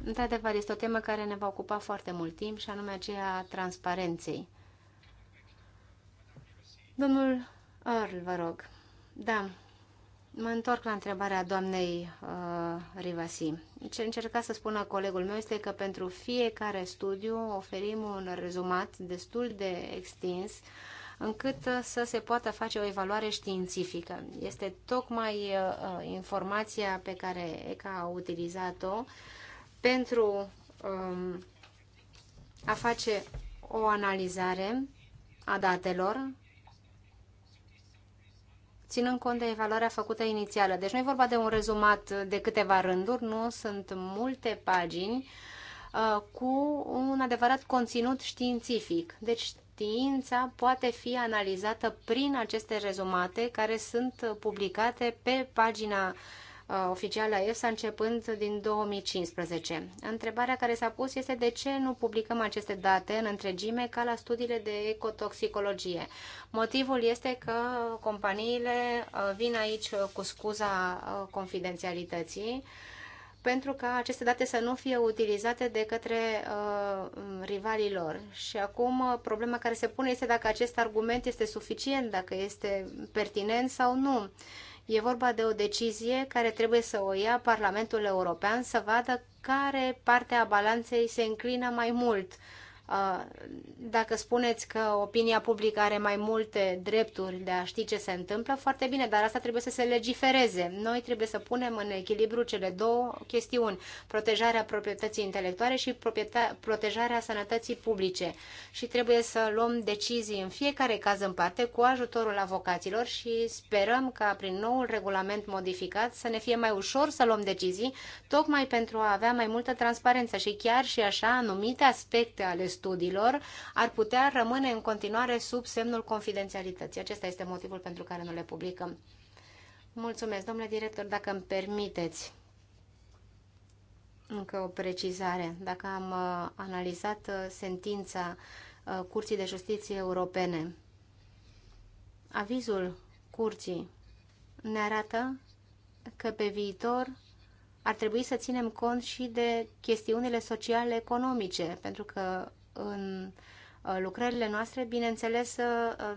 Speaker 4: Într-adevăr, este o temă care ne va ocupa foarte mult timp și anume aceea transparenței. Domnul Earl, vă rog. Da, Mă întorc la întrebarea doamnei uh, Rivasi. Ce încerca să spună colegul meu este că pentru fiecare studiu oferim un rezumat destul de extins încât uh, să se poată face o evaluare științifică. Este tocmai uh, uh, informația pe care ECA a utilizat-o pentru um, a face o analizare a datelor ținând cont de evaluarea făcută inițială. Deci nu e vorba de un rezumat de câteva rânduri, nu sunt multe pagini uh, cu un adevărat conținut științific. Deci știința poate fi analizată prin aceste rezumate care sunt publicate pe pagina Uh, oficială a EFSA începând din 2015. Întrebarea care s-a pus este de ce nu publicăm aceste date în întregime ca la studiile de ecotoxicologie. Motivul este că companiile uh, vin aici uh, cu scuza confidențialității pentru ca aceste date să nu fie utilizate de către uh, rivalii lor. Și acum problema care se pune este dacă acest argument este suficient, dacă este pertinent sau nu. Uh, E vorba de o decizie care trebuie să o ia Parlamentul European să vadă care parte a balanței se înclină mai mult dacă spuneți că opinia publică are mai multe drepturi de a ști ce se întâmplă, foarte bine, dar asta trebuie să se legifereze. Noi trebuie să punem în echilibru cele două chestiuni, protejarea proprietății intelectuale și protejarea sănătății publice. Și trebuie să luăm decizii în fiecare caz în parte cu ajutorul avocaților și sperăm ca prin noul regulament modificat să ne fie mai ușor să luăm decizii, tocmai pentru a avea mai multă transparență și chiar și așa anumite aspecte ale studiilor ar putea rămâne în continuare sub semnul confidențialității. Acesta este motivul pentru care nu le publicăm. Mulțumesc, domnule director, dacă îmi permiteți. Încă o precizare. Dacă am uh, analizat uh, sentința uh, Curții de Justiție Europene, avizul Curții ne arată că pe viitor ar trebui să ținem cont și de chestiunile sociale economice, pentru că în uh, lucrările noastre, bineînțeles, uh,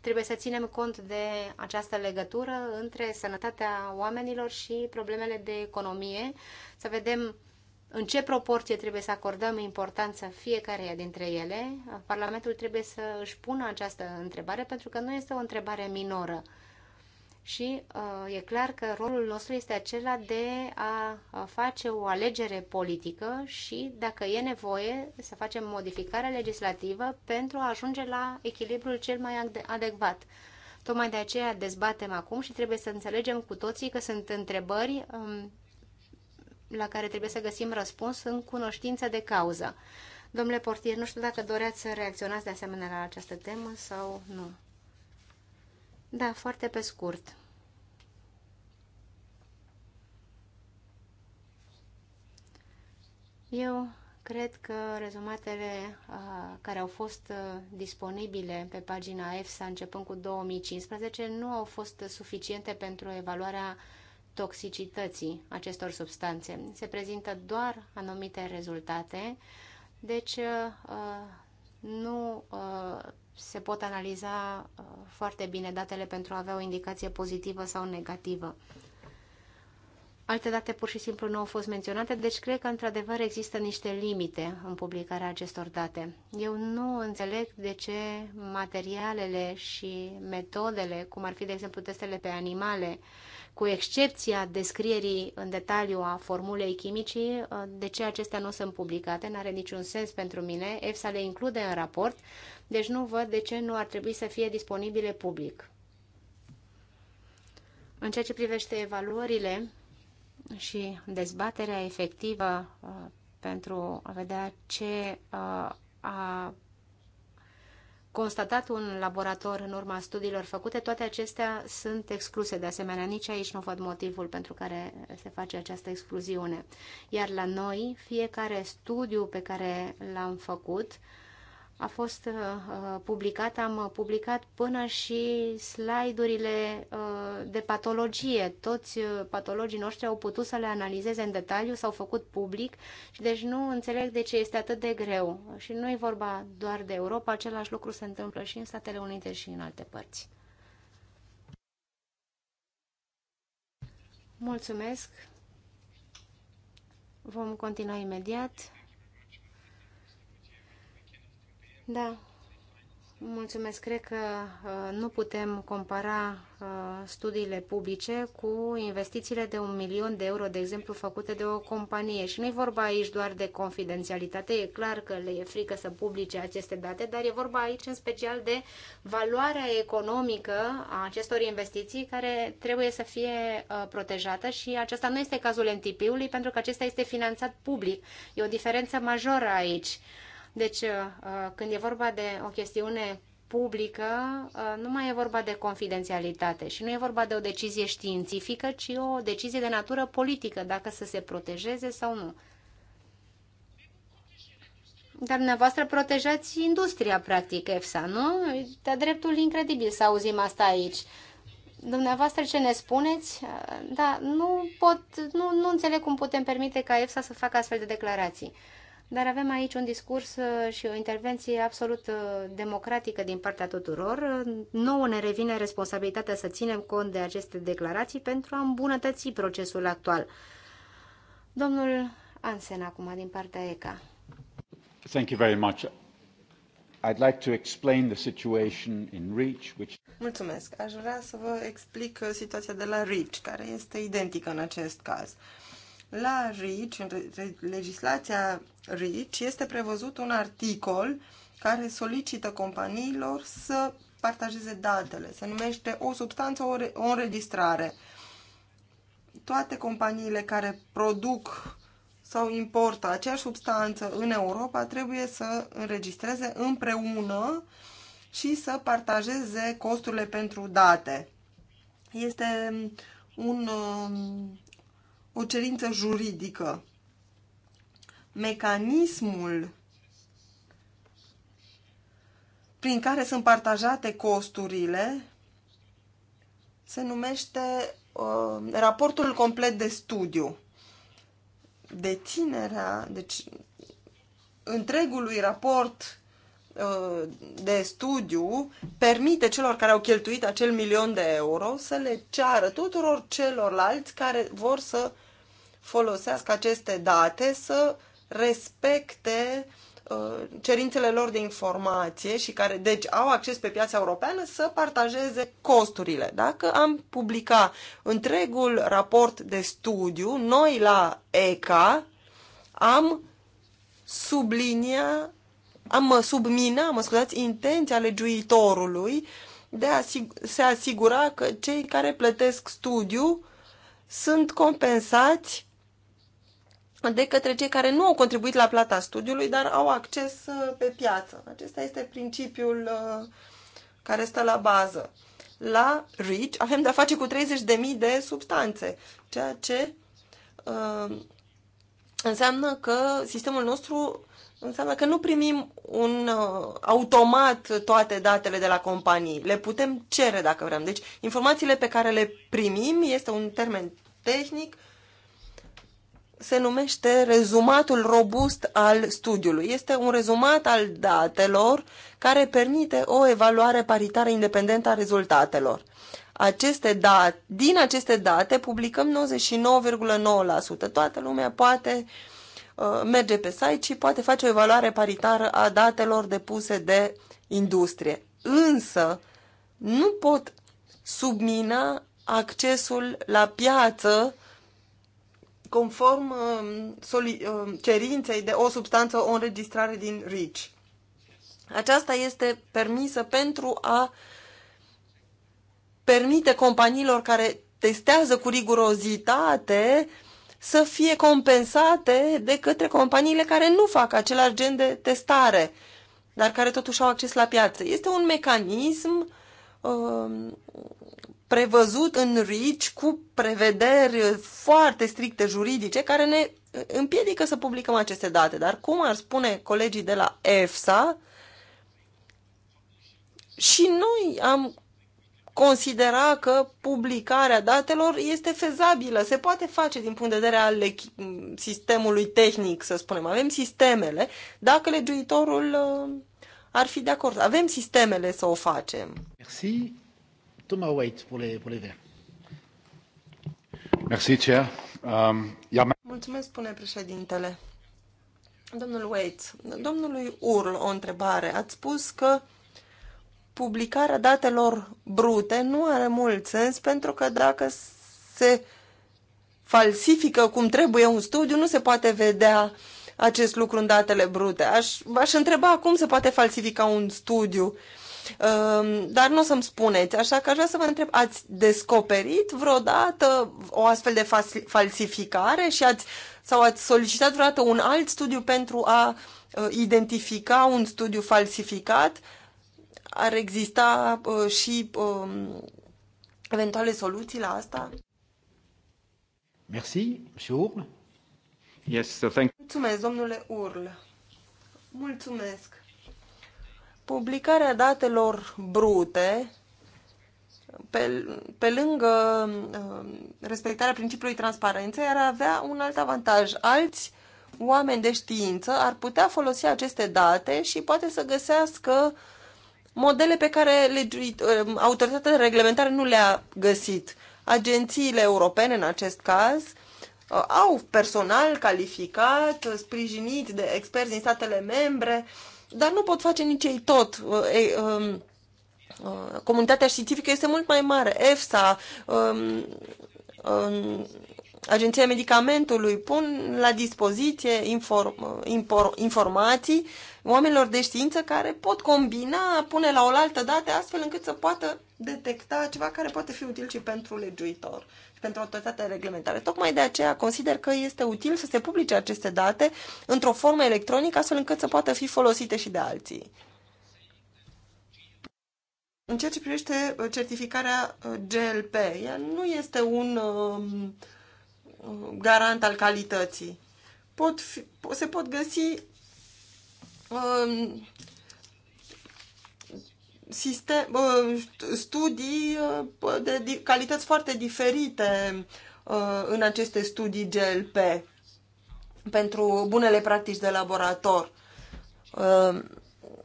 Speaker 4: trebuie să ținem cont de această legătură între sănătatea oamenilor și problemele de economie, să vedem în ce proporție trebuie să acordăm importanță fiecare dintre ele. Parlamentul trebuie să își pună această întrebare pentru că nu este o întrebare minoră și uh, e clar că rolul nostru este acela de a face o alegere politică și, dacă e nevoie, să facem modificare legislativă pentru a ajunge la echilibrul cel mai adecvat. Tocmai de aceea dezbatem acum și trebuie să înțelegem cu toții că sunt întrebări um, la care trebuie să găsim răspuns în cunoștință de cauză. Domnule portier, nu știu dacă doreați să reacționați de asemenea la această temă sau nu. Da, foarte pe scurt. Eu cred că rezumatele uh, care au fost uh, disponibile pe pagina EFSA începând cu 2015 nu au fost suficiente pentru evaluarea toxicității acestor substanțe. Se prezintă doar anumite rezultate, deci uh, nu se pot analiza uh, foarte bine datele pentru a avea o indicație pozitivă sau negativă. Alte date pur și simplu nu au fost menționate, deci cred că într-adevăr există niște limite în publicarea acestor date. Eu nu înțeleg de ce materialele și metodele, cum ar fi de exemplu testele pe animale cu excepția descrierii în detaliu a formulei chimicii, de ce acestea nu sunt publicate, nu are niciun sens pentru mine, EFSA le include în raport, deci nu văd de ce nu ar trebui să fie disponibile public. În ceea ce privește evaluările și dezbaterea efectivă uh, pentru a vedea ce uh, a constatat un laborator în urma studiilor făcute, toate acestea sunt excluse. De asemenea, nici aici nu văd motivul pentru care se face această excluziune. Iar la noi, fiecare studiu pe care l-am făcut, uh, a fost uh, uh publicat, am uh, publicat până și slide-urile uh, de patologie. Toți uh, patologii noștri au putut să le analizeze în detaliu, s-au făcut public și deci nu înțeleg de ce este atât de greu. Și nu e vorba doar de Europa, același lucru se întâmplă și în Statele Unite și în alte părți. Mulțumesc! Vom continua imediat. Da. Mulțumesc. Cred că uh, nu putem compara uh, studiile publice cu investițiile de un milion de euro, de exemplu, făcute de o companie. Și nu e vorba aici doar de confidențialitate. E clar că le e frică să publice aceste date, dar e vorba aici în special de valoarea economică a acestor investiții care trebuie să fie uh, protejată și acesta nu este cazul NTP-ului pentru că acesta este finanțat public. E o diferență majoră aici. Deci, uh, uh, când e vorba de o chestiune publică, uh, nu mai e vorba de confidențialitate și nu e vorba de o decizie științifică, ci o decizie de natură politică, dacă să se protejeze sau nu. Dar dumneavoastră protejați industria, practic, EFSA, nu? De dreptul incredibil să auzim asta aici. Dumneavoastră ce ne spuneți? Da, nu pot, nu, nu înțeleg cum putem permite ca EFSA să facă astfel de declarații dar avem aici un discurs uh, și o intervenție absolut uh, democratică din partea tuturor. Nouă ne revine responsabilitatea să ținem cont de aceste declarații pentru a îmbunătăți procesul actual. Domnul Ansen, acum, din partea ECA.
Speaker 1: Thank you very much. I'd like to explain the situation in REACH, which...
Speaker 2: Mulțumesc. Aș vrea să vă explic uh, situația de la REACH, care este identică în acest caz. Uh, la RICI, în legislația RICI, este prevăzut un articol care solicită companiilor să partajeze datele. Se numește o substanță, o înregistrare. Toate companiile care produc sau importă aceeași substanță în Europa trebuie să înregistreze împreună și să partajeze costurile pentru date. Este un um, o cerință juridică. Mecanismul prin care sunt partajate costurile se numește uh, raportul complet de studiu. Deținerea, deci întregului raport uh, de studiu permite celor care au cheltuit acel milion de euro să le ceară tuturor celorlalți care vor să uh, folosească aceste date să respecte uh, cerințele lor de informație și care, deci, au acces pe piața europeană să partajeze costurile. Dacă am publica întregul raport de studiu, noi la ECA am sublinia, am submina, mă scuzați, intenția legiuitorului de a se asigura că cei care plătesc studiu sunt compensați de către cei care nu au contribuit la plata studiului, dar au acces uh, pe piață. Acesta este principiul uh, care stă la bază. La RICH avem de-a face cu 30.000 de substanțe, ceea ce uh, înseamnă că sistemul nostru înseamnă că nu primim un uh, automat toate datele de la companii. Le putem cere dacă vrem. Deci informațiile pe care le primim este un termen tehnic se numește rezumatul robust al studiului. Este un rezumat al datelor care permite o evaluare paritară independentă a rezultatelor. Aceste date din aceste date publicăm 99,9%. Toată lumea poate uh, merge pe site și poate face o evaluare paritară a datelor depuse de industrie. Însă nu pot submina accesul la piață conform um, um, cerinței de o substanță, o înregistrare din RICH. Aceasta este permisă pentru a permite companiilor care testează cu rigurozitate să fie compensate de către companiile care nu fac același gen de testare, dar care totuși au acces la piață. Este un mecanism uh, prevăzut în RICI cu prevederi foarte stricte juridice care ne împiedică să publicăm aceste date. Dar cum ar spune colegii de la EFSA, și noi am considera că publicarea datelor este fezabilă, se poate face din punct de vedere al sistemului tehnic, să spunem. Avem sistemele, dacă legiuitorul uh, ar fi de acord. Avem sistemele să o facem. Merci. Thomas Waite pour les, pour les Verts. Merci, Chair. Um, yeah. Mulțumesc, spune președintele. Domnul Waite, domnului Url o întrebare. Ați spus că publicarea datelor brute nu are mult sens pentru că dacă se falsifică cum trebuie un studiu, nu se poate vedea acest lucru în datele brute. Aș, aș întreba cum se poate falsifica un studiu. Uh, Ehm, dar nu o să-mi spuneți, așa că aș vrea să vă întreb, ați descoperit vreodată o astfel de falsificare și ați, sau ați solicitat vreodată un alt studiu pentru a uh, identifica un studiu falsificat? Ar exista uh, și um, eventuale soluții la asta?
Speaker 1: Merci, monsieur Url. Yes, so thank
Speaker 2: Mulțumesc, domnule Url. Mulțumesc publicarea datelor brute, pe, pe lângă uh, respectarea principiului transparenței, ar avea un alt avantaj. Alți oameni de știință ar putea folosi aceste date și poate să găsească modele pe care uh, autoritatea de reglementare nu le-a găsit. Agențiile europene, în acest caz, uh, au personal calificat, sprijinit de experți din statele membre, uh, dar nu pot face nici ei tot. Uh, um, uh, comunitatea științifică este mult mai mare. EFSA, um, um, Agenția Medicamentului pun la dispoziție inform, impor, informații oamenilor de știință care pot combina, pune la oaltă date astfel încât să poată detecta ceva care poate fi util și pentru legiuitor și pentru autoritatea reglementare. Tocmai de aceea consider că este util să se publice aceste date într-o formă electronică astfel încât să poată fi folosite și de alții. În ceea ce privește uh, certificarea uh, GLP, ea nu este un um, garant al calității. Pot fi, se pot găsi um, sistem, um, uh, studii de calități foarte diferite uh, în aceste studii GLP pentru bunele practici de laborator. Um,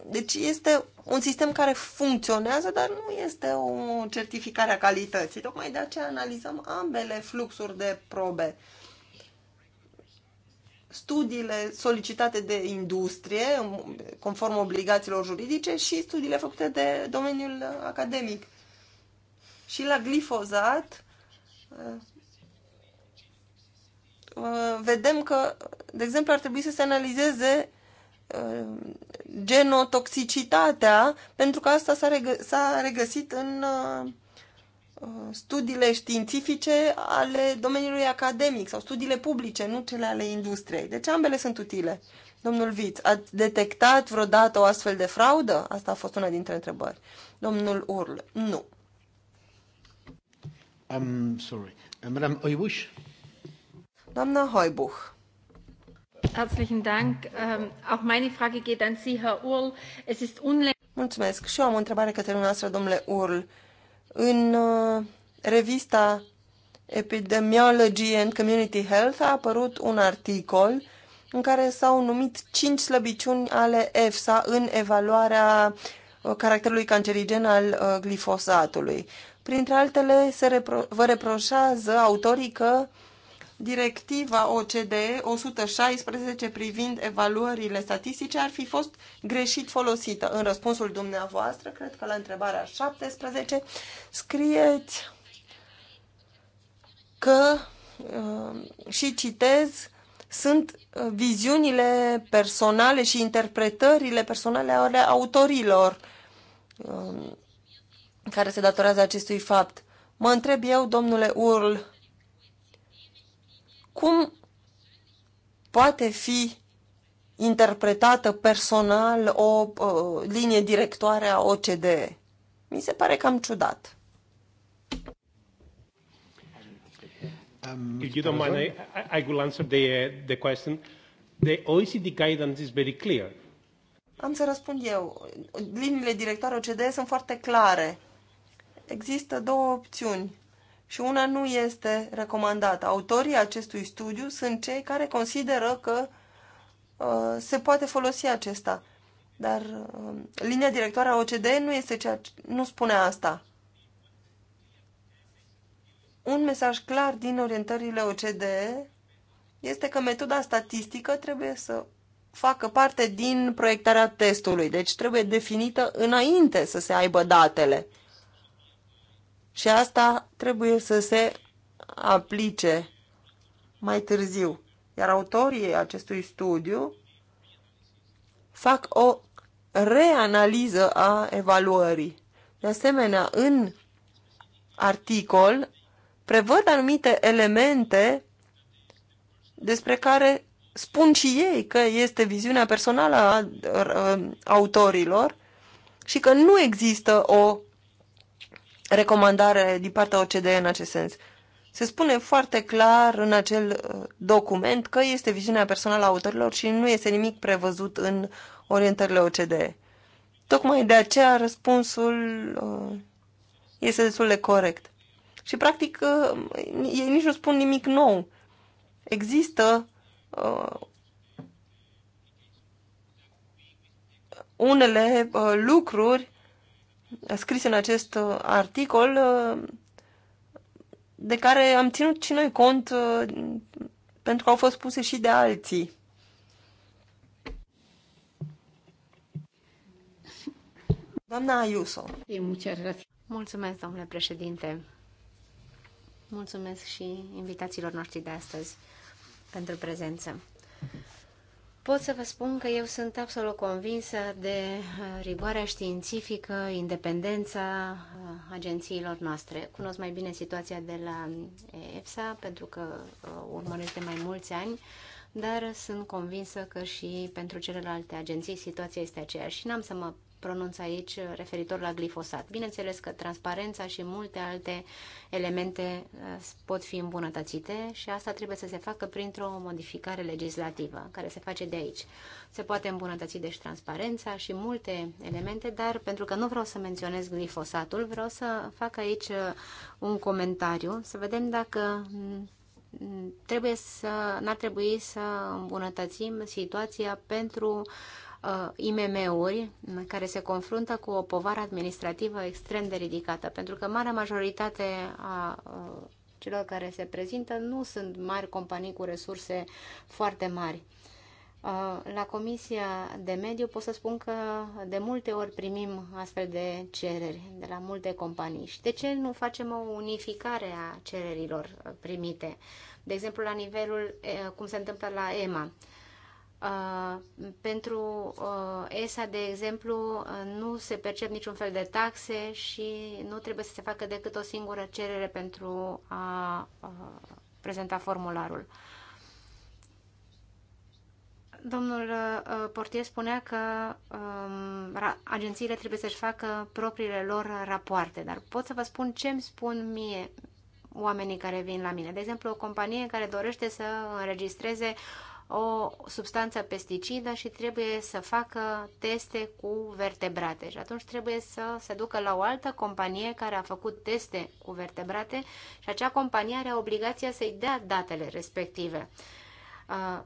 Speaker 2: deci este un sistem care funcționează, dar nu este o certificare a calității. Tocmai de aceea analizăm ambele fluxuri de probe. Studiile solicitate de industrie, conform obligațiilor juridice, și studiile făcute de domeniul academic. Și la glifozat uh, vedem că, de exemplu, ar trebui să se analizeze Uh, genotoxicitatea, pentru că asta s-a, regă- regăsit în uh, uh, studiile științifice ale domeniului academic sau studiile publice, nu cele ale industriei. Deci ambele sunt utile. Domnul Viț, a detectat vreodată o astfel de fraudă? Asta a fost una dintre întrebări. Domnul Url, nu.
Speaker 1: I'm sorry. Madame Hoibuch?
Speaker 2: Doamna Hoibuch.
Speaker 4: Herzlichen Dank. Ähm, auch meine Frage geht an Sie, Herr Url. Es ist
Speaker 2: Mulțumesc. Și eu am o întrebare către dumneavoastră, domnule Url. În uh, revista Epidemiology and Community Health a apărut un articol în care s-au numit cinci slăbiciuni ale EFSA în evaluarea uh, caracterului cancerigen al uh, glifosatului. Printre altele, se repro- vă reproșează autorii că uh, directiva OCDE 116 privind evaluările statistice ar fi fost greșit folosită. În răspunsul dumneavoastră, cred că la întrebarea 17, scrieți că, uh, și citez, sunt uh, viziunile personale și interpretările personale ale autorilor uh, care se datorează acestui fapt. Mă întreb eu, domnule Url, cum poate fi interpretată personal o uh, linie directoare a OCDE. Mi se pare cam ciudat.
Speaker 1: Um, If you don't mind, I, I will answer the, uh, the question. The OECD guidance is very clear.
Speaker 2: Am să răspund eu. Liniile directoare OCDE sunt foarte clare. Există două opțiuni și una nu este recomandată. Autorii acestui studiu sunt cei care consideră că uh, se poate folosi acesta. Dar uh, linia directoare a OCDE nu, este ceea ce, nu spune asta. Un mesaj clar din orientările OCDE este că metoda statistică trebuie să facă parte din proiectarea testului, deci trebuie definită înainte să se aibă datele și asta trebuie să se aplice mai târziu. Iar autorii acestui studiu fac o reanaliză a evaluării. De asemenea, în articol prevăd anumite elemente despre care spun și ei că este viziunea personală a autorilor și că nu există o recomandare din partea OCDE în acest sens. Se spune foarte clar în acel uh, document că este viziunea personală a autorilor și nu este nimic prevăzut în orientările OCDE. Tocmai de aceea răspunsul uh, este destul de corect. Și, practic, uh, ei nici nu spun nimic nou. Există unele lucruri scris în acest uh, articol uh, de care am ținut și noi cont uh, pentru că au fost puse și de alții.
Speaker 4: Doamna Ayuso. Mulțumesc, domnule președinte. Mulțumesc și invitațiilor noștri de astăzi pentru prezență pot să vă spun că eu sunt absolut convinsă de uh, rigoarea științifică, independența uh, agențiilor noastre. Cunosc mai bine situația de la uh, EFSA pentru că urmăresc de mai mulți ani, dar sunt convinsă că și pentru celelalte agenții situația este aceeași și n-am să mă pronunț aici uh, referitor la glifosat. Bineînțeles că transparența și multe alte elemente uh, pot fi îmbunătățite și asta trebuie să se facă printr-o modificare legislativă care se face de aici. Se poate îmbunătăți deci transparența și multe elemente, dar pentru că nu vreau să menționez glifosatul, vreau să fac aici uh, un comentariu, să vedem dacă mm, trebuie să, n-ar trebui să îmbunătățim situația pentru uh, IMM-uri care se confruntă cu o povară administrativă extrem de ridicată, pentru că marea majoritate a uh, celor care se prezintă nu sunt mari companii cu resurse foarte mari. Uh, la Comisia de Mediu pot să spun că de multe ori primim astfel de cereri de la multe companii. Și de ce nu facem o unificare a cererilor uh, primite? De exemplu, la nivelul, uh, cum se întâmplă la EMA, Uh, pentru uh, ESA, de exemplu, uh, nu se percep niciun fel de taxe și nu trebuie să se facă decât o singură cerere pentru a prezenta formularul. Domnul portier spunea că um, agențiile trebuie să-și facă propriile lor rapoarte, dar pot să vă spun ce îmi spun mie oamenii care vin la mine. De exemplu, o companie care dorește să înregistreze uh, o substanță pesticidă și trebuie să facă teste cu vertebrate. Și atunci trebuie să se ducă la o altă companie care a făcut teste cu vertebrate și acea companie are obligația să-i dea datele respective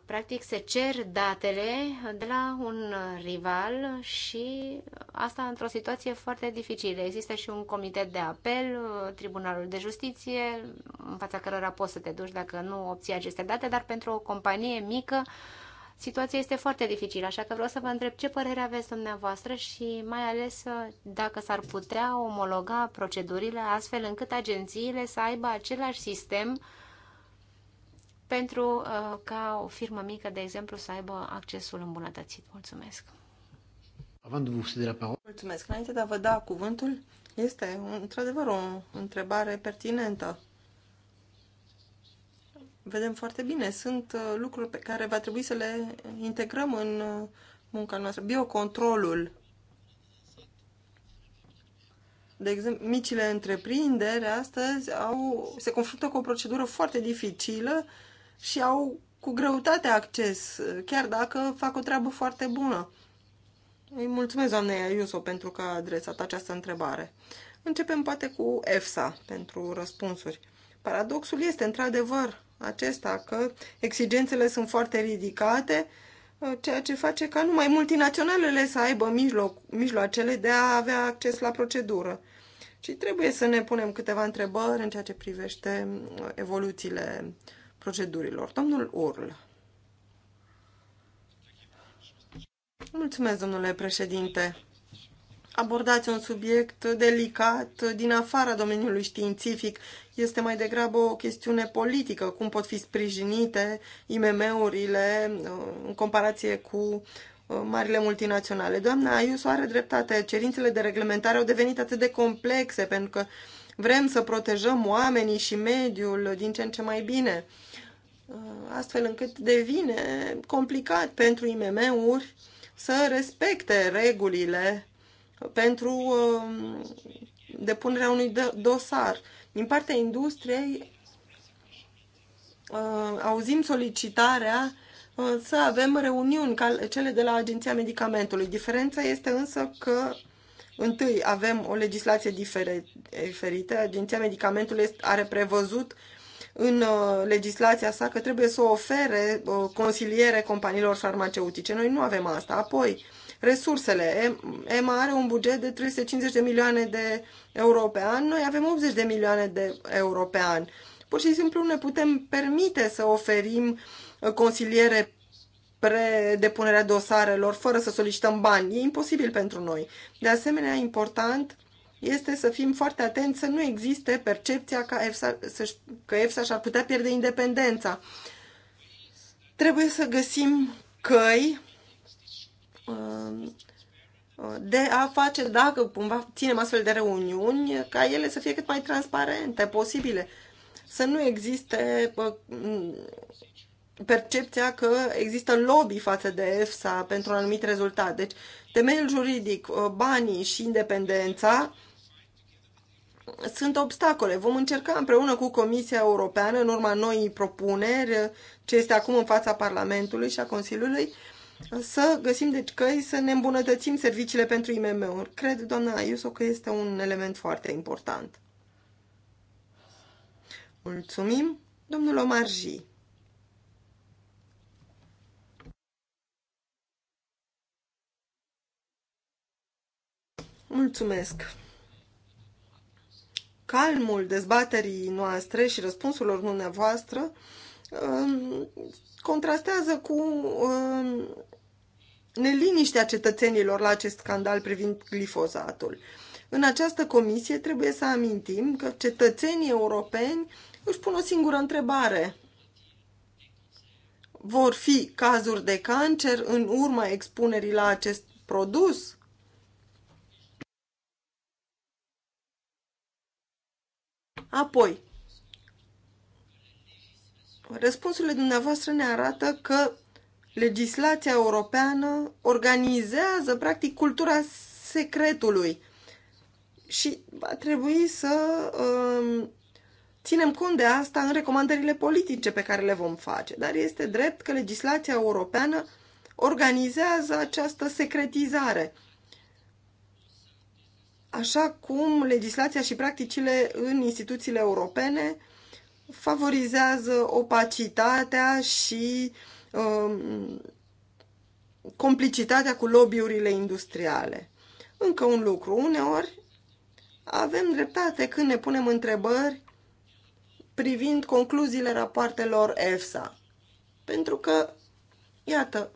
Speaker 4: practic se cer datele de la un rival și asta într-o situație foarte dificilă. Există și un comitet de apel, Tribunalul de Justiție, în fața cărora poți să te duci dacă nu obții aceste date, dar pentru o companie mică situația este foarte dificilă, așa că vreau să vă întreb ce părere aveți dumneavoastră și mai ales dacă s-ar putea omologa procedurile astfel încât agențiile să aibă același sistem uh, pentru uh, ca o firmă mică, de exemplu, să aibă accesul îmbunătățit. Mulțumesc!
Speaker 2: Mulțumesc! Înainte de a vă da cuvântul,
Speaker 4: este într-adevăr o
Speaker 2: întrebare pertinentă. Vedem foarte bine, sunt uh, lucruri pe care va trebui să le integrăm în uh, munca noastră. Biocontrolul, de exemplu, micile întreprinderi astăzi au, se confruntă cu o procedură foarte dificilă și au cu greutate acces, chiar dacă fac o treabă foarte bună. Îi mulțumesc, doamnei Iuso, pentru că a adresat această întrebare. Începem poate cu EFSA pentru răspunsuri. Paradoxul este într-adevăr acesta că exigențele sunt foarte ridicate, ceea ce face ca numai multinaționalele să aibă mijloc, mijloacele de a avea acces la procedură. Și trebuie să ne punem câteva întrebări în ceea ce privește evoluțiile uh, procedurilor. Domnul Url. Mulțumesc, domnule președinte. Abordați un subiect delicat din afara domeniului științific. Este mai degrabă o chestiune politică, cum pot fi sprijinite IMM-urile uh, în comparație cu uh, marile multinaționale. Doamna Iusu are dreptate. Cerințele de reglementare au devenit atât de complexe pentru că vrem să protejăm oamenii și mediul din ce în ce mai bine. Uh, astfel încât devine complicat pentru IMM-uri să respecte regulile pentru um, depunerea unui dosar. Din partea industriei uh, auzim solicitarea uh, să avem reuniuni ca cele de la Agenția Medicamentului. Diferența este însă că întâi avem o legislație diferită. Agenția Medicamentului are prevăzut în uh, legislația sa că trebuie să ofere uh, consiliere companiilor farmaceutice. Noi nu avem asta. Apoi, resursele. EMA are un buget de 350 de milioane de euro pe an, noi avem 80 de milioane de euro pe an. Pur și simplu ne putem permite să oferim uh, consiliere depunerea dosarelor fără să solicităm bani. E imposibil pentru noi. De asemenea, important este să fim foarte atenți să nu existe percepția că EFSA, că EFSA și-ar putea pierde independența. Trebuie să găsim căi um, de a face, dacă cumva ținem astfel de reuniuni, ca ele să fie cât mai transparente posibile. Să nu existe uh, percepția că există lobby față de EFSA pentru un anumit rezultat. Deci, temeiul juridic, uh, banii și independența sunt obstacole. Vom încerca împreună cu Comisia Europeană, în urma noii propuneri, ce este acum în fața Parlamentului și a Consiliului, să găsim deci căi să ne îmbunătățim serviciile pentru IMM-uri. Cred, doamna Iuso, că este un element foarte important. Mulțumim, domnul Omarji. Mulțumesc calmul dezbaterii noastre și răspunsurilor dumneavoastră um, contrastează cu um, neliniștea cetățenilor la acest scandal privind glifozatul. În această comisie trebuie să amintim că cetățenii europeni își pun o singură întrebare. Vor fi cazuri de cancer în urma expunerii la acest produs? Apoi, răspunsurile dumneavoastră ne arată că legislația europeană organizează, practic, cultura secretului și va trebui să um, ținem cont de asta în recomandările politice pe care le vom face. Dar este drept că legislația europeană organizează această secretizare așa cum legislația și practicile în instituțiile europene favorizează opacitatea și um, complicitatea cu lobbyurile industriale. Încă un lucru, uneori avem dreptate când ne punem întrebări privind concluziile rapoartelor EFSA. Pentru că, iată,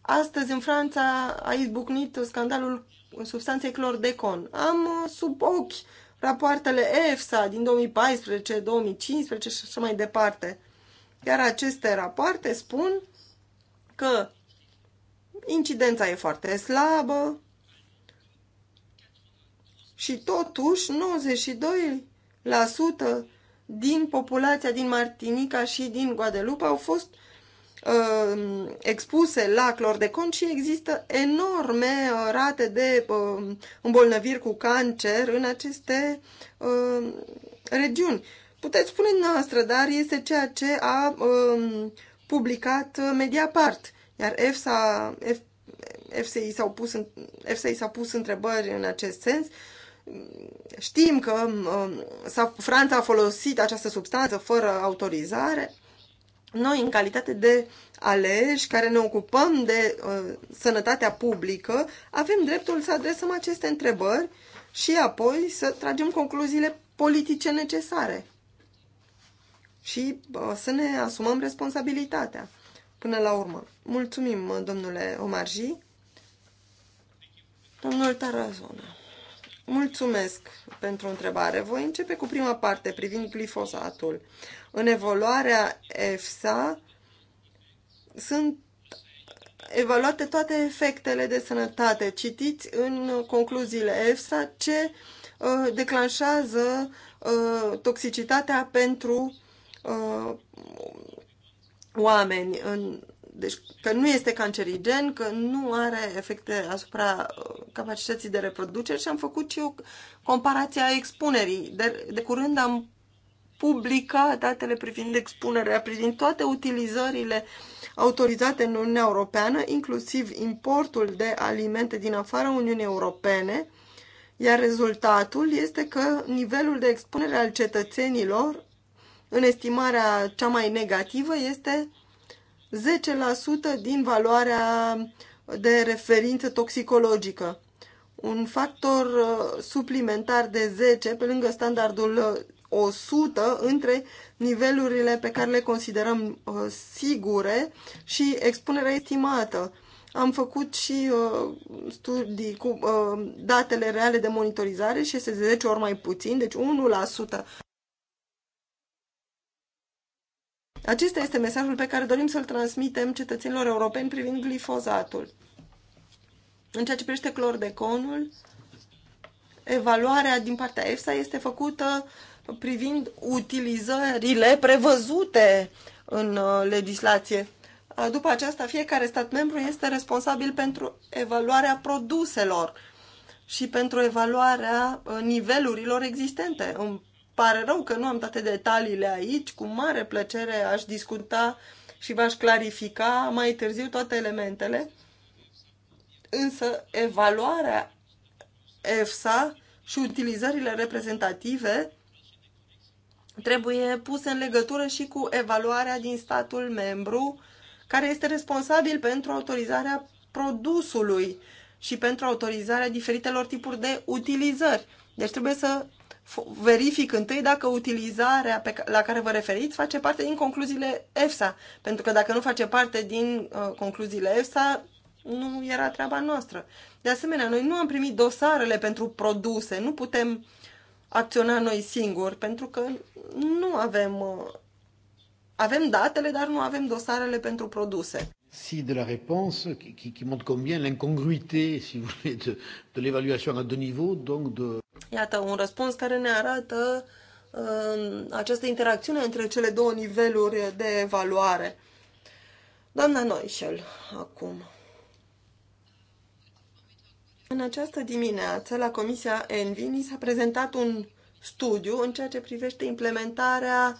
Speaker 2: astăzi în Franța a izbucnit scandalul substanțe clordecon. Am uh, sub ochi rapoartele EFSA din 2014, 2015 și așa mai departe. Iar aceste rapoarte spun că incidența e foarte slabă și totuși 92% din populația din Martinica și din Guadeloupe au fost uh, expuse la clor de conci și există enorme uh, rate de uh, îmbolnăviri cu cancer în aceste uh, regiuni. Puteți spune noastră, dar este ceea ce a um, uh, publicat Mediapart, iar EFSA, F, FSI, s-au pus în, pus întrebări în acest sens. Știm că uh, Franța a folosit această substanță fără autorizare, noi, în calitate de aleși care ne ocupăm de uh, sănătatea publică, avem dreptul să adresăm aceste întrebări și apoi să tragem concluziile politice necesare și uh, să ne asumăm responsabilitatea până la urmă. Mulțumim, uh, domnule Omarji. Domnul Tarazona. Mulțumesc pentru întrebare. Voi începe cu prima parte privind glifosatul. În evaluarea EFSA sunt evaluate toate efectele de sănătate. Citiți în concluziile EFSA ce uh, declanșează uh, toxicitatea pentru uh, oameni. În, deci că nu este cancerigen, că nu are efecte asupra uh, capacității de reproducere și am făcut și o comparație a expunerii. De, de curând am publica datele privind expunerea, privind toate utilizările autorizate în Uniunea Europeană, inclusiv importul de alimente din afara Uniunii Europene, iar rezultatul este că nivelul de expunere al cetățenilor în estimarea cea mai negativă este 10% din valoarea de referință toxicologică. Un factor uh, suplimentar de 10 pe lângă standardul uh, 100 între nivelurile pe care le considerăm uh, sigure și expunerea estimată. Am făcut și uh, studii cu uh, datele reale de monitorizare și este 10 ori mai puțin, deci 1%. Acesta este mesajul pe care dorim să-l transmitem cetățenilor europeni privind glifozatul. În ceea ce privește clordeconul, evaluarea din partea EFSA este făcută privind utilizările prevăzute în uh, legislație. După aceasta, fiecare stat membru este responsabil pentru evaluarea produselor și pentru evaluarea uh, nivelurilor existente. Îmi pare rău că nu am toate detaliile aici. Cu mare plăcere aș discuta și v-aș clarifica mai târziu toate elementele. Însă, evaluarea EFSA și utilizările reprezentative trebuie pus în legătură și cu evaluarea din statul membru care este responsabil pentru autorizarea produsului și pentru autorizarea diferitelor tipuri de utilizări. Deci trebuie să verific întâi dacă utilizarea pe, la care vă referiți face parte din concluziile EFSA. Pentru că dacă nu face parte din uh, concluziile EFSA, nu era treaba noastră. De asemenea, noi nu am primit dosarele pentru produse, nu putem uh, acționa noi singuri, pentru că nu avem uh, avem datele, dar nu avem dosarele pentru produse.
Speaker 1: Si de la réponse qui, qui montre combien l'incongruité, si vous voulez, de, de l'évaluation à deux niveaux, donc de...
Speaker 2: Iată, un răspuns care ne arată uh, această interacțiune între cele două niveluri de evaluare. Doamna Noișel, acum. În această dimineață, la Comisia Envi, s-a prezentat un studiu în ceea ce privește implementarea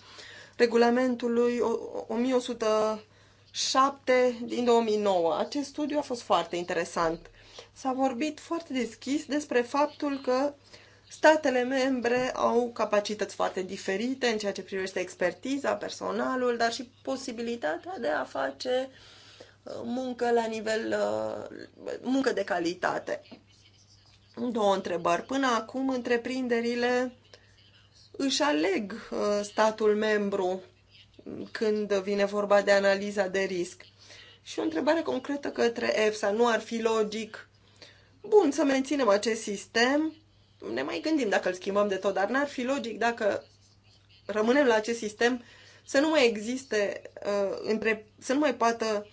Speaker 2: regulamentului 1107 din 2009. Acest studiu a fost foarte interesant. S-a vorbit foarte deschis despre faptul că statele membre au capacități foarte diferite în ceea ce privește expertiza, personalul, dar și posibilitatea de a face uh, muncă la nivel uh, muncă de calitate. Două întrebări. Până acum, întreprinderile își aleg uh, statul membru când vine vorba de analiza de risc. Și o întrebare concretă către EFSA. Nu ar fi logic? Bun, să menținem acest sistem. Ne mai gândim dacă îl schimbăm de tot, dar n-ar fi logic dacă rămânem la acest sistem să nu mai existe, uh, între, să nu mai poată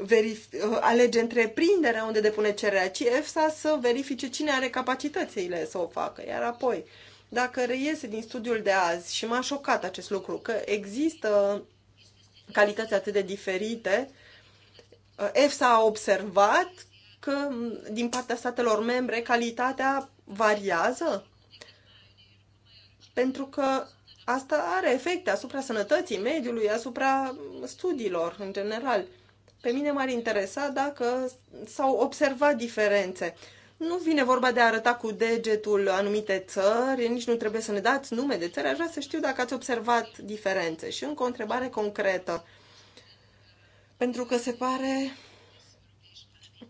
Speaker 2: Uh, alege întreprinderea unde depune cererea, ci EFSA să verifice cine are capacitățile să o facă. Iar apoi, dacă reiese din studiul de azi, și m-a șocat acest lucru, că există calități atât de diferite, uh, EFSA a observat că din partea statelor membre calitatea variază? Pentru că asta are efecte asupra sănătății mediului, asupra studiilor în general. Pe mine m-ar interesa dacă s-au observat diferențe. Nu vine vorba de a arăta cu degetul anumite țări, nici nu trebuie să ne dați nume de țări, aș vrea să știu dacă ați observat diferențe. Și încă o întrebare concretă. Pentru că se pare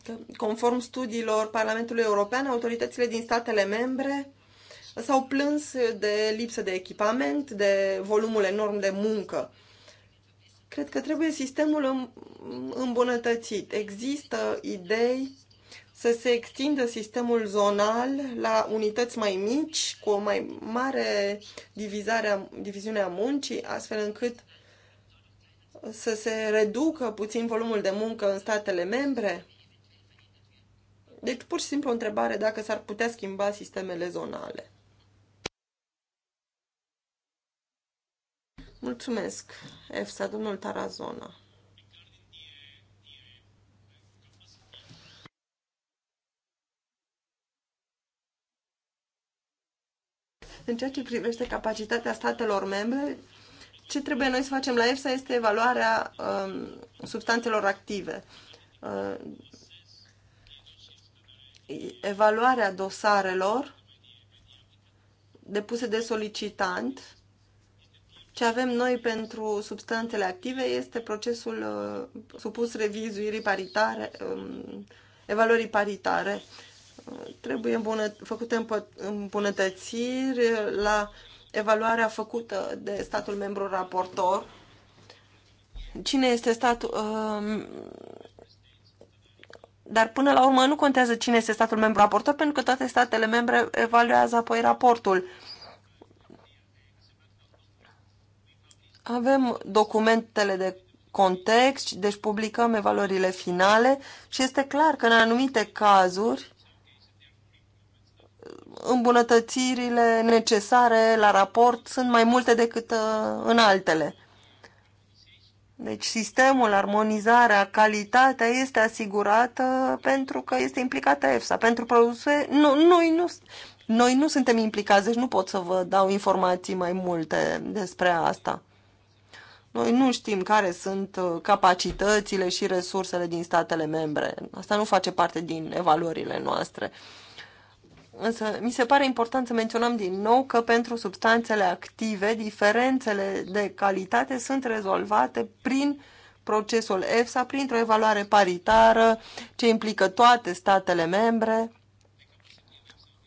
Speaker 2: că, conform studiilor Parlamentului European, autoritățile din statele membre s-au plâns de lipsă de echipament, de volumul enorm de muncă Cred că trebuie sistemul îmbunătățit. Există idei să se extindă sistemul zonal la unități mai mici, cu o mai mare divizare, diviziune a muncii, astfel încât să se reducă puțin volumul de muncă în statele membre. Deci, pur și simplu o întrebare dacă s-ar putea schimba sistemele zonale. Mulțumesc, EFSA, domnul Tarazona. În ceea ce privește capacitatea statelor membre, ce trebuie noi să facem la EFSA este evaluarea um, substanțelor active. Uh, evaluarea dosarelor depuse de solicitant ce avem noi pentru substanțele active este procesul uh, supus revizuirii paritare, um, evaluării paritare. Uh, trebuie făcute îmbunătățiri la evaluarea făcută de statul membru raportor. Cine este statul... Um, dar până la urmă nu contează cine este statul membru raportor, pentru că toate statele membre evaluează apoi raportul. Avem documentele de context, deci publicăm evaluările finale și este clar că în anumite cazuri îmbunătățirile necesare la raport sunt mai multe decât uh, în altele. Deci sistemul, armonizarea, calitatea este asigurată pentru că este implicată EFSA. Pentru produse, nu, noi, nu, noi nu suntem implicați, deci nu pot să vă dau informații mai multe despre asta. Noi nu știm care sunt uh, capacitățile și resursele din statele membre. Asta nu face parte din evaluările noastre. Însă mi se pare important să menționăm din nou că pentru substanțele active, diferențele de calitate sunt rezolvate prin procesul EFSA, printr-o evaluare paritară ce implică toate statele membre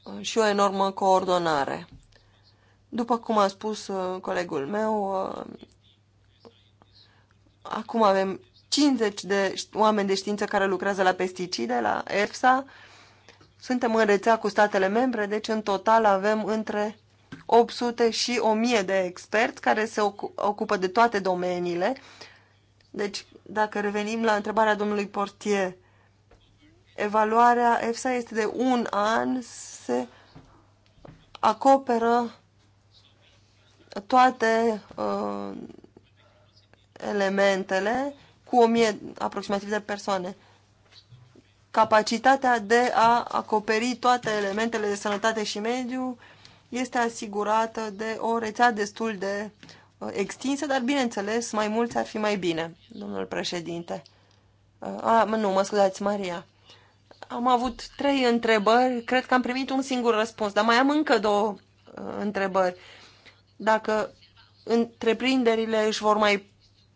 Speaker 2: uh, și o enormă coordonare. După cum a spus uh, colegul meu, Acum avem 50 de oameni de știință care lucrează la pesticide, la EFSA. Suntem în rețea cu statele membre, deci în total avem între 800 și 1000 de experți care se ocupă de toate domeniile. Deci, dacă revenim la întrebarea domnului Portier, evaluarea EFSA este de un an, se acoperă toate uh, elementele cu o mie aproximativ de persoane. Capacitatea de a acoperi toate elementele de sănătate și mediu este asigurată de o rețea destul de uh, extinsă, dar bineînțeles, mai mulți ar fi mai bine, domnul președinte. Uh, a, nu, mă scuzați, Maria. Am avut trei întrebări, cred că am primit un singur răspuns, dar mai am încă două uh, întrebări. Dacă întreprinderile își vor mai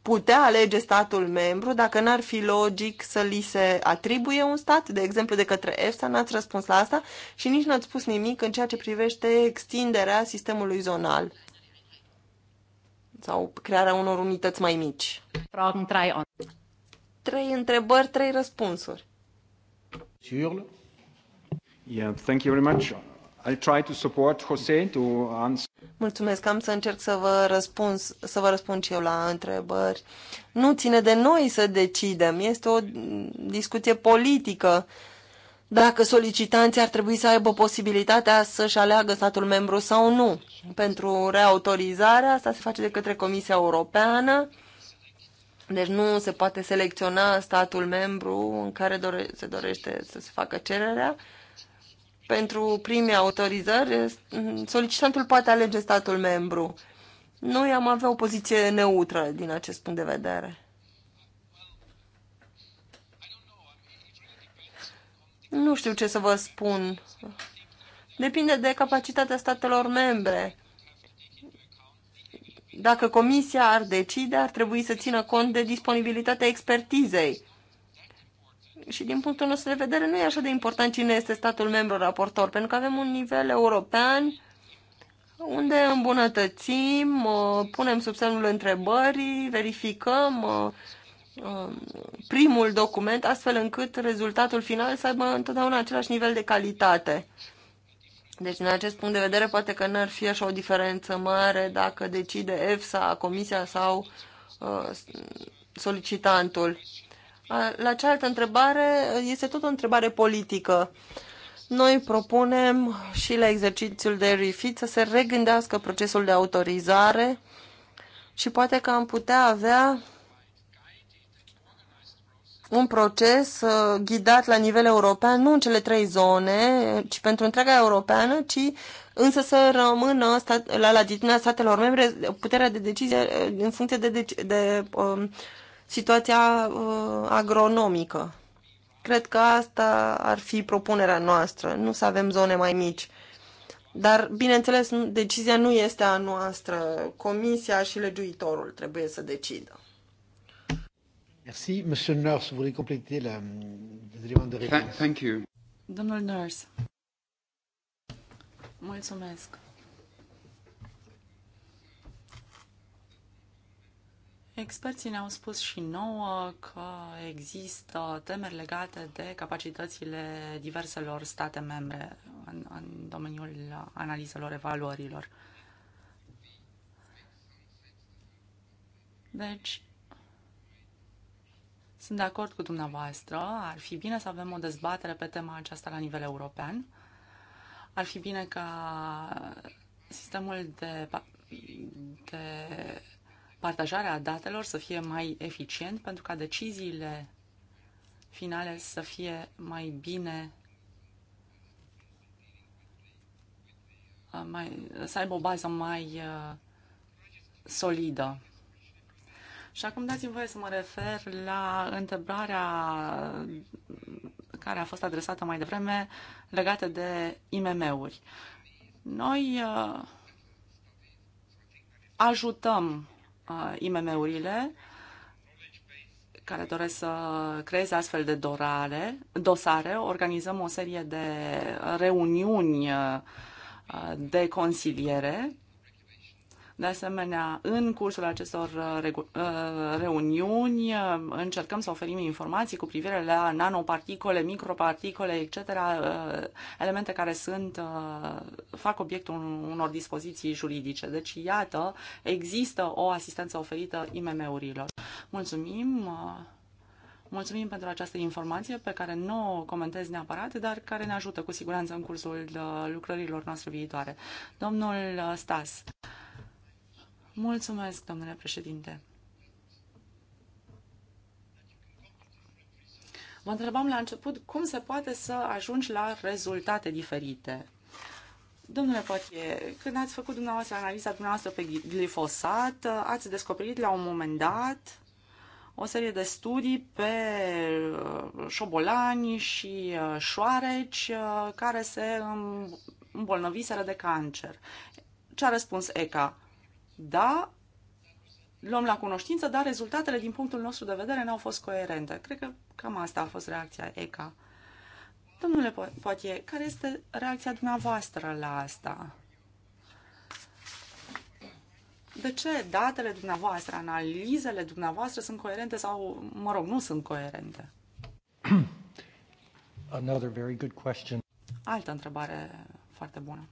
Speaker 2: putea alege statul membru dacă n-ar fi logic să li se atribuie un stat, de exemplu de către EFSA, n-ați răspuns la asta și nici n-ați spus nimic în ceea ce privește extinderea sistemului zonal sau crearea unor unități mai mici. on. Trei întrebări, trei răspunsuri.
Speaker 4: Yeah, thank you very much. I'll try to support Jose to answer.
Speaker 2: Mulțumesc, am să încerc să vă, răspund, să vă răspund și eu la întrebări. Nu ține de noi să decidem, este o discuție politică. Dacă solicitanții ar trebui să aibă posibilitatea să-și aleagă statul membru sau nu. Pentru reautorizare, asta se face de către Comisia Europeană, deci nu se poate selecționa statul membru în care dore- se dorește să se facă cererea pentru prime autorizări, solicitantul poate alege statul membru. Noi am avea o poziție neutră din acest punct de vedere. Nu știu ce să vă spun. Depinde de capacitatea statelor membre. Dacă comisia ar decide, ar trebui să țină cont de disponibilitatea expertizei și din punctul nostru de vedere nu e așa de important cine este statul membru raportor, pentru că avem un nivel european unde îmbunătățim, punem sub semnul întrebării, verificăm primul document astfel încât rezultatul final să aibă întotdeauna același nivel de calitate. Deci, din acest punct de vedere, poate că n-ar fi așa o diferență mare dacă decide EFSA, Comisia sau uh, solicitantul. La cealaltă întrebare este tot o întrebare politică. Noi propunem și la exercițiul de refit să se regândească procesul de autorizare și poate că am putea avea un proces uh, ghidat la nivel european, nu în cele trei zone, ci pentru întreaga europeană, ci însă să rămână stat, la latitudinea statelor membre puterea de decizie uh, în funcție de, de, deci, de um, situația uh, agronomică. Cred că asta ar fi propunerea noastră, nu să avem zone mai mici. Dar, bineînțeles, decizia nu este a noastră. Comisia și legiuitorul trebuie să decidă.
Speaker 1: Merci. Monsieur Nurse, vous voulez compléter la demande de réponse? Thank you.
Speaker 2: Domnul
Speaker 3: Nurse. Mulțumesc. Experții ne-au spus și nouă că există temeri legate de capacitățile diverselor state membre în, în domeniul analizelor evaluărilor. Deci, sunt de acord cu dumneavoastră, ar fi bine să avem o dezbatere pe tema aceasta la nivel european. Ar fi bine ca sistemul de, de partajarea datelor să fie mai eficient pentru ca deciziile finale să fie mai bine uh, mai, să aibă o bază mai uh, solidă. Și acum dați-mi voie să mă refer la întrebarea care a fost adresată mai devreme legată de IMM-uri. Noi uh, ajutăm IMM-urile care doresc să creeze astfel de dorare, dosare. Organizăm o serie de reuniuni de consiliere de asemenea, în cursul acestor uh, uh, reuniuni uh, încercăm să oferim informații cu privire la nanoparticole, microparticole, etc., elemente care sunt, fac obiectul unor dispoziții juridice. Deci, iată, există o asistență oferită IMM-urilor. Mulțumim! Mulțumim pentru această informație pe care nu o comentez neapărat, dar care ne ajută cu siguranță în cursul lucrărilor noastre viitoare. Domnul Stas, Mulțumesc, domnule președinte. Mă întrebam la început cum se poate să ajungi la rezultate diferite. Domnule Potie, când ați făcut dumneavoastră analiza dumneavoastră pe glifosat, ați descoperit la un moment dat o serie de studii pe uh, șobolani și uh, șoareci uh, care se îmbolnăviseră de cancer. Ce a răspuns ECA? Da, luăm la cunoștință, dar rezultatele din punctul nostru de vedere n-au fost coerente. Cred că cam asta a fost reacția ECA. Domnule Poatie, care este reacția dumneavoastră la asta? De ce datele dumneavoastră, analizele dumneavoastră sunt coerente sau, mă rog, nu sunt coerente?
Speaker 1: Another very good question.
Speaker 3: Altă întrebare foarte bună.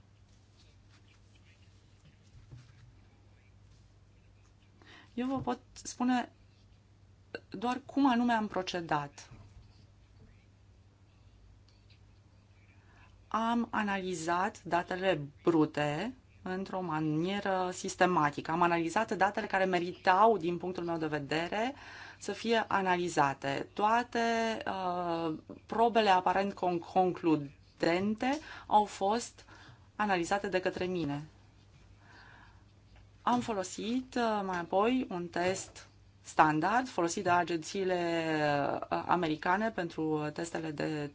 Speaker 3: Eu vă pot spune doar cum anume am procedat. Am analizat datele brute într-o manieră sistematică. Am analizat datele care meritau, din punctul meu de vedere, să fie analizate. Toate uh, probele aparent concludente au fost analizate de către mine. Am folosit uh, mai apoi un test standard folosit de agențiile uh, americane pentru uh, testele de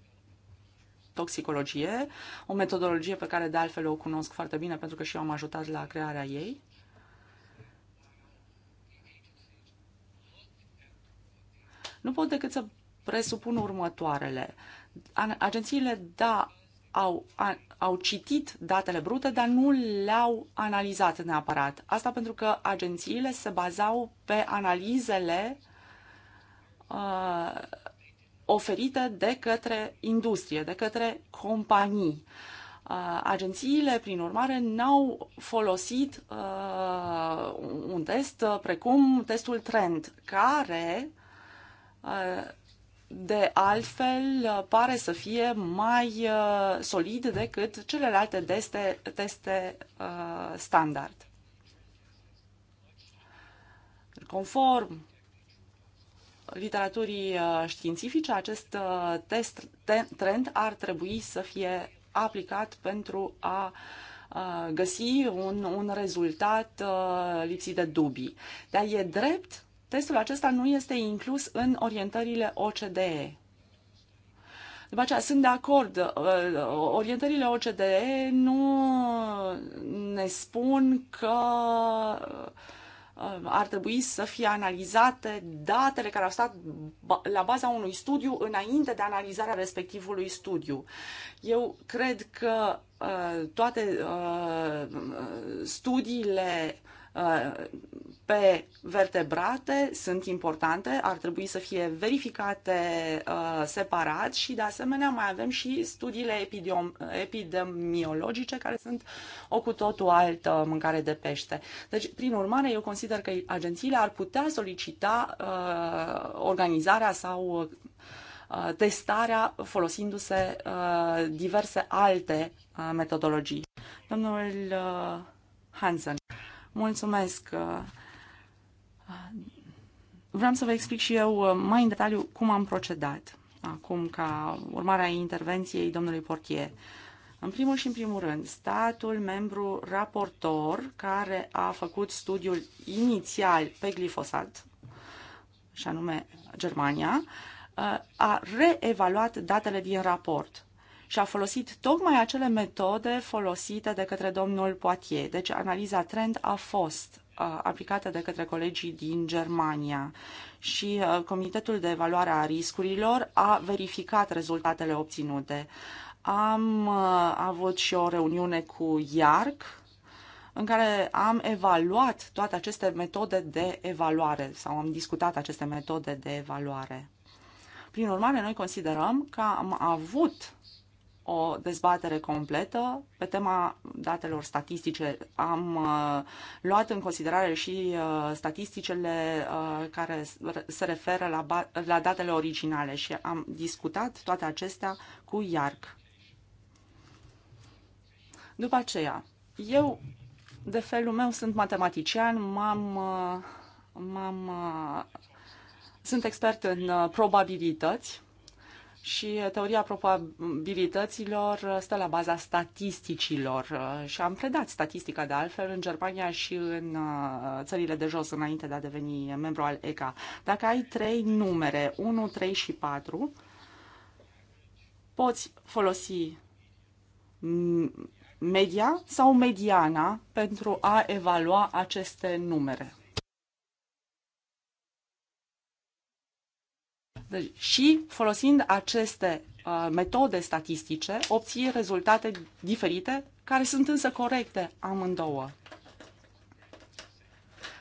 Speaker 3: toxicologie, o metodologie pe care de altfel o cunosc foarte bine pentru că și eu am ajutat la crearea ei. Nu pot decât să presupun următoarele. Agențiile, da, au, a, au citit datele brute, dar nu le-au analizat neapărat. Asta pentru că agențiile se bazau pe analizele uh, oferite de către industrie, de către companii. Uh, agențiile, prin urmare, n-au folosit uh, un test precum testul Trend, care uh, de altfel uh, pare să fie mai uh, solid decât celelalte teste, teste uh, standard. Conform literaturii științifice, acest test, trend ar trebui să fie aplicat pentru a găsi un, un rezultat lipsit de dubii. Dar e drept Testul acesta nu este inclus în orientările OCDE. După aceea, sunt de acord, uh, orientările OCDE nu ne spun că uh, ar trebui să fie analizate datele care au stat la baza unui studiu înainte de analizarea respectivului studiu. Eu cred că uh, toate studiile pe vertebrate sunt importante, ar trebui să fie verificate uh, separat și de asemenea mai avem și studiile epidemiologice care sunt o cu totul altă mâncare de pește. Deci, prin urmare, eu consider că agențiile ar putea solicita uh, organizarea sau uh, testarea folosindu-se uh, diverse alte uh, metodologii. Domnul uh, Hansen, mulțumesc. Uh, Vreau să vă explic și eu uh, mai în detaliu cum am procedat acum ca urmare a intervenției domnului Portier. În primul și în primul rând, statul membru raportor care a făcut studiul inițial pe glifosat, și anume Germania, uh, a reevaluat datele din raport și a folosit tocmai acele metode folosite de către domnul Poitier. Deci analiza trend a fost Uh, aplicate de către colegii din Germania și uh, Comitetul de Evaluare a Riscurilor a verificat rezultatele obținute. Am uh, avut și o reuniune cu IARC, în care am evaluat toate aceste metode de evaluare sau am discutat aceste metode de evaluare. Prin urmare, noi considerăm că am avut o dezbatere completă pe tema datelor statistice. Am uh, luat în considerare și uh, statisticele uh, care se referă la, la datele originale și am discutat toate acestea cu IARC. După aceea, eu, de felul meu, sunt matematician, am m-am, sunt expert în probabilități, și uh, teoria probabilităților uh, stă la baza statisticilor uh, și am predat statistica de altfel în Germania și în țările de jos înainte de a deveni membru al ECA. Dacă ai trei numere, 1, 3 și 4, poți folosi media sau mediana pentru a evalua aceste numere. Deci, și folosind aceste uh, metode statistice, obții rezultate diferite, care sunt însă corecte amândouă.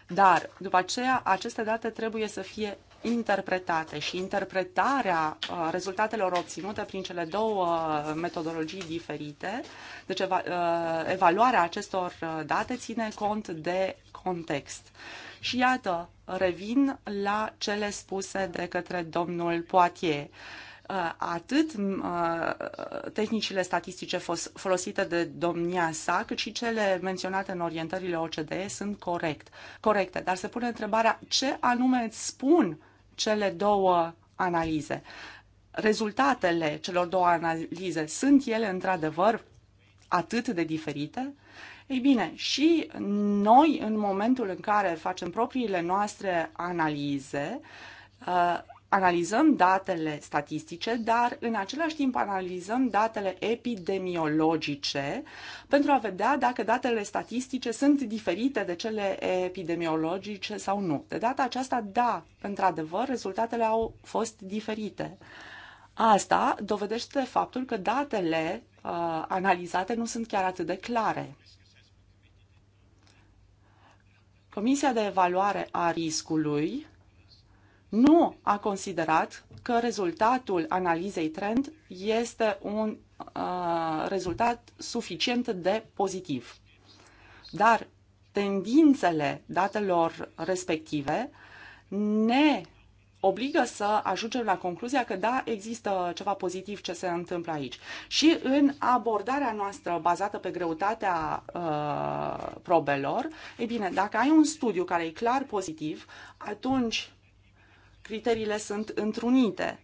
Speaker 3: Dar, după aceea, aceste date trebuie să fie interpretate și interpretarea uh, rezultatelor obținute prin cele două uh, metodologii diferite, deci eva, uh, evaluarea acestor uh, date ține cont de context. Uh, și iată, revin la cele spuse de către domnul Poitier uh, atât uh, tehnicile statistice folosite de domnia sa, cât și cele menționate în orientările OCDE sunt corect, corecte. Dar se pune întrebarea ce anume îți spun cele două analize. Rezultatele celor două analize sunt ele într-adevăr atât de diferite? Ei bine, și noi, în momentul în care facem propriile noastre analize, uh, analizăm datele statistice, dar în același timp analizăm datele epidemiologice pentru a vedea dacă datele statistice sunt diferite de cele epidemiologice sau nu. De data aceasta, da, într-adevăr, rezultatele au fost diferite. Asta dovedește faptul că datele uh, analizate nu sunt chiar atât de clare. Comisia de evaluare a riscului nu a considerat că rezultatul analizei trend este un uh, rezultat suficient de pozitiv. Dar tendințele datelor respective ne obligă să ajungem la concluzia că da, există ceva pozitiv ce se întâmplă aici. Și în abordarea noastră bazată pe greutatea uh, probelor, e bine, dacă ai un studiu care e clar pozitiv, atunci criteriile sunt întrunite.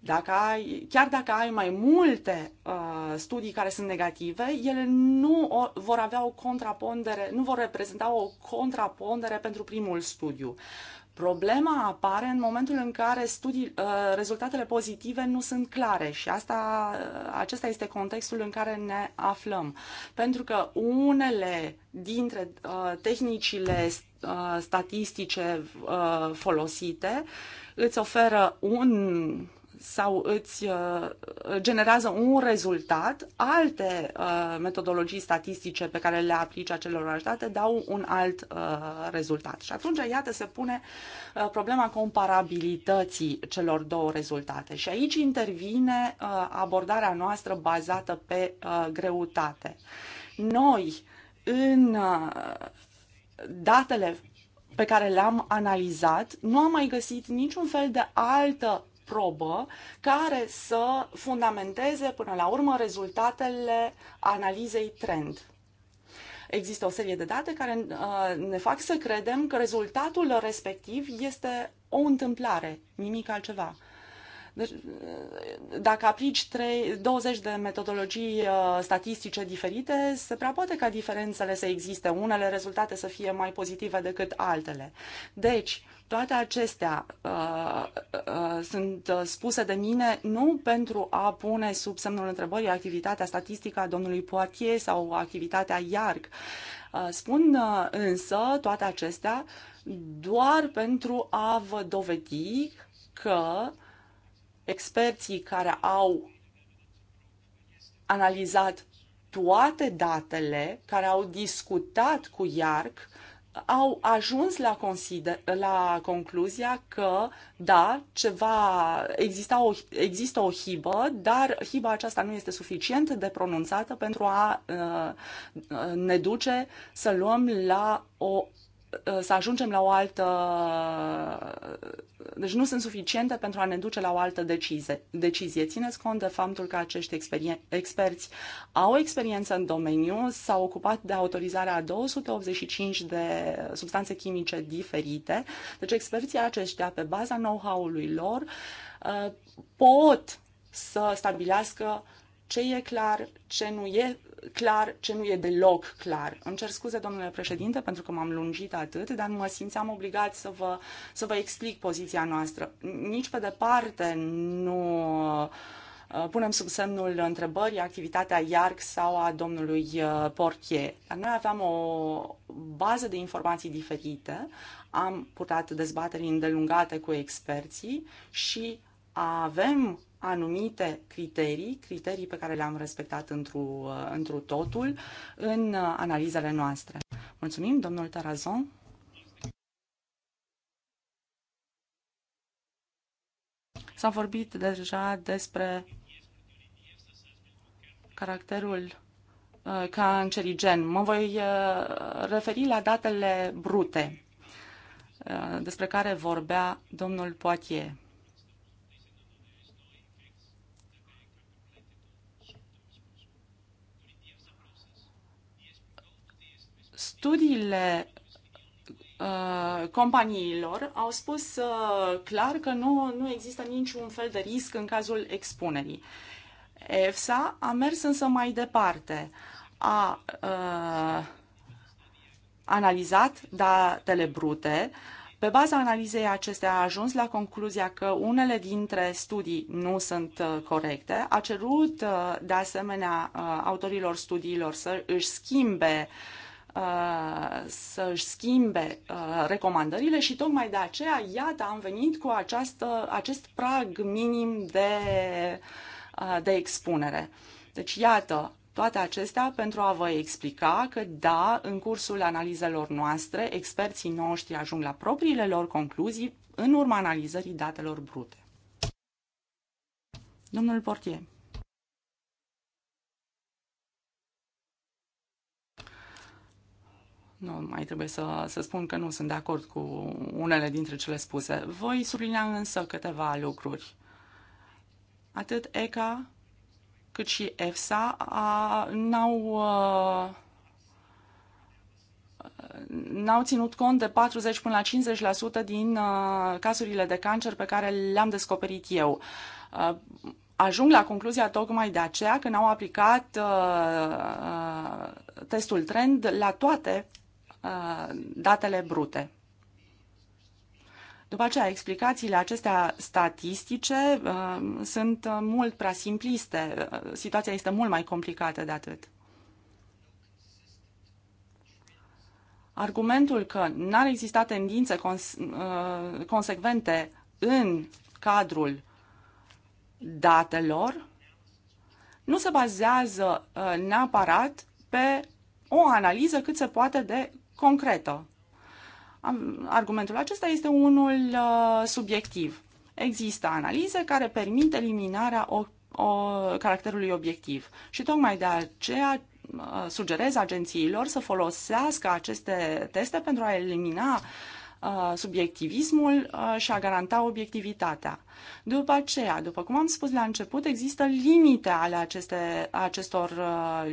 Speaker 3: Dacă ai, chiar dacă ai mai multe uh, studii care sunt negative, ele nu o, vor avea o contrapondere, nu vor reprezenta o contrapondere pentru primul studiu. Uh, Problema apare în momentul în care studii, uh, rezultatele pozitive nu sunt clare și asta, uh, acesta este contextul în care ne aflăm. Pentru că unele dintre uh, tehnicile statistice folosite îți oferă un sau îți uh, generează un rezultat, alte uh, metodologii statistice pe care le aplici acelor date dau un alt uh, rezultat. Și atunci, iată, se pune problema comparabilității celor două rezultate. Și aici intervine abordarea noastră bazată pe greutate. Noi, în datele pe care le-am analizat, nu am mai găsit niciun fel de altă probă care să fundamenteze până la urmă rezultatele analizei trend. Există o serie de date care uh, ne fac să credem că rezultatul respectiv este o întâmplare, nimic altceva dacă aplici 3, 20 de metodologii uh, statistice diferite, se prea poate ca diferențele să existe, unele rezultate să fie mai pozitive decât altele. Deci, toate acestea uh, uh, sunt uh, spuse de mine nu pentru a pune sub semnul întrebării activitatea statistică a domnului Poitier sau activitatea IARC. Uh, spun uh, însă toate acestea doar pentru a vă dovedi că uh, experții care au analizat toate datele, care au discutat cu IARC, au ajuns la, consider, la concluzia că, da, ceva, exista o, există o hibă, dar hiba aceasta nu este suficient de pronunțată pentru a uh, ne duce să luăm la o Uh, să ajungem la o altă. Uh, deci nu sunt suficiente pentru a ne duce la o altă decizie. decizie. Țineți cont de faptul că acești experți au experiență în domeniu, s-au ocupat de autorizarea a 285 de substanțe chimice diferite. Deci experții aceștia, pe baza know-how-ului lor, uh, pot să stabilească ce e clar, ce nu e clar, ce nu e deloc clar. Îmi cer scuze, domnule președinte, pentru că m-am lungit atât, dar mă simțeam obligat să vă, să vă explic poziția noastră. Nici pe departe nu uh, punem sub semnul întrebării activitatea IARC sau a domnului uh, Porchie. Noi aveam o bază de informații diferite, am purtat dezbateri îndelungate cu experții și avem anumite criterii, criterii pe care le-am respectat întru, uh, întru totul în uh, analizele noastre. Mulțumim, domnul Tarazon. S-a vorbit deja despre caracterul uh, cancerigen. Mă voi referi la datele brute despre care vorbea domnul Poitier. studiile uh, companiilor au spus uh, clar că nu, nu există niciun fel de risc în cazul expunerii. EFSA a mers însă mai departe. A, uh, analizat datele brute. Pe baza analizei acestea a ajuns la concluzia că unele dintre studii nu sunt uh, corecte. A cerut, de asemenea, autorilor studiilor să își schimbe uh, Uh, să-și schimbe uh, recomandările și tocmai de aceea, iată, am venit cu această, acest prag minim de, uh, de expunere. Deci, iată, toate acestea pentru a vă explica că, da, în cursul analizelor noastre, experții noștri ajung la propriile lor concluzii în urma analizării datelor brute. Domnul Portier. Nu mai trebuie să, să spun că nu sunt de acord cu unele dintre cele spuse. Voi sublinea însă câteva lucruri. Atât ECA cât și EFSA a, n-au, uh, n-au ținut cont de 40 până la 50% din a, uh, cazurile de cancer pe care le-am descoperit eu. A, uh, ajung la concluzia tocmai de aceea că n-au aplicat uh, testul trend la toate Uh, datele brute. După aceea, explicațiile acestea statistice uh, sunt uh, mult prea simpliste. Uh, situația este mult mai complicată de atât. Argumentul că n-ar exista tendințe cons- uh, consecvente în cadrul datelor nu se bazează uh, neapărat pe o analiză cât se poate de concretă. Argumentul acesta este unul uh, subiectiv. Există analize care permit eliminarea o, o, caracterului obiectiv și tocmai de aceea uh, sugerez agențiilor să folosească aceste teste pentru a elimina uh, subiectivismul și a garanta obiectivitatea. După aceea, după cum am spus la început, există limite ale aceste, acestor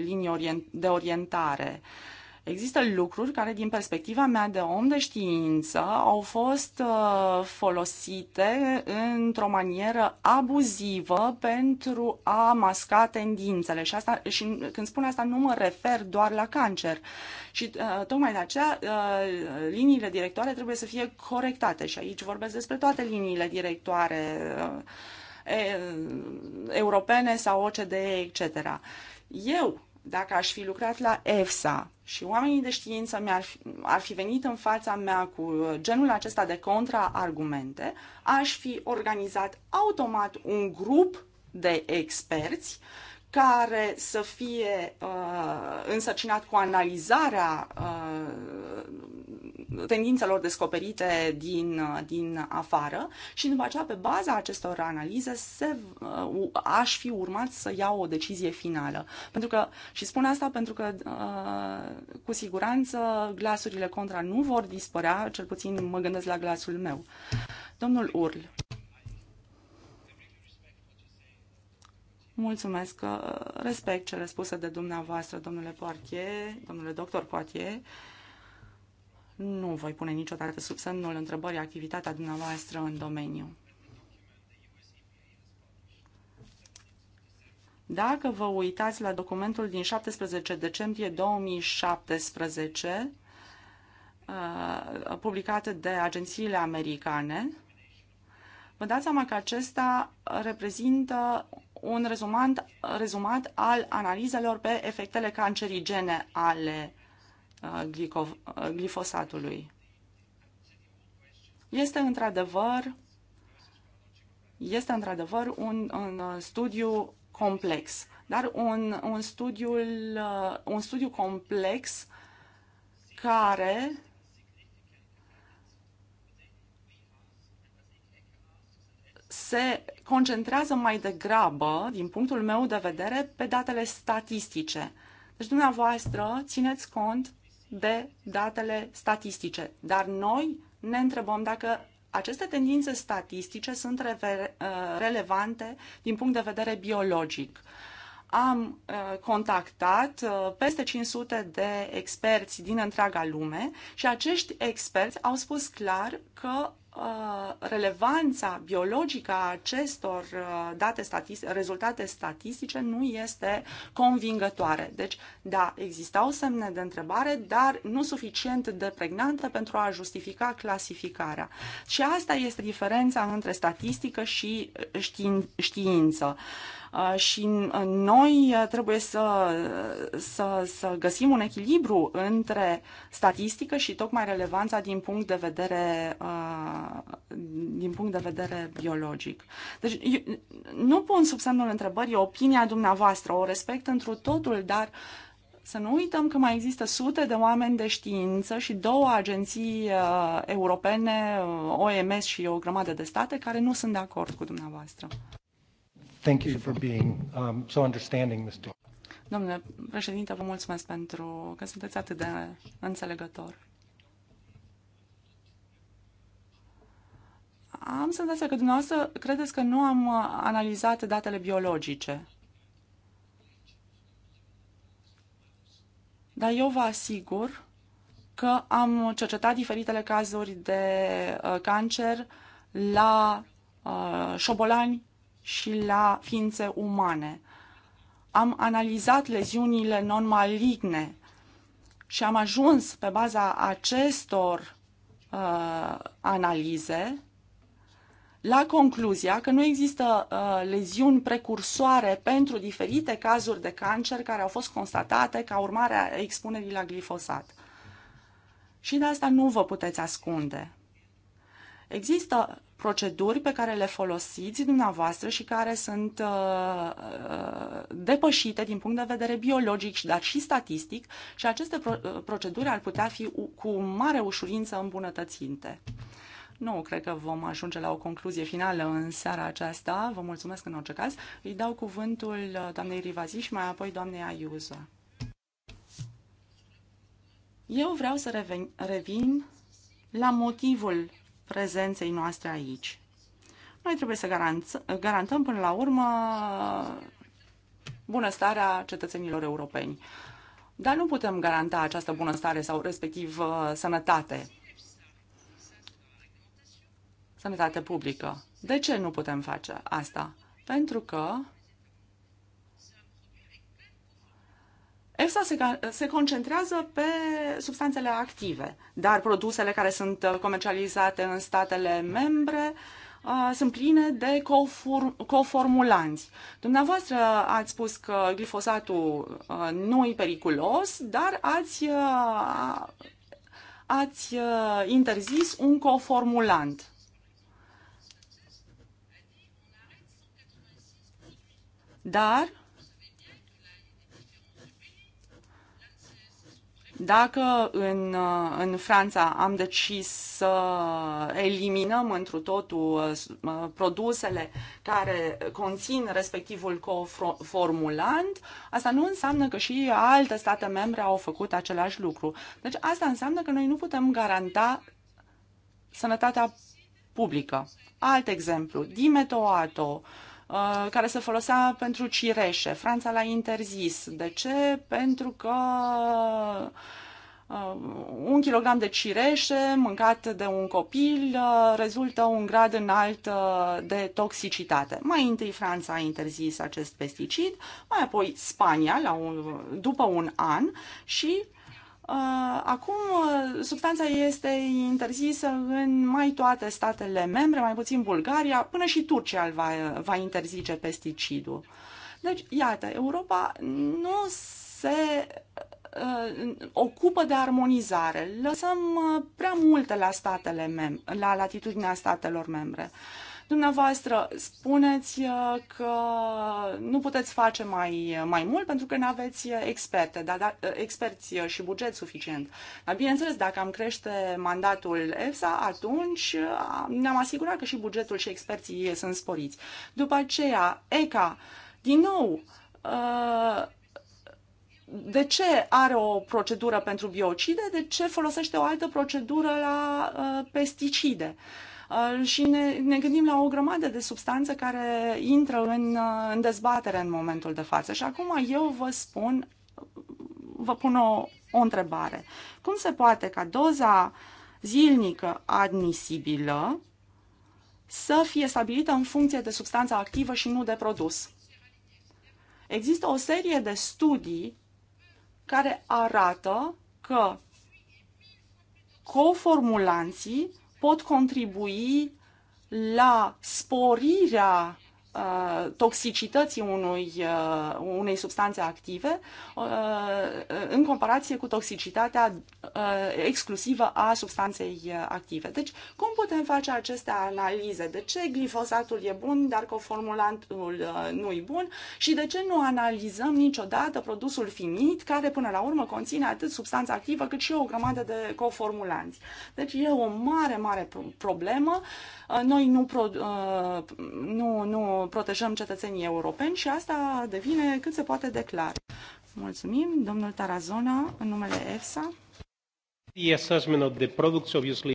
Speaker 3: linii de orientare. Există lucruri care, din perspectiva mea de om de știință, au fost uh, folosite într-o manieră abuzivă pentru a masca tendințele. Și, asta, și când spun asta, nu mă refer doar la cancer. Și uh, tocmai de aceea, uh, liniile directoare trebuie să fie corectate. Și aici vorbesc despre toate liniile directoare europene sau OCDE, etc. Eu dacă aș fi lucrat la EFSA și oamenii de știință mi-ar fi, ar fi venit în fața mea cu genul acesta de contraargumente, aș fi organizat automat un grup de experți care să fie uh, însărcinat cu analizarea uh, tendințelor descoperite din, din afară și după aceea, pe baza acestor analize, se, uh, aș fi urmat să iau o decizie finală. Pentru că, și spun asta pentru că, uh, cu siguranță, glasurile contra nu vor dispărea, cel puțin mă gândesc la glasul meu. Domnul Url. Mulțumesc. Uh, respect cele spuse de dumneavoastră, domnule Poitier, domnule doctor Poitier nu voi pune niciodată sub semnul întrebării activitatea dumneavoastră în domeniu. Dacă vă uitați la documentul din 17 decembrie 2017, uh, publicat de agențiile americane, vă dați seama că acesta reprezintă un rezumat, rezumat al analizelor pe efectele cancerigene ale glifosatului. Este într-adevăr este într-adevăr un, un uh, studiu complex, dar un, un, studiul, uh, un studiu complex care se concentrează mai degrabă, din punctul meu de vedere, pe datele statistice. Deci, dumneavoastră, țineți cont de datele statistice. Dar noi ne întrebăm dacă aceste tendințe statistice sunt uh, relevante din punct de vedere biologic. Uh, am uh, contactat uh, peste 500 de experți din întreaga lume și acești experți au spus clar că uh, relevanța biologică a acestor date statistice, rezultate statistice nu este convingătoare. Deci, da, existau semne de întrebare, dar nu suficient de pregnantă pentru a justifica clasificarea. Și asta este diferența între statistică și știință. Uh, Uh, și uh, noi uh, trebuie să, să, să găsim un echilibru între statistică și tocmai relevanța din punct de vedere, din punct de vedere biologic. Deci nu pun sub semnul întrebării opinia dumneavoastră, o respect întru totul, dar să nu uităm că mai există sute de oameni de știință și două agenții europene, OMS și o grămadă de state, care nu sunt de acord cu dumneavoastră.
Speaker 1: Thank you for being um, so understanding, Mr.
Speaker 3: Domnule președinte, vă mulțumesc pentru că sunteți atât de înțelegător. Am senzația că dumneavoastră credeți că nu am uh, analizat datele biologice. Dar eu vă asigur că am cercetat diferitele cazuri de uh, cancer la uh, șobolani și la ființe umane. Am analizat leziunile non-maligne și am ajuns pe baza acestor uh, analize la concluzia că nu există uh, leziuni precursoare pentru diferite cazuri de cancer care au fost constatate ca urmare a expunerii la glifosat. Și de asta nu vă puteți ascunde. Există proceduri pe care le folosiți dumneavoastră și care sunt uh, uh depășite din punct de vedere biologic, dar și statistic și aceste pro uh, proceduri ar putea fi cu mare ușurință îmbunătățite. Nu cred că vom ajunge la o concluzie finală în seara aceasta. Vă mulțumesc în orice caz. Îi dau cuvântul uh, doamnei Rivazi și mai apoi doamnei Ayuso. Eu vreau să revin la motivul prezenței noastre aici. Noi trebuie să garantăm până la urmă bunăstarea cetățenilor europeni. Dar nu putem garanta această bunăstare sau respectiv uh, sănătate. Sănătate publică. De ce nu putem face asta? Pentru că EFSA se, se concentrează pe substanțele active, dar produsele care sunt uh, comercializate în statele membre uh, sunt pline de coform, coformulanți. Dumneavoastră ați spus că glifosatul uh, nu e periculos, dar ați, uh, ați uh, interzis un coformulant. Dar Dacă în, uh, în Franța am decis să eliminăm întru totul uh, produsele care conțin respectivul coformulant, asta nu înseamnă că și alte state membre au făcut același lucru. Deci asta înseamnă că noi nu putem garanta sănătatea publică. Alt exemplu, dimetoato, uh, Uh, care se folosea pentru cireșe. Franța l-a interzis. De ce? Pentru că uh, un kilogram de cireșe mâncat de un copil uh, rezultă un grad înalt de toxicitate. Mai întâi Franța a interzis acest pesticid, mai apoi Spania la un, după un an și Uh, acum, uh, substanța este interzisă în mai toate statele membre, mai puțin Bulgaria, până și Turcia va, uh, va interzice pesticidul. Deci, iată, Europa nu se uh, ocupă de armonizare. Lăsăm prea multe la statele mem- la latitudinea statelor membre. Uh, Dumneavoastră spuneți uh, că nu puteți face mai, uh, mai mult pentru că nu aveți uh, experte, dar, da, experți și buget suficient. Dar bineînțeles, dacă am crește mandatul EFSA, atunci ne-am asigurat că și bugetul și experții sunt sporiți. După aceea, ECA, din nou, de ce are o procedură pentru biocide, de ce folosește o altă procedură la pesticide. Uh, Uh, și ne, ne gândim la o grămadă de substanțe care intră în, uh, în dezbatere în momentul de față. Și acum eu vă spun, vă pun o, o întrebare. Cum se poate ca doza zilnică admisibilă să fie stabilită în funcție de substanța activă și nu de produs? Există o serie de studii care arată că coformulanții pot contribui la sporirea Uh, toxicității unui, uh, unei substanțe active uh, în comparație cu toxicitatea exclusivă a substanței active. Deci, cum putem face aceste analize? De ce glifosatul e bun, dar coformulantul nu e bun? Și de ce nu analizăm niciodată produsul finit, care până la urmă conține atât substanța activă, cât și o grămadă de coformulanți? Deci e o mare, mare problemă. Noi nu, pro, nu, nu protejăm cetățenii europeni și asta devine cât se poate de clar.
Speaker 4: Mulțumim, domnul Tarazona, în numele EFSA.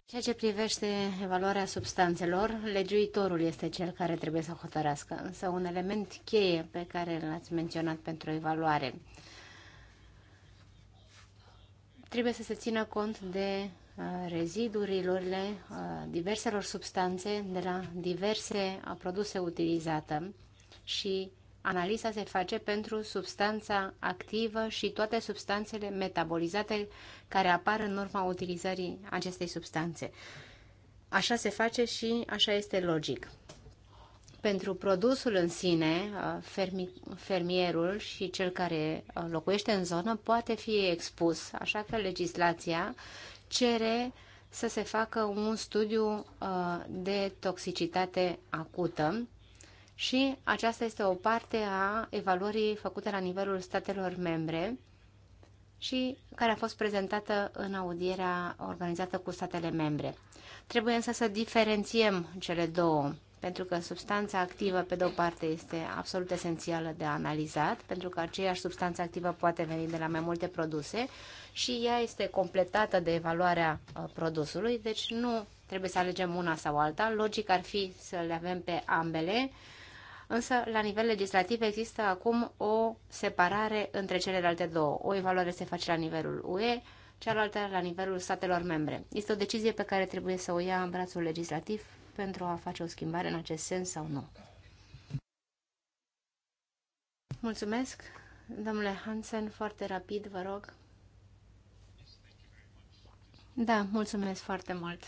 Speaker 4: Ceea ce privește evaluarea substanțelor, legiuitorul este cel care trebuie să hotărească, însă un element cheie pe care l-ați menționat pentru evaluare trebuie să se țină cont de rezidurile diverselor substanțe de la diverse produse utilizate și analiza se face pentru substanța activă și toate substanțele metabolizate care apar în urma utilizării acestei substanțe. Așa se face și așa este logic. Pentru produsul în sine, fermierul și cel care locuiește în zonă poate fi expus, așa că legislația cere să se facă un studiu uh, de toxicitate acută și aceasta este o parte a evaluării făcute la nivelul statelor membre și care a fost prezentată în audierea organizată cu statele membre. Trebuie însă să diferențiem cele două pentru că substanța activă, pe de o parte, este absolut esențială de analizat, pentru că aceeași substanță activă poate veni de la mai multe produse și ea este completată de evaluarea uh, produsului, deci nu trebuie să alegem una sau alta. Logic ar fi să le avem pe ambele, însă la nivel legislativ există acum o separare între celelalte două. O evaluare se face la nivelul UE, cealaltă la nivelul statelor membre. Este o decizie pe care trebuie să o ia în brațul legislativ pentru a face o schimbare în acest sens sau nu. Mulțumesc, domnule Hansen, foarte rapid, vă rog. Da, mulțumesc foarte mult.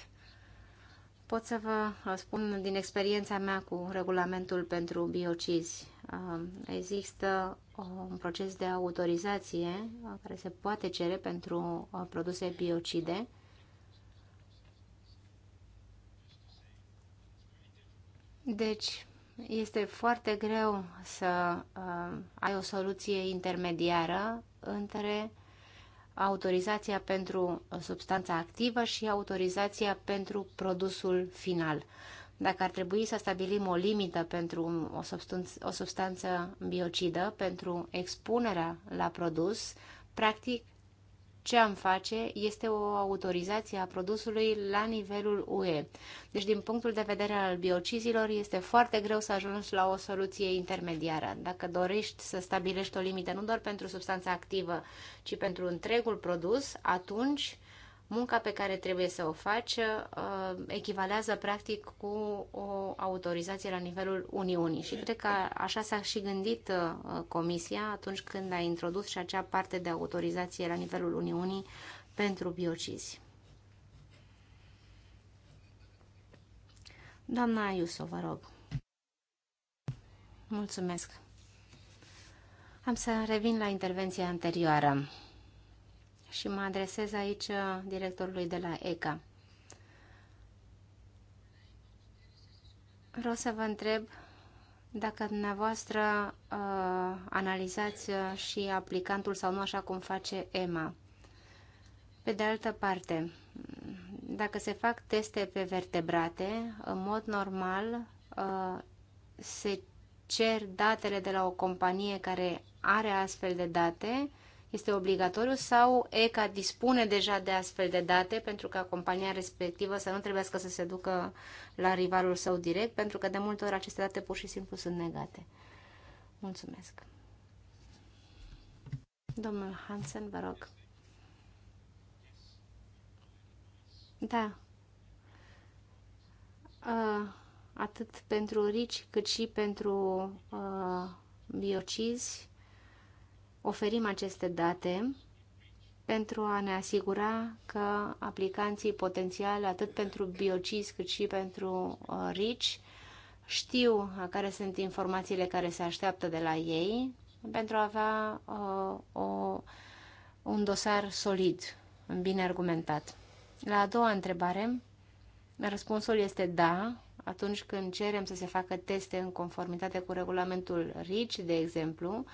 Speaker 4: Pot să vă spun din experiența mea cu regulamentul pentru biocizi. Um, există un proces de autorizație uh, care se poate cere pentru uh, produse biocide Deci, este foarte greu să uh, ai o soluție intermediară între autorizația pentru substanța activă și autorizația pentru produsul final. Dacă ar trebui să stabilim o limită pentru o substanță, o substanță biocidă, pentru expunerea la produs, practic ce am face este o autorizație a produsului la nivelul UE. Deci, din punctul de vedere al biocizilor, este foarte greu să ajungi la o soluție intermediară. Dacă dorești să stabilești o limită nu doar pentru substanța activă, ci pentru întregul produs, atunci munca pe care trebuie să o faci uh, echivalează practic cu o autorizație la nivelul Uniunii și cred că așa s-a și gândit uh, Comisia atunci când a introdus și acea parte de autorizație la nivelul Uniunii pentru biocizi. Doamna Iuso, vă rog. Mulțumesc. Am să revin la intervenția anterioară și mă adresez aici uh, directorului de la ECA. Vreau să vă întreb dacă dumneavoastră uh, analizați uh, și aplicantul sau nu așa cum face EMA. Pe de altă parte, dacă se fac teste pe vertebrate, în mod normal uh, se cer datele de la o companie care are astfel de date este obligatoriu sau ECA dispune deja de astfel de date pentru ca compania respectivă să nu trebuiască să se ducă la rivalul său direct, pentru că de multe ori aceste date pur și simplu sunt negate. Mulțumesc. Domnul Hansen, vă rog. Da. Atât pentru rici, cât și pentru uh, biocizi oferim aceste date pentru a ne asigura că aplicanții potențiali, atât pentru biocis cât și pentru Rich, uh, RICI, știu care sunt informațiile care se așteaptă de la ei pentru a avea uh, o, un dosar solid, bine argumentat. La a doua întrebare, răspunsul este da, atunci când cerem să se facă teste în conformitate cu regulamentul RICI, de exemplu, uh,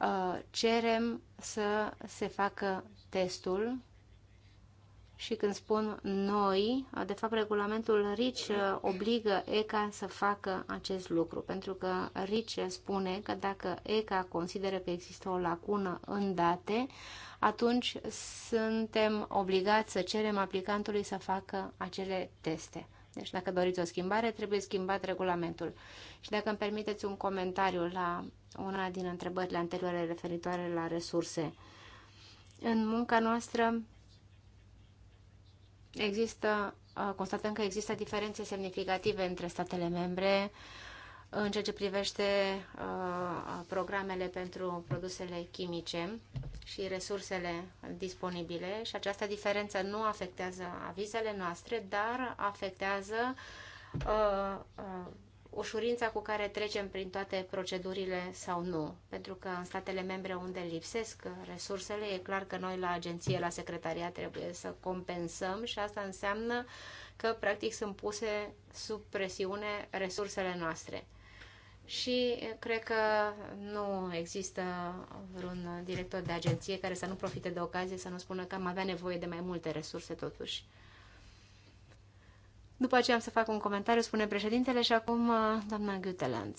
Speaker 4: Uh, cerem să se facă testul și când spun noi, uh, de fapt regulamentul RICI uh, obligă ECA să facă acest lucru, pentru că RICI spune că dacă ECA consideră că există o lacună în date, atunci suntem obligați să cerem aplicantului să facă acele teste. Deci dacă doriți o schimbare, trebuie schimbat regulamentul. Și dacă îmi permiteți un comentariu la una din întrebările anterioare referitoare la resurse. În munca noastră există, uh, constatăm că există diferențe semnificative între statele membre, uh, în ceea ce privește uh, programele pentru produsele chimice și resursele disponibile și această diferență nu afectează avizele noastre, dar afectează uh, uh, ușurința cu care trecem prin toate procedurile sau nu. Pentru că în statele membre unde lipsesc resursele, e clar că noi la agenție, la secretariat trebuie să compensăm și asta înseamnă că practic sunt puse sub presiune resursele noastre și eh, cred că nu există vreun director de agenție care să nu profite de ocazie să nu spună că am avea nevoie de mai multe resurse totuși. După aceea am să fac un comentariu, spune președintele și acum eh, doamna Guteland.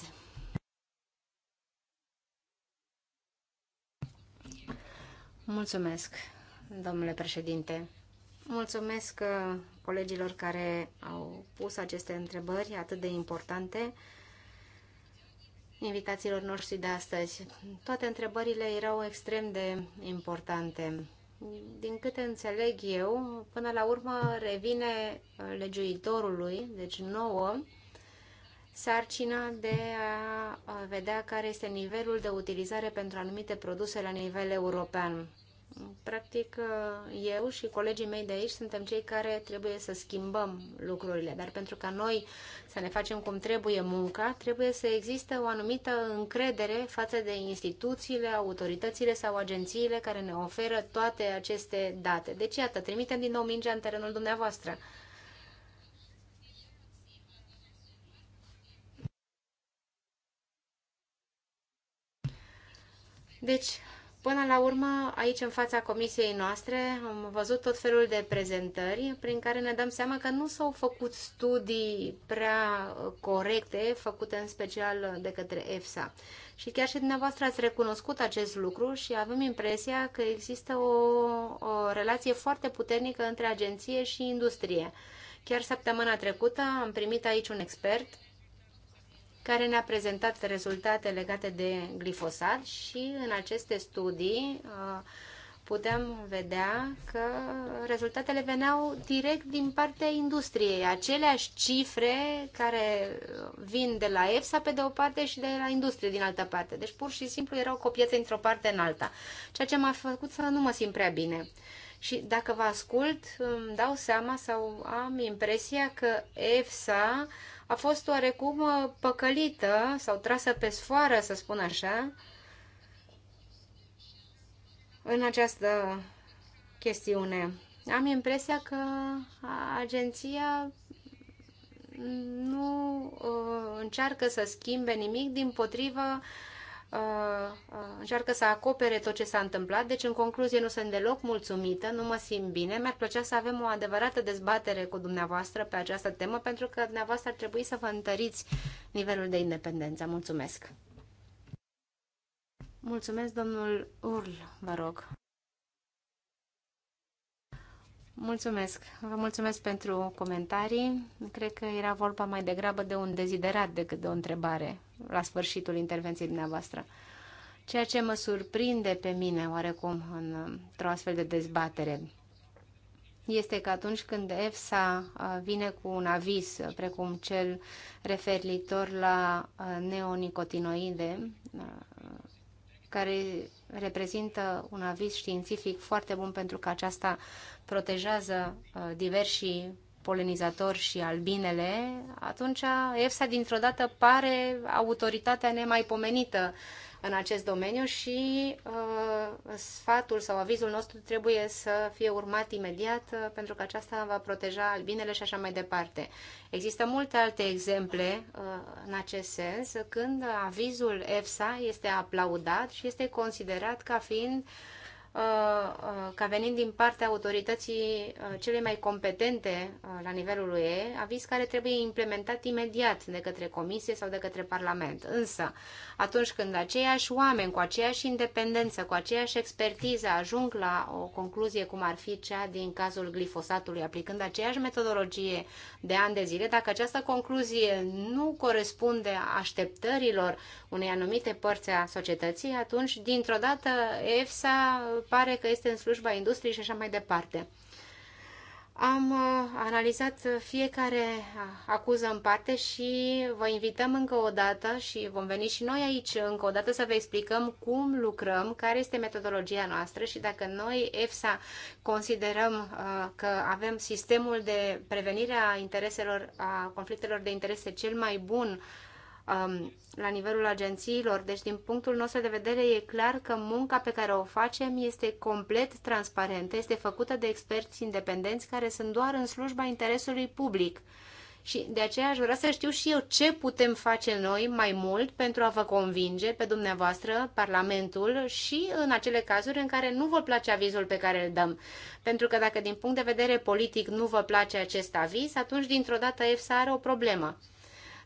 Speaker 4: Mulțumesc, domnule președinte. Mulțumesc eh, colegilor care au pus aceste întrebări atât de importante invitațiilor noștri de astăzi. Toate întrebările erau extrem de importante. Din câte înțeleg eu, până la urmă revine uh, legiuitorului, deci nouă, sarcina de a vedea care este nivelul de utilizare pentru anumite produse la nivel european. Practic, uh, eu și colegii mei de aici suntem cei care trebuie să schimbăm lucrurile, dar pentru ca noi să ne facem cum trebuie munca, trebuie să existe o anumită încredere față de instituțiile, autoritățile sau agențiile care ne oferă toate aceste date. Deci, iată, trimitem din nou mingea în terenul dumneavoastră. Deci, Până la urmă, aici în fața comisiei noastre am văzut tot felul de prezentări prin care ne dăm seama că nu s-au făcut studii prea uh, corecte, făcute în special uh, de către EFSA. Și chiar și dumneavoastră ați recunoscut acest lucru și avem impresia că există o, o relație foarte puternică între agenție și industrie. Chiar săptămâna trecută am primit aici un expert care ne-a prezentat rezultate legate de glifosat și în aceste studii uh, putem vedea că rezultatele veneau direct din partea industriei. Aceleași cifre care uh, vin de la EFSA pe de o parte și de la industrie din altă parte. Deci pur și simplu erau copiate într o parte în alta, ceea ce m-a făcut să nu mă simt prea bine. Și dacă vă ascult, îmi dau seama sau am impresia că EFSA uh, a fost oarecum uh, păcălită sau trasă pe sfoară, să spun așa, în această chestiune. Am impresia că agenția nu uh, încearcă să schimbe nimic, din potrivă Uh, încearcă să acopere tot ce s-a întâmplat, deci în concluzie nu sunt deloc mulțumită, nu mă simt bine, mi-ar plăcea să avem o adevărată dezbatere cu dumneavoastră pe această temă, pentru că dumneavoastră ar trebui să vă întăriți nivelul de independență. Mulțumesc! Mulțumesc, domnul Url, vă rog. Mulțumesc. Vă mulțumesc pentru comentarii. Cred că era vorba mai degrabă de un deziderat decât de o întrebare la sfârșitul intervenției dumneavoastră. Ceea ce mă surprinde pe mine oarecum într-o astfel de dezbatere este că atunci când EFSA vine cu un aviz, precum cel referitor la neonicotinoide, care reprezintă un aviz științific foarte bun pentru că aceasta protejează uh, diversi polenizatori și albinele, atunci EFSA dintr-o dată pare autoritatea nemaipomenită în acest domeniu și uh, sfatul sau avizul nostru trebuie să fie urmat imediat uh, pentru că aceasta va proteja albinele și așa mai departe. Există multe alte exemple uh, în acest sens când avizul EFSA este aplaudat și este considerat ca fiind uh, Uh, uh, ca venind din partea autorității uh, cele mai competente la nivelul UE, aviz care trebuie implementat imediat de către Comisie sau de către Parlament. Însă, atunci când aceiași oameni cu aceeași independență, cu aceeași expertiză ajung la o concluzie cum ar fi cea din cazul glifosatului, aplicând aceeași metodologie de ani de zile, dacă această concluzie nu corespunde așteptărilor unei anumite părți a societății, atunci, dintr-o dată, EFSA pare că este în slujba industriei și așa mai departe. Am uh, analizat fiecare uh, acuză în parte și vă invităm încă o dată și vom veni și noi aici încă o dată să vă explicăm cum lucrăm, care este metodologia noastră și dacă noi, EFSA, considerăm uh, că avem sistemul de prevenire a intereselor, a conflictelor de interese cel mai bun um, la nivelul agențiilor. Deci, din punctul nostru de vedere, e clar că munca pe care o facem este complet transparentă, este făcută de experți independenți care sunt doar în slujba interesului public. Și de aceea aș vrea să știu și eu ce putem face noi mai mult pentru a vă convinge pe dumneavoastră, Parlamentul, și în acele cazuri în care nu vă place avizul pe care îl dăm. Pentru că dacă din punct de vedere politic nu vă place acest aviz, atunci dintr-o dată EFSA are o problemă.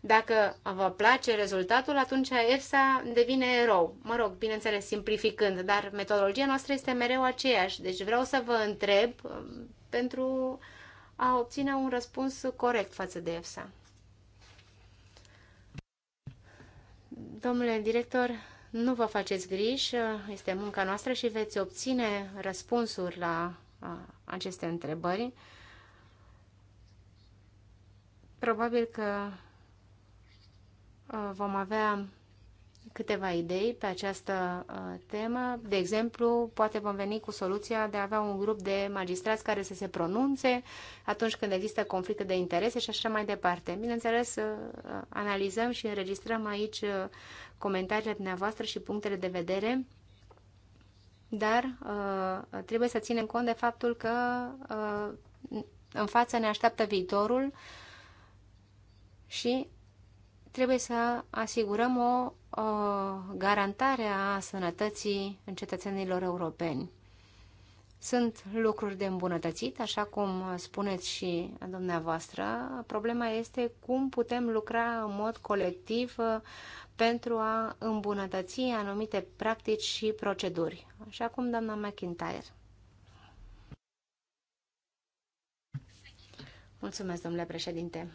Speaker 4: Dacă vă place rezultatul, atunci EFSA devine erou. Mă rog, bineînțeles, simplificând, dar metodologia noastră este mereu aceeași. Deci vreau să vă întreb um, pentru a obține un răspuns corect față de EFSA. Domnule director, nu vă faceți griji, este munca noastră și veți obține răspunsuri la aceste întrebări. Probabil că Uh, vom avea câteva idei pe această uh, temă. De exemplu, poate vom veni cu soluția de a avea un grup de magistrați care să se pronunțe atunci când există conflicte de interese și așa mai departe. Bineînțeles, uh, analizăm și înregistrăm aici comentariile dumneavoastră și punctele de vedere, dar trebuie să ținem cont de faptul că în față ne așteaptă viitorul și trebuie să asigurăm o, o garantare a sănătății în cetățenilor europeni. Sunt lucruri de îmbunătățit, așa cum spuneți și dumneavoastră. Problema este cum putem lucra în mod colectiv uh, pentru a îmbunătăți anumite practici și proceduri, așa cum doamna McIntyre. Mulțumesc, domnule președinte.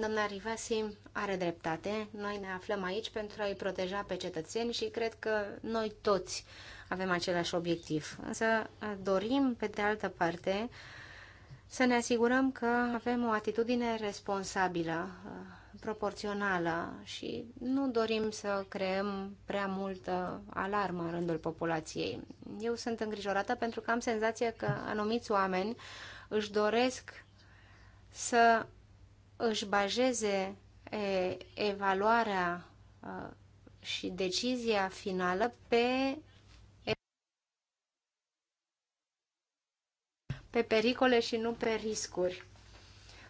Speaker 4: Doamna Rivasi are dreptate. Noi ne aflăm aici pentru a-i proteja pe cetățeni și cred că noi toți avem același obiectiv. Însă dorim, pe de altă parte, să ne asigurăm că avem o atitudine responsabilă, proporțională și nu dorim să creăm prea multă alarmă în rândul populației. Eu sunt îngrijorată pentru că am senzația că anumiți oameni își doresc să își bajeze evaluarea și decizia finală pe pe pericole și nu pe riscuri.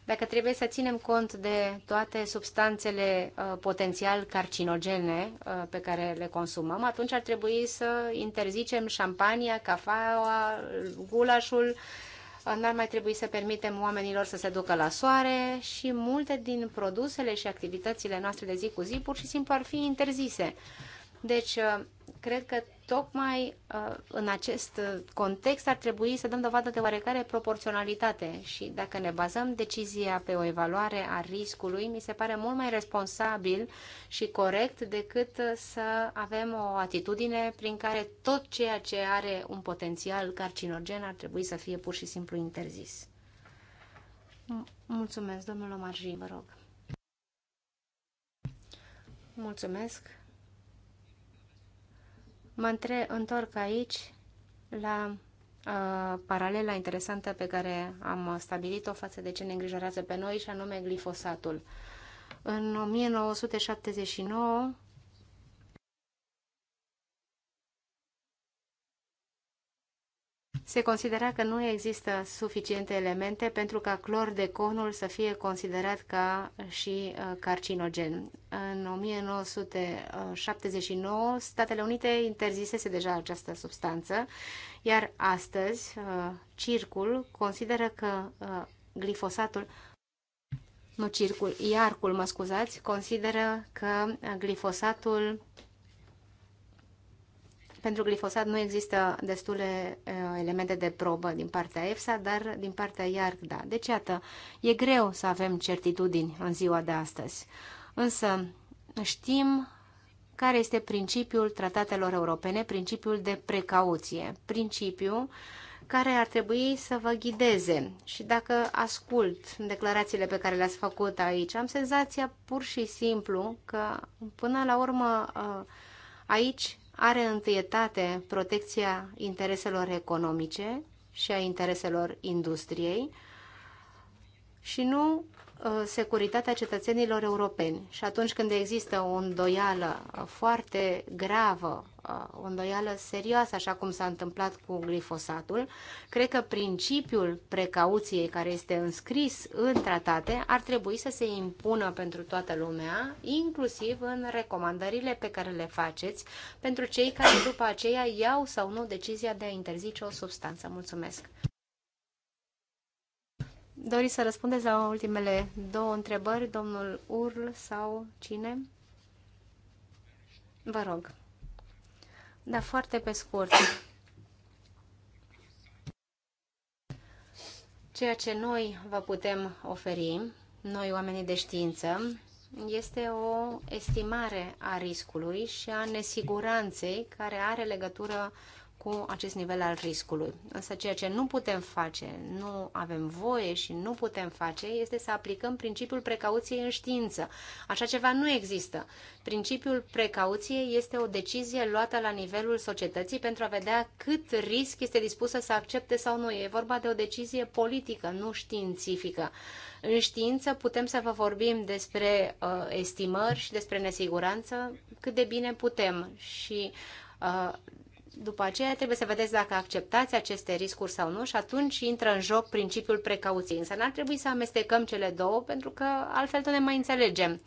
Speaker 4: Dacă trebuie să ținem cont de toate substanțele uh, potențial carcinogene uh, pe care le consumăm, atunci ar trebui să interzicem șampania, cafeaua, gulașul, uh, n-ar mai trebui să permitem oamenilor să se ducă la soare și multe din produsele și activitățile noastre de zi cu zi pur și simplu ar fi interzise. Deci, uh, cred că tocmai uh, în acest uh, context ar trebui să dăm dovadă de oarecare proporționalitate și dacă ne bazăm decizia pe o evaluare a riscului, mi se pare mult mai responsabil și corect decât să avem o atitudine prin care tot ceea ce are un potențial carcinogen ar trebui să fie pur și simplu interzis. Mulțumesc, domnul Omarji, vă rog. Mulțumesc. Mă între, întorc aici la uh, paralela interesantă pe care am stabilit-o față de ce ne îngrijorează pe noi și anume glifosatul. În 1979 Se considera că nu există suficiente elemente pentru ca clor de conul să fie considerat ca și uh, carcinogen. În 1979, Statele Unite interzisese deja această substanță, iar astăzi uh, circul consideră că uh, glifosatul nu circul, iarcul, mă scuzați, consideră că glifosatul pentru glifosat nu există destule uh, elemente de probă din partea EFSA, dar din partea IARC da. Deci, iată, e greu să avem certitudini în ziua de astăzi. Însă știm care este principiul tratatelor europene, principiul de precauție, principiul care ar trebui să vă ghideze. Și dacă ascult declarațiile pe care le-ați făcut aici, am senzația pur și simplu că până la urmă uh, aici are întâietate protecția intereselor economice și a intereselor industriei și nu Uh, securitatea cetățenilor europeni. Și atunci când există o îndoială foarte gravă, uh, o îndoială serioasă, așa cum s-a întâmplat cu glifosatul, cred că principiul precauției care este înscris în tratate ar trebui să se impună pentru toată lumea, inclusiv în recomandările pe care le faceți pentru cei care după aceea iau sau nu decizia de a interzice o substanță. Mulțumesc! Doriți să răspundeți la ultimele două întrebări, domnul Url sau cine? Vă rog. Da, foarte pe scurt. Ceea ce noi vă putem oferi, noi oamenii de știință, este o estimare a riscului și a nesiguranței care are legătură cu acest nivel al riscului. Însă ceea ce nu putem face, nu avem voie și nu putem face, este să aplicăm principiul precauției în știință. Așa ceva nu există. Principiul precauției este o decizie luată la nivelul societății pentru a vedea cât risc este dispusă să accepte sau nu. E vorba de o decizie politică, nu științifică. În știință putem să vă vorbim despre uh, estimări și despre nesiguranță cât de bine putem și uh, după aceea trebuie să vedeți dacă acceptați aceste riscuri sau nu și atunci intră în joc principiul precauției. Însă n-ar trebui să amestecăm cele două pentru că altfel nu ne mai înțelegem.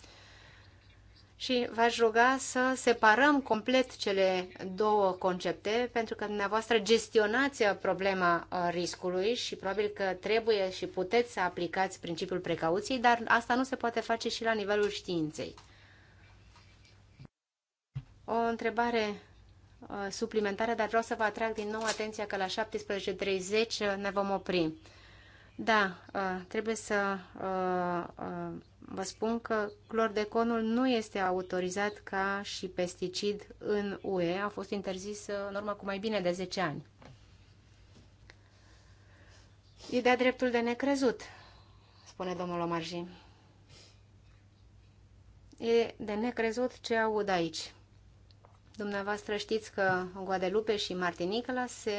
Speaker 4: Și v-aș ruga să separăm complet cele două concepte, pentru că dumneavoastră gestionați problema uh, riscului și probabil că trebuie și puteți să aplicați principiul precauției, dar asta nu se poate face și la nivelul științei. O întrebare Uh, suplimentare, dar vreau să vă atrag din nou atenția că la 17.30 uh, ne vom opri. Da, uh, trebuie să vă spun că clordeconul nu este autorizat ca și pesticid în UE. A fost interzis în urmă cu mai bine de 10 ani. E de dreptul de necrezut, spune domnul Omarji. E de necrezut ce aud aici. Dumneavoastră știți că Guadelupe și Martinicăla se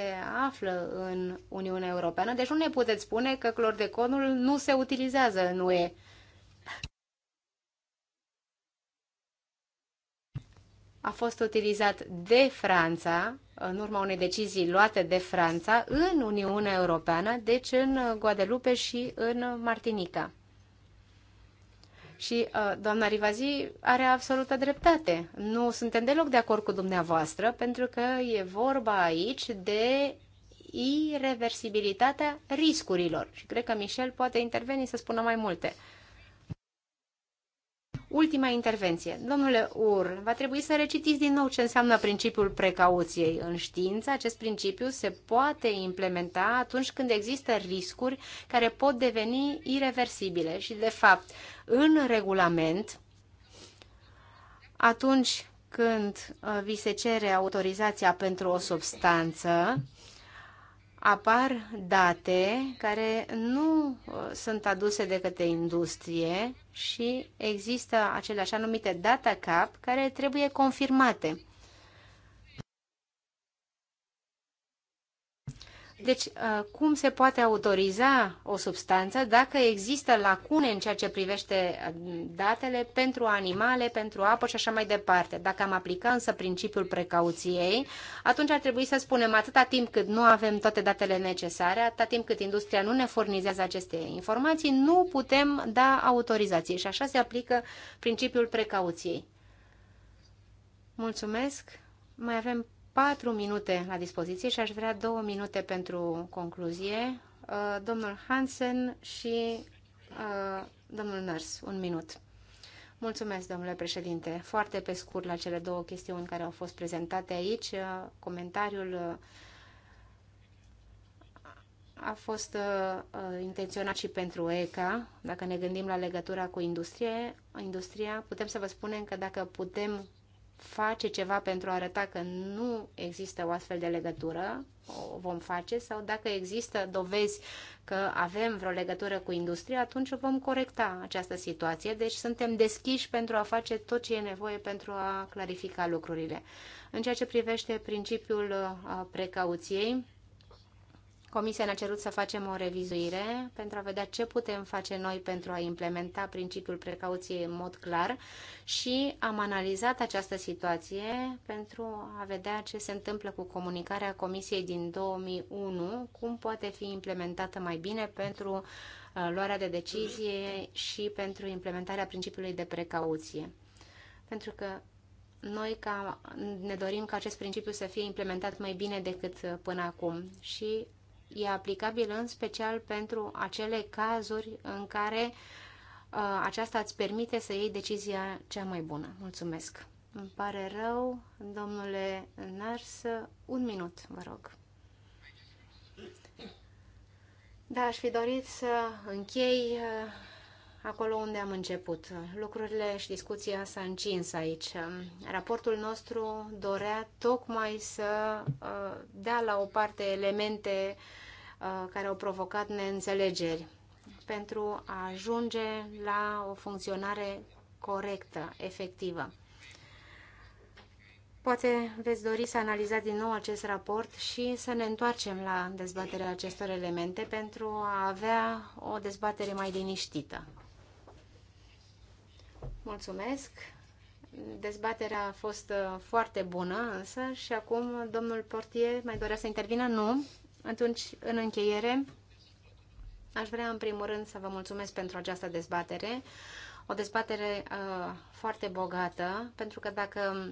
Speaker 4: află în Uniunea Europeană, deci nu ne puteți spune că clordeconul nu se utilizează în UE. A fost utilizat de Franța, în urma unei decizii luate de Franța, în Uniunea Europeană, deci în Guadelupe și în Martinica. Și uh, doamna Rivazi are absolută dreptate. Nu suntem deloc de acord cu dumneavoastră, pentru că e vorba aici de irreversibilitatea riscurilor. Și cred că Michel poate interveni să spună mai multe. Ultima intervenție. Domnule Ur, va trebui să recitiți din nou ce înseamnă principiul precauției. În știință, acest principiu se poate implementa atunci când există riscuri care pot deveni irreversibile și, de fapt, în regulament atunci când uh, vi se cere autorizația pentru o substanță, apar date care nu uh, sunt aduse de către industrie și există acele așa numite data cap care trebuie confirmate. Deci, uh, cum se poate autoriza o substanță dacă există lacune în ceea ce privește uh, datele pentru animale, pentru apă și așa mai departe? Dacă am aplica însă principiul precauției, atunci ar trebui să spunem atâta timp cât nu avem toate datele necesare, atâta timp cât industria nu ne furnizează aceste informații, nu putem da autorizație și așa se aplică principiul precauției. Mulțumesc! Mai avem Patru minute la dispoziție și aș vrea două minute pentru concluzie. Uh, domnul Hansen și uh, domnul Nărs, un minut. Mulțumesc, domnule președinte. Foarte pe scurt la cele două chestiuni care au fost prezentate aici. Uh, comentariul a fost uh, intenționat și pentru ECA. Dacă ne gândim la legătura cu industrie, industria, putem să vă spunem că dacă putem face ceva pentru a arăta că nu există o astfel de legătură, o vom face, sau dacă există dovezi că avem vreo legătură cu industria, atunci vom corecta această situație. Deci suntem deschiși pentru a face tot ce e nevoie pentru a clarifica lucrurile. În ceea ce privește principiul uh, precauției, Comisia ne-a cerut să facem o revizuire pentru a vedea ce putem face noi pentru a implementa principiul precauției în mod clar și am analizat această situație pentru a vedea ce se întâmplă cu comunicarea Comisiei din 2001, cum poate fi implementată mai bine pentru uh, luarea de decizie și pentru implementarea principiului de precauție. Pentru că noi ca, ne dorim ca acest principiu să fie implementat mai bine decât până acum și e aplicabil în special pentru acele cazuri în care uh, aceasta îți permite să iei decizia cea mai bună. Mulțumesc! Îmi pare rău, domnule Nars, un minut, vă rog. Da, aș fi dorit să închei uh, acolo unde am început. Lucrurile și discuția s-a încins aici. Raportul nostru dorea tocmai să uh, dea la o parte elemente uh, care au provocat neînțelegeri pentru a ajunge la o funcționare corectă, efectivă. Poate veți dori să analizați din nou acest raport și să ne întoarcem la dezbaterea acestor elemente pentru a avea o dezbatere mai liniștită. Mulțumesc. Dezbaterea a fost uh, foarte bună, însă, și acum domnul Portier mai dorea să intervină? Nu. Atunci, în încheiere, aș vrea, în primul rând, să vă mulțumesc pentru această dezbatere. O dezbatere uh, foarte bogată, pentru că dacă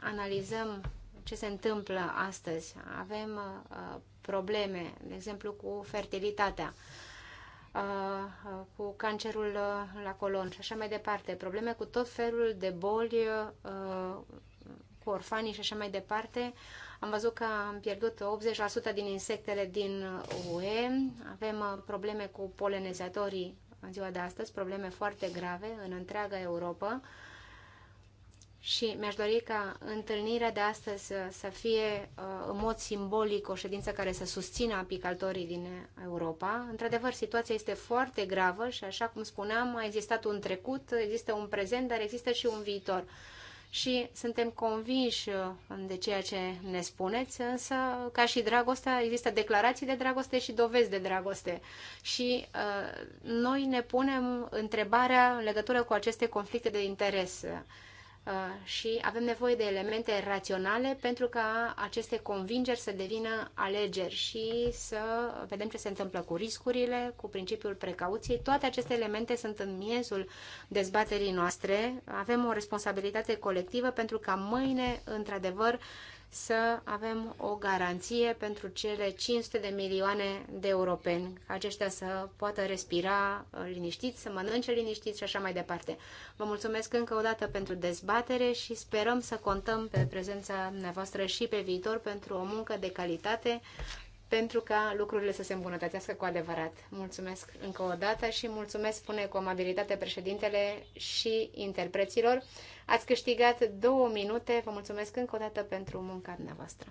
Speaker 4: analizăm ce se întâmplă astăzi, avem uh, probleme, de exemplu, cu fertilitatea. Uh, cu cancerul la colon și așa mai departe, probleme cu tot felul de boli, cu orfanii și așa mai departe. Am văzut că am pierdut 80% din insectele din UE, avem probleme cu polenizatorii în ziua de astăzi, probleme foarte grave în întreaga Europa și mi-aș dori ca întâlnirea de astăzi uh, să fie uh, în mod simbolic o ședință care să susțină apicaltorii din Europa. Într-adevăr, situația este foarte gravă și, așa cum spuneam, a existat un trecut, există un prezent, dar există și un viitor. Și suntem convinși uh, de ceea ce ne spuneți, însă, ca și dragostea, există declarații de dragoste și dovezi de dragoste. Și uh, noi ne punem întrebarea în legătură cu aceste conflicte de interes. Uh, Uh, și avem nevoie de elemente raționale pentru ca aceste convingeri să devină alegeri și să vedem ce se întâmplă cu riscurile, cu principiul precauției. Toate aceste elemente sunt în miezul dezbaterii noastre. Avem o responsabilitate colectivă pentru ca mâine, într-adevăr, să avem o garanție pentru cele 500 de milioane de europeni, aceștia să poată respira uh, liniștit, să mănânce liniștit și așa mai departe. Vă mulțumesc încă o dată pentru dezbatere și sperăm să contăm pe prezența dumneavoastră și pe viitor pentru o muncă de calitate, pentru ca lucrurile să se îmbunătățească cu adevărat. Mulțumesc încă o dată și mulțumesc, spune cu amabilitate președintele și interpreților. Ați câștigat două minute. Vă mulțumesc încă o dată pentru munca dumneavoastră.